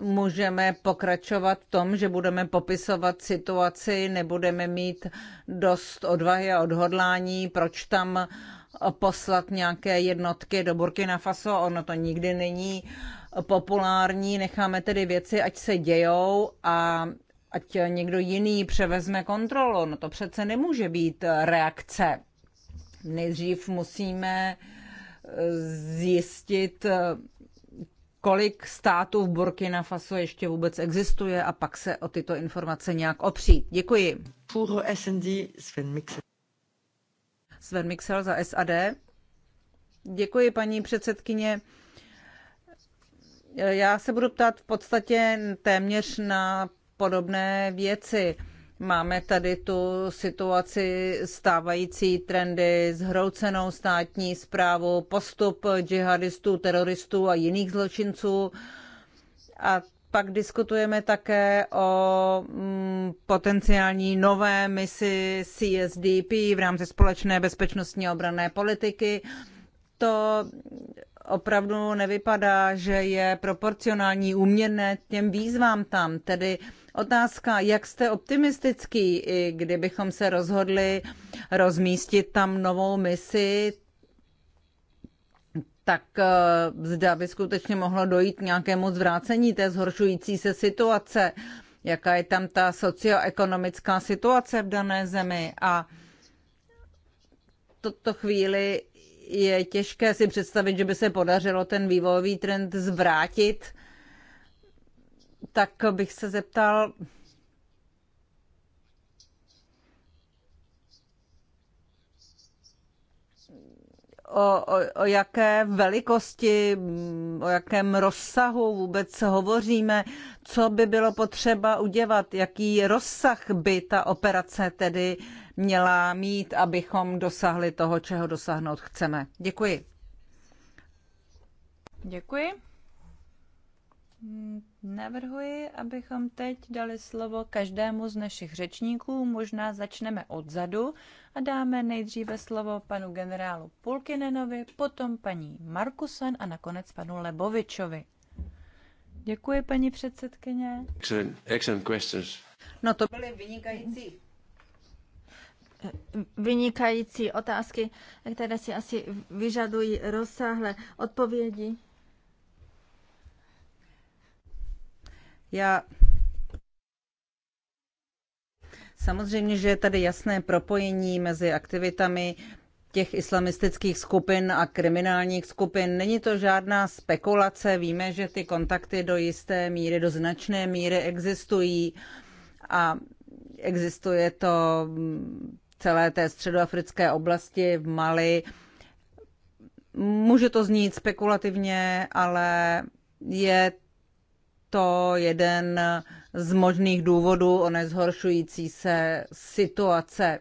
Speaker 2: Můžeme pokračovat v tom, že budeme popisovat situaci, nebudeme mít dost odvahy a odhodlání, proč tam uh, poslat nějaké jednotky do Burkina Faso, ono to nikdy není populární, necháme tedy věci, ať se dějou a ať někdo jiný převezme kontrolu. No to přece nemůže být reakce. Nejdřív musíme eh, zjistit, eh, kolik států v Burkina Faso ještě vůbec existuje a pak se o tyto informace nějak opřít. Děkuji. Puro SND Sven Mixer. Sven Mixel za SAD. Děkuji, paní předsedkyně. Já se budu ptát v podstatě téměř na podobné věci. Máme tady tu situaci stávající trendy, zhroucenou státní zprávu, postup džihadistů, teroristů a jiných zločinců. A pak diskutujeme také o mm, potenciální nové misi CSDP v rámci společné bezpečnostní obrané politiky. To opravdu nevypadá, že je proporcionální, úměrné těm výzvám tam. Tedy otázka, jak jste optimistický, i kdybychom se rozhodli rozmístit tam novou misi, tak eh, zda by skutečně mohlo dojít k nějakému zvrácení té zhoršující se situace, jaká je tam ta socioekonomická situace v dané zemi a toto chvíli je těžké si představit, že by se podařilo ten vývojový trend zvrátit, tak bych se zeptal, o, o, o jaké velikosti, mm, o jakém rozsahu vůbec hovoříme, co by bylo potřeba udělat, jaký rozsah by ta operace tedy měla mít, abychom dosahli toho, čeho dosáhnout chceme. Děkuji.
Speaker 1: Děkuji. Navrhuji, abychom teď dali slovo každému z našich řečníků. Možná začneme odzadu a dáme nejdříve slovo panu generálu Pulkinenovi, potom paní Markusen a nakonec panu Lebovičovi.
Speaker 3: Děkuji, paní předsedkyně.
Speaker 4: Excellent, excellent questions.
Speaker 3: No to byly
Speaker 2: vynikající
Speaker 3: vynikající otázky, které si asi vyžadují rozsáhlé odpovědi.
Speaker 2: Já Samozřejmě, že je tady jasné propojení mezi aktivitami těch islamistických skupin a kriminálních skupin. Není to žádná spekulace, víme, že ty kontakty do jisté míry, do značné míry existují a existuje to celé té středoafrické oblasti v Mali. Může to znít spekulativně, ale je to jeden z možných důvodů o nezhoršující se situace.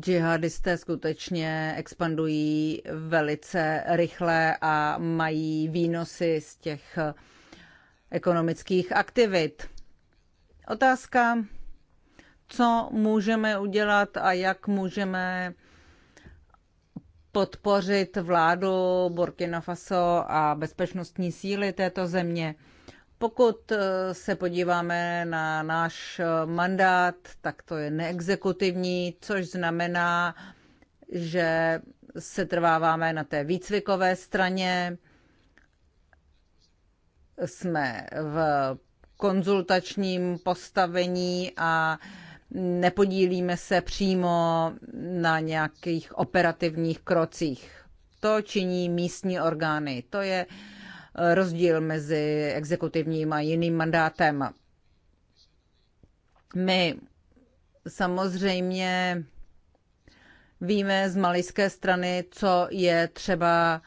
Speaker 2: Džihadisté skutečně expandují velice rychle a mají výnosy z těch ekonomických aktivit. Otázka, co můžeme udělat a jak můžeme podpořit vládu Burkina Faso a bezpečnostní síly této země. Pokud eh, se podíváme na náš eh, mandát, tak to je neexekutivní, což znamená, že se trváváme na té výcvikové straně. Jsme v konzultačním postavení a nepodílíme se přímo na nějakých operativních krocích. To činí místní orgány. To je eh, rozdíl mezi exekutivním a jiným mandátem. My samozřejmě víme z malijské strany, co je třeba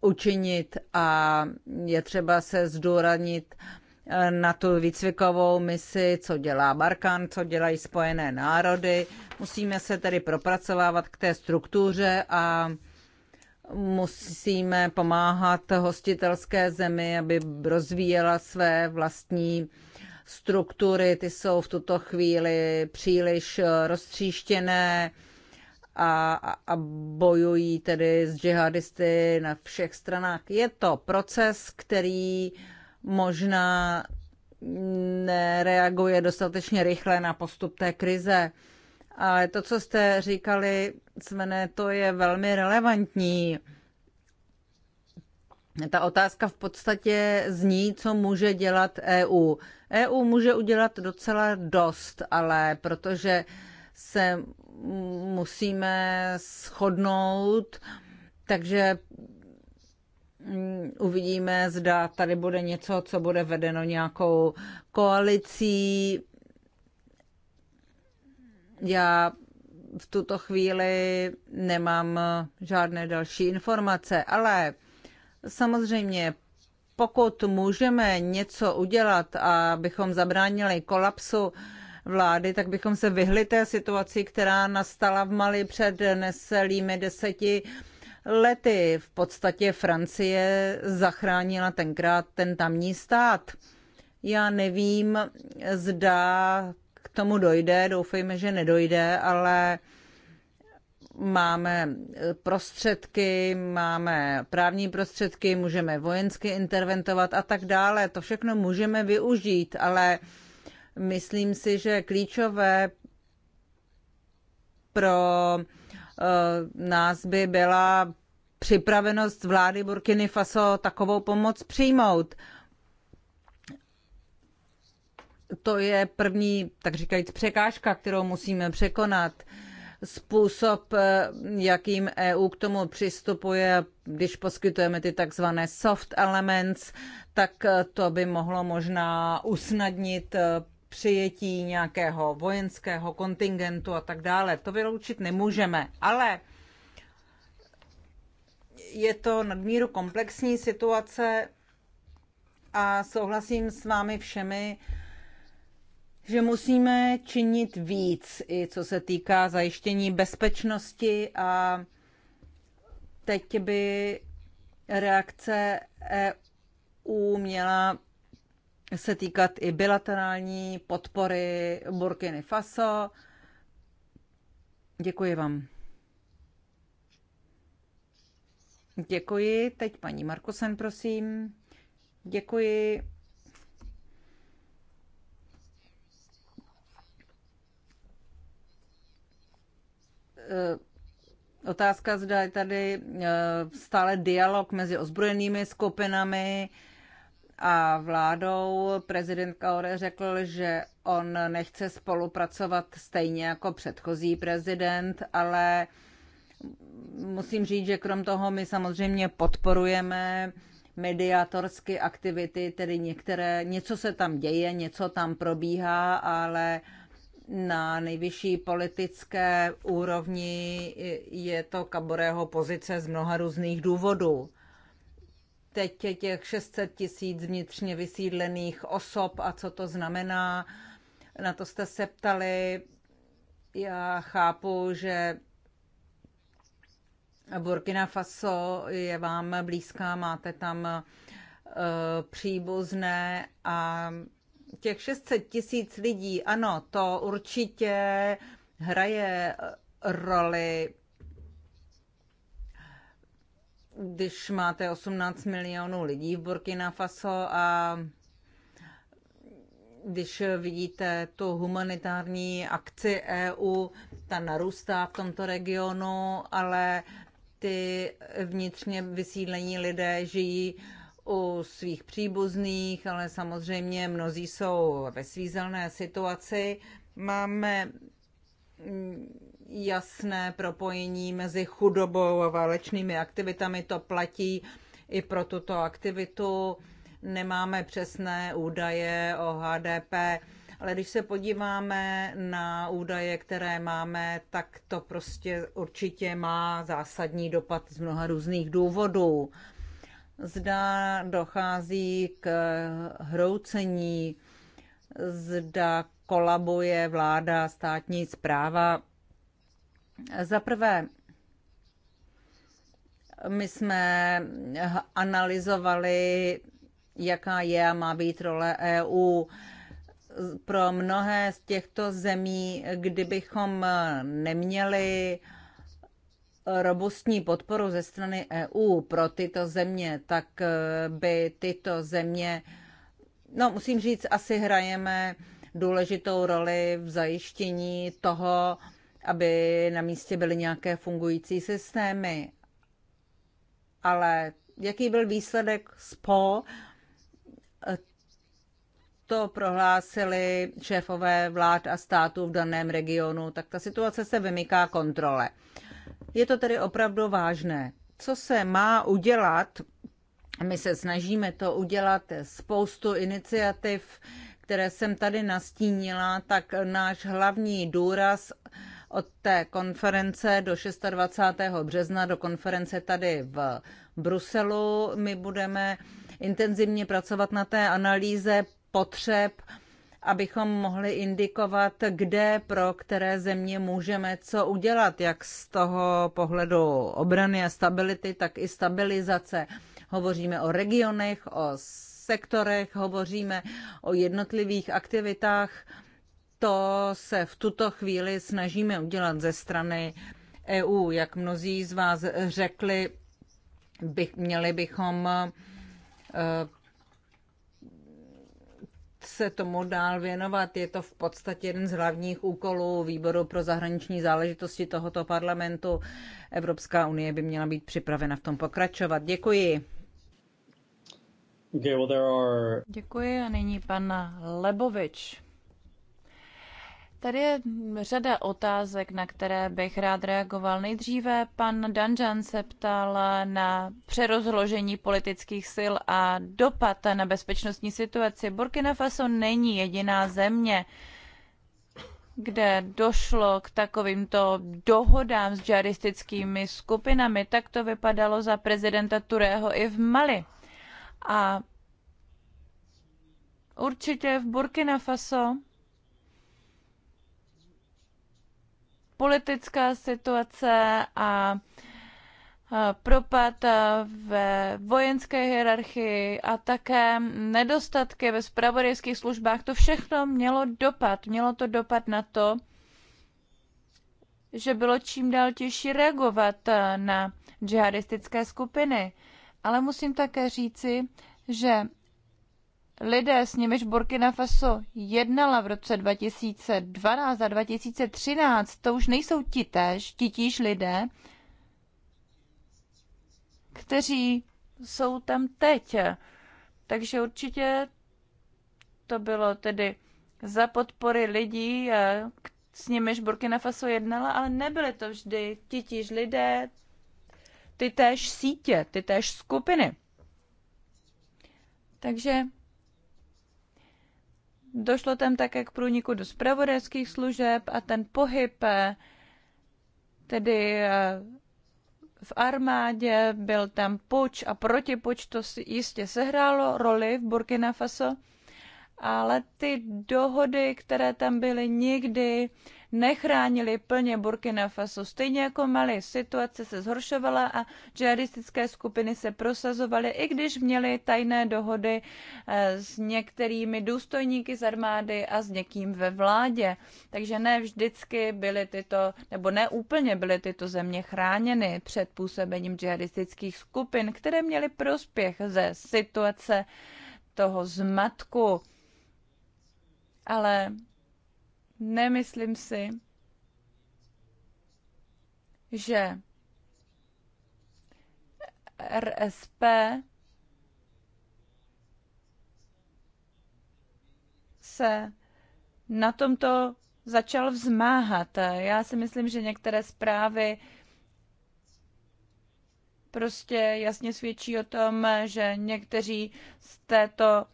Speaker 2: učinit a je třeba se zdůraznit na tu výcvikovou misi, co dělá Barkan, co dělají Spojené národy. Musíme se tedy propracovávat k té struktuře a musíme pomáhat hostitelské zemi, aby rozvíjela své vlastní struktury. Ty jsou v tuto chvíli příliš roztříštěné a, a bojují tedy s džihadisty na všech stranách. Je to proces, který možná nereaguje dostatečně rychle na postup té krize. Ale to, co jste říkali, Svene, to je velmi relevantní. Ta otázka v podstatě zní, co může dělat EU. EU může udělat docela dost, ale protože se musíme shodnout, takže Mm, uvidíme, zda tady bude něco, co bude vedeno nějakou koalicí. Já v tuto chvíli nemám žádné další informace, ale samozřejmě pokud můžeme něco udělat, abychom zabránili kolapsu vlády, tak bychom se vyhli té situaci, která nastala v Mali před neselými deseti lety. V podstatě Francie zachránila tenkrát ten tamní stát. Já nevím, zda k tomu dojde, doufejme, že nedojde, ale máme prostředky, máme právní prostředky, můžeme vojensky interventovat a tak dále. To všechno můžeme využít, ale myslím si, že klíčové pro eh, nás by byla připravenost vlády Burkiny Faso takovou pomoc přijmout. To je první, tak říkajíc, překážka, kterou musíme překonat. Způsob, eh, jakým EU k tomu přistupuje, když poskytujeme ty takzvané soft elements, tak eh, to by mohlo možná usnadnit eh, přijetí nějakého vojenského kontingentu a tak dále. To vyloučit nemůžeme, ale je to nadmíru komplexní situace a souhlasím s vámi všemi, že musíme činit víc, i co se týká zajištění bezpečnosti a teď by reakce EU měla se týkat i bilaterální podpory Burkiny Faso. Děkuji vám. Děkuji. Teď paní Markusen, prosím. Děkuji. Eh, otázka, zda je tady eh, stále dialog mezi ozbrojenými skupinami a vládou. Prezident Kaore řekl, že on nechce spolupracovat stejně jako předchozí prezident, ale uh, Musím říct, že krom toho my samozřejmě podporujeme mediátorské aktivity, tedy některé, něco se tam děje, něco tam probíhá, ale na nejvyšší politické úrovni je to kaborého pozice z mnoha různých důvodů. Teď je těch 600 tisíc vnitřně vysídlených osob a co to znamená, na to jste se ptali. Já chápu, že Burkina Faso je vám blízká, máte tam eh, příbuzné a těch 600 tisíc lidí, ano, to určitě hraje eh, roli, když máte 18 milionů lidí v Burkina Faso a když vidíte tu humanitární akci EU, ta narůstá v tomto regionu, ale ty vnitřně vysídlení lidé žijí u svých příbuzných, ale samozřejmě mnozí jsou ve svízelné situaci. Máme mm, jasné propojení mezi chudobou a válečnými aktivitami. To platí i pro tuto aktivitu. Nemáme přesné údaje o HDP ale když se podíváme na údaje, které máme, tak to prostě určitě má zásadní dopad z mnoha různých důvodů. Zda dochází k hroucení, zda kolabuje vláda, státní zpráva. Za prvé, my jsme analyzovali, jaká je a má být role EU pro mnohé z těchto zemí, kdybychom neměli robustní podporu ze strany EU pro tyto země, tak eh, by tyto země, no musím říct, asi hrajeme důležitou roli v zajištění toho, aby na místě byly nějaké fungující systémy. Ale jaký byl výsledek SPO? to prohlásili šéfové vlád a států v daném regionu, tak ta situace se vymyká kontrole. Je to tedy opravdu vážné. Co se má udělat? My se snažíme to udělat spoustu iniciativ, které jsem tady nastínila, tak náš hlavní důraz od té konference do 26. března do konference tady v Bruselu. My budeme intenzivně pracovat na té analýze potřeb, abychom mohli indikovat, kde pro které země můžeme co udělat, jak z toho pohledu obrany a stability, tak i stabilizace. Hovoříme o regionech, o sektorech, hovoříme o jednotlivých aktivitách. To se v tuto chvíli snažíme udělat ze strany EU. Jak mnozí z vás řekli, by, měli bychom eh, se tomu dál věnovat. Je to v podstatě jeden z hlavních úkolů Výboru pro zahraniční záležitosti tohoto parlamentu. Evropská unie by měla být připravena v tom pokračovat. Děkuji. Děkuji a nyní pan Lebovič.
Speaker 1: Tady je řada otázek, na které bych rád reagoval. Nejdříve pan Danžan se ptal na přerozložení politických sil a dopad na bezpečnostní situaci. Burkina Faso není jediná země, kde došlo k takovýmto dohodám s džaristickými skupinami. Tak to vypadalo za prezidenta Turého i v Mali. A určitě v Burkina Faso politická situace a propad ve vojenské hierarchii a také nedostatky ve spravodajských službách. To všechno mělo dopad. Mělo to dopad na to, že bylo čím dál těžší reagovat na džihadistické skupiny. Ale musím také říci, že lidé, s nimiž Burkina Faso jednala v roce 2012 a 2013, to už nejsou tež, titíž lidé, kteří jsou tam teď. Takže určitě to bylo tedy za podpory lidí, eh, s nimiž Burkina Faso jednala, ale nebyly to vždy titíž lidé, ty též sítě, ty též skupiny. Takže Došlo tam také k průniku do spravodajských služeb a ten pohyb eh, tedy eh, v armádě, byl tam puč a protipuč, to si jistě sehrálo roli v Burkina Faso, ale ty dohody, které tam byly, nikdy nechránili plně Burkina Faso. Stejně jako Mali, situace se zhoršovala a džihadistické skupiny se prosazovaly, i když měly tajné dohody eh, s některými důstojníky z armády a s někým ve vládě. Takže ne vždycky byly tyto, nebo ne úplně byly tyto země chráněny před působením džihadistických skupin, které měly prospěch ze situace toho zmatku. Ale Nemyslím si, že RSP se na tomto začal vzmáhat. Já si myslím, že některé zprávy prostě jasně svědčí o tom, že někteří z této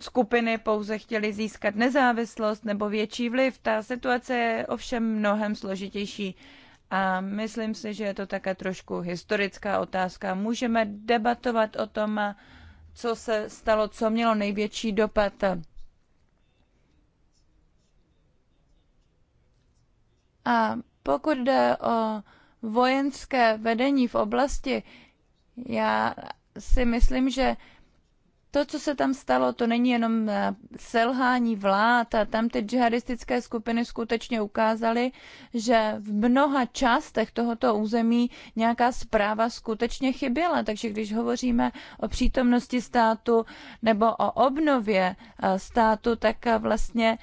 Speaker 1: skupiny pouze chtěly získat nezávislost nebo větší vliv. Ta situace je ovšem mnohem složitější. A myslím si, že je to také trošku historická otázka. Můžeme debatovat o tom, co se stalo, co mělo největší dopad. A pokud jde o vojenské vedení v oblasti, já si myslím, že to, co se tam stalo, to není jenom eh, selhání vlád a tam ty džihadistické skupiny skutečně ukázaly, že v mnoha částech tohoto území nějaká zpráva skutečně chyběla. Takže když hovoříme o přítomnosti státu nebo o obnově eh, státu, tak eh, vlastně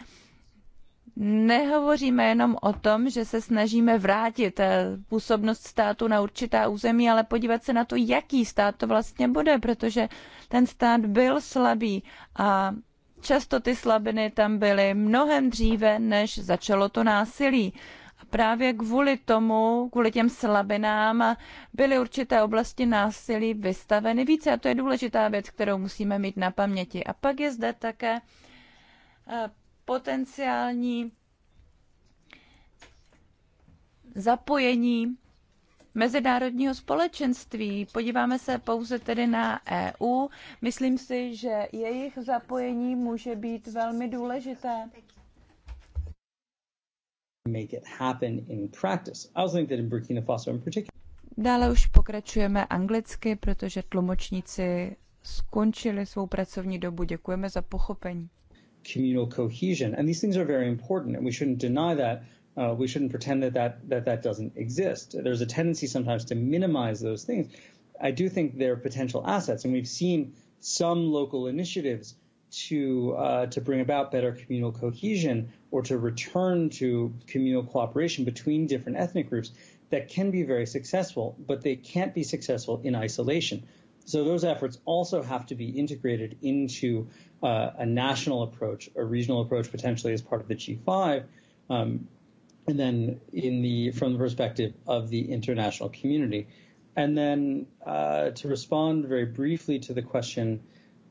Speaker 1: nehovoříme jenom o tom, že se snažíme vrátit eh, působnost státu na určitá území, ale podívat se na to, jaký stát to vlastně bude, protože ten stát byl slabý a často ty slabiny tam byly mnohem dříve, než začalo to násilí. A právě kvůli tomu, kvůli těm slabinám, byly určité oblasti násilí vystaveny více. A to je důležitá věc, kterou musíme mít na paměti. A pak je zde také eh, potenciální zapojení mezinárodního společenství. Podíváme se pouze tedy na EU. Myslím si, že jejich zapojení může být velmi důležité.
Speaker 5: Make it happen in practice. I was that in Burkina Faso in particular.
Speaker 1: Dále už pokračujeme anglicky, protože tlumočníci skončili svou pracovní dobu. Děkujeme za pochopení
Speaker 5: communal cohesion. And these things are very important, and we shouldn't deny that. Uh, we shouldn't pretend that that, that that doesn't exist. There's a tendency sometimes to minimize those things. I do think they're potential assets, and we've seen some local initiatives to uh, to bring about better communal cohesion or to return to communal cooperation between different ethnic groups that can be very successful, but they can't be successful in isolation. So those efforts also have to be integrated into uh, a national approach, a regional approach, potentially as part of the G5, um, and then in the from the perspective of the international community. And then uh, to respond very briefly to the question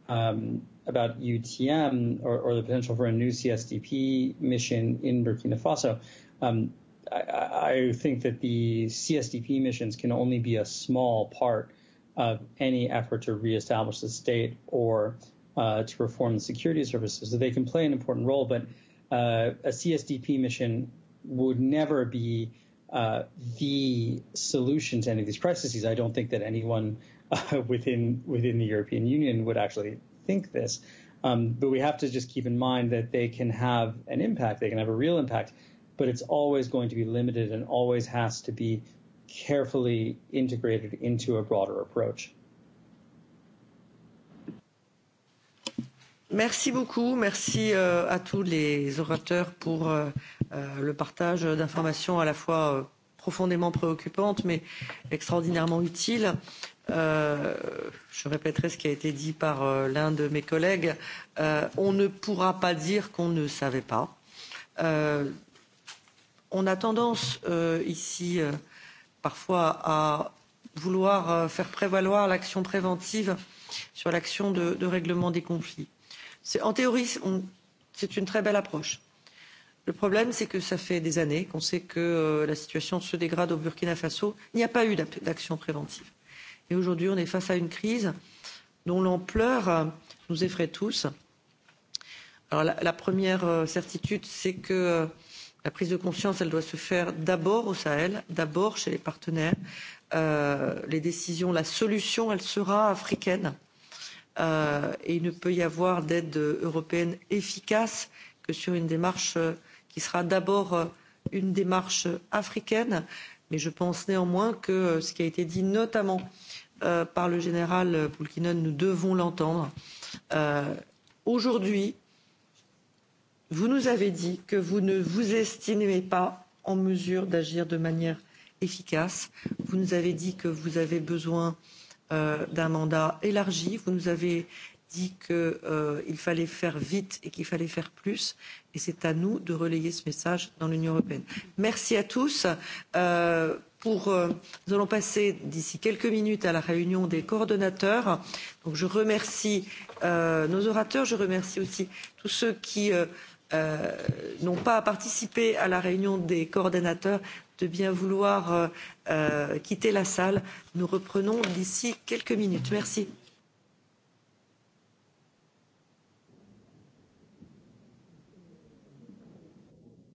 Speaker 5: um, about UTM or, or, the potential for a new CSDP mission in Burkina Faso, um, I, I, think that the CSDP missions can only be a small part of any effort to reestablish the state or Uh, to reform the security services. So they can play an important role, but uh, a CSDP mission would never be uh, the solution to any of these crises. I don't think that anyone uh, within within the European Union would actually think this. Um, but we have to just keep in mind that they can have an impact. They can have a real impact, but it's always going to be limited and always has to be carefully integrated into a broader approach.
Speaker 4: Merci beaucoup. Merci euh, à tous les orateurs pour euh, euh, le partage d'informations à la fois profondément préoccupantes mais extraordinairement utiles. je répéterai ce qui a été dit par l'un de mes collègues. on ne pourra pas dire qu'on ne savait pas. on a tendance ici parfois à vouloir faire prévaloir l'action préventive sur l'action de, de règlement des conflits. En théorie, c'est une très belle approche. Le problème, c'est que ça fait des années qu'on sait que euh, la situation se dégrade au Burkina Faso. Il n'y a pas eu d'action préventive. Et aujourd'hui, on est face à une crise dont l'ampleur euh, nous effraie tous. Alors, la, la première euh, certitude, c'est que euh, la prise de conscience, elle doit se faire d'abord au Sahel, d'abord chez les partenaires. Euh, les décisions, la solution, elle sera africaine. Euh, euh, et il ne peut y avoir d'aide européenne efficace que sur une démarche euh, qui sera d'abord euh, une démarche africaine. Mais je pense néanmoins que euh, ce qui a été dit notamment euh, par le général Poulkinen, nous devons l'entendre. Euh, Aujourd'hui, vous nous avez dit que vous ne vous estimez pas en mesure d'agir de manière efficace. Vous nous avez dit que vous avez besoin euh, Euh, d'un mandat élargi. Vous nous avez dit qu'il euh, fallait faire vite et qu'il fallait faire plus. Et c'est à nous de relayer ce message dans l'Union européenne. Merci à tous. Euh, pour, euh, nous allons passer d'ici quelques minutes à la réunion des coordonnateurs. Donc, je remercie euh, nos orateurs. Je remercie aussi tous ceux qui. Euh, euh, n'ont pas participé à la réunion des coordonnateurs de bien vouloir euh, euh, quitter la salle. Nous reprenons d'ici quelques minutes. Merci.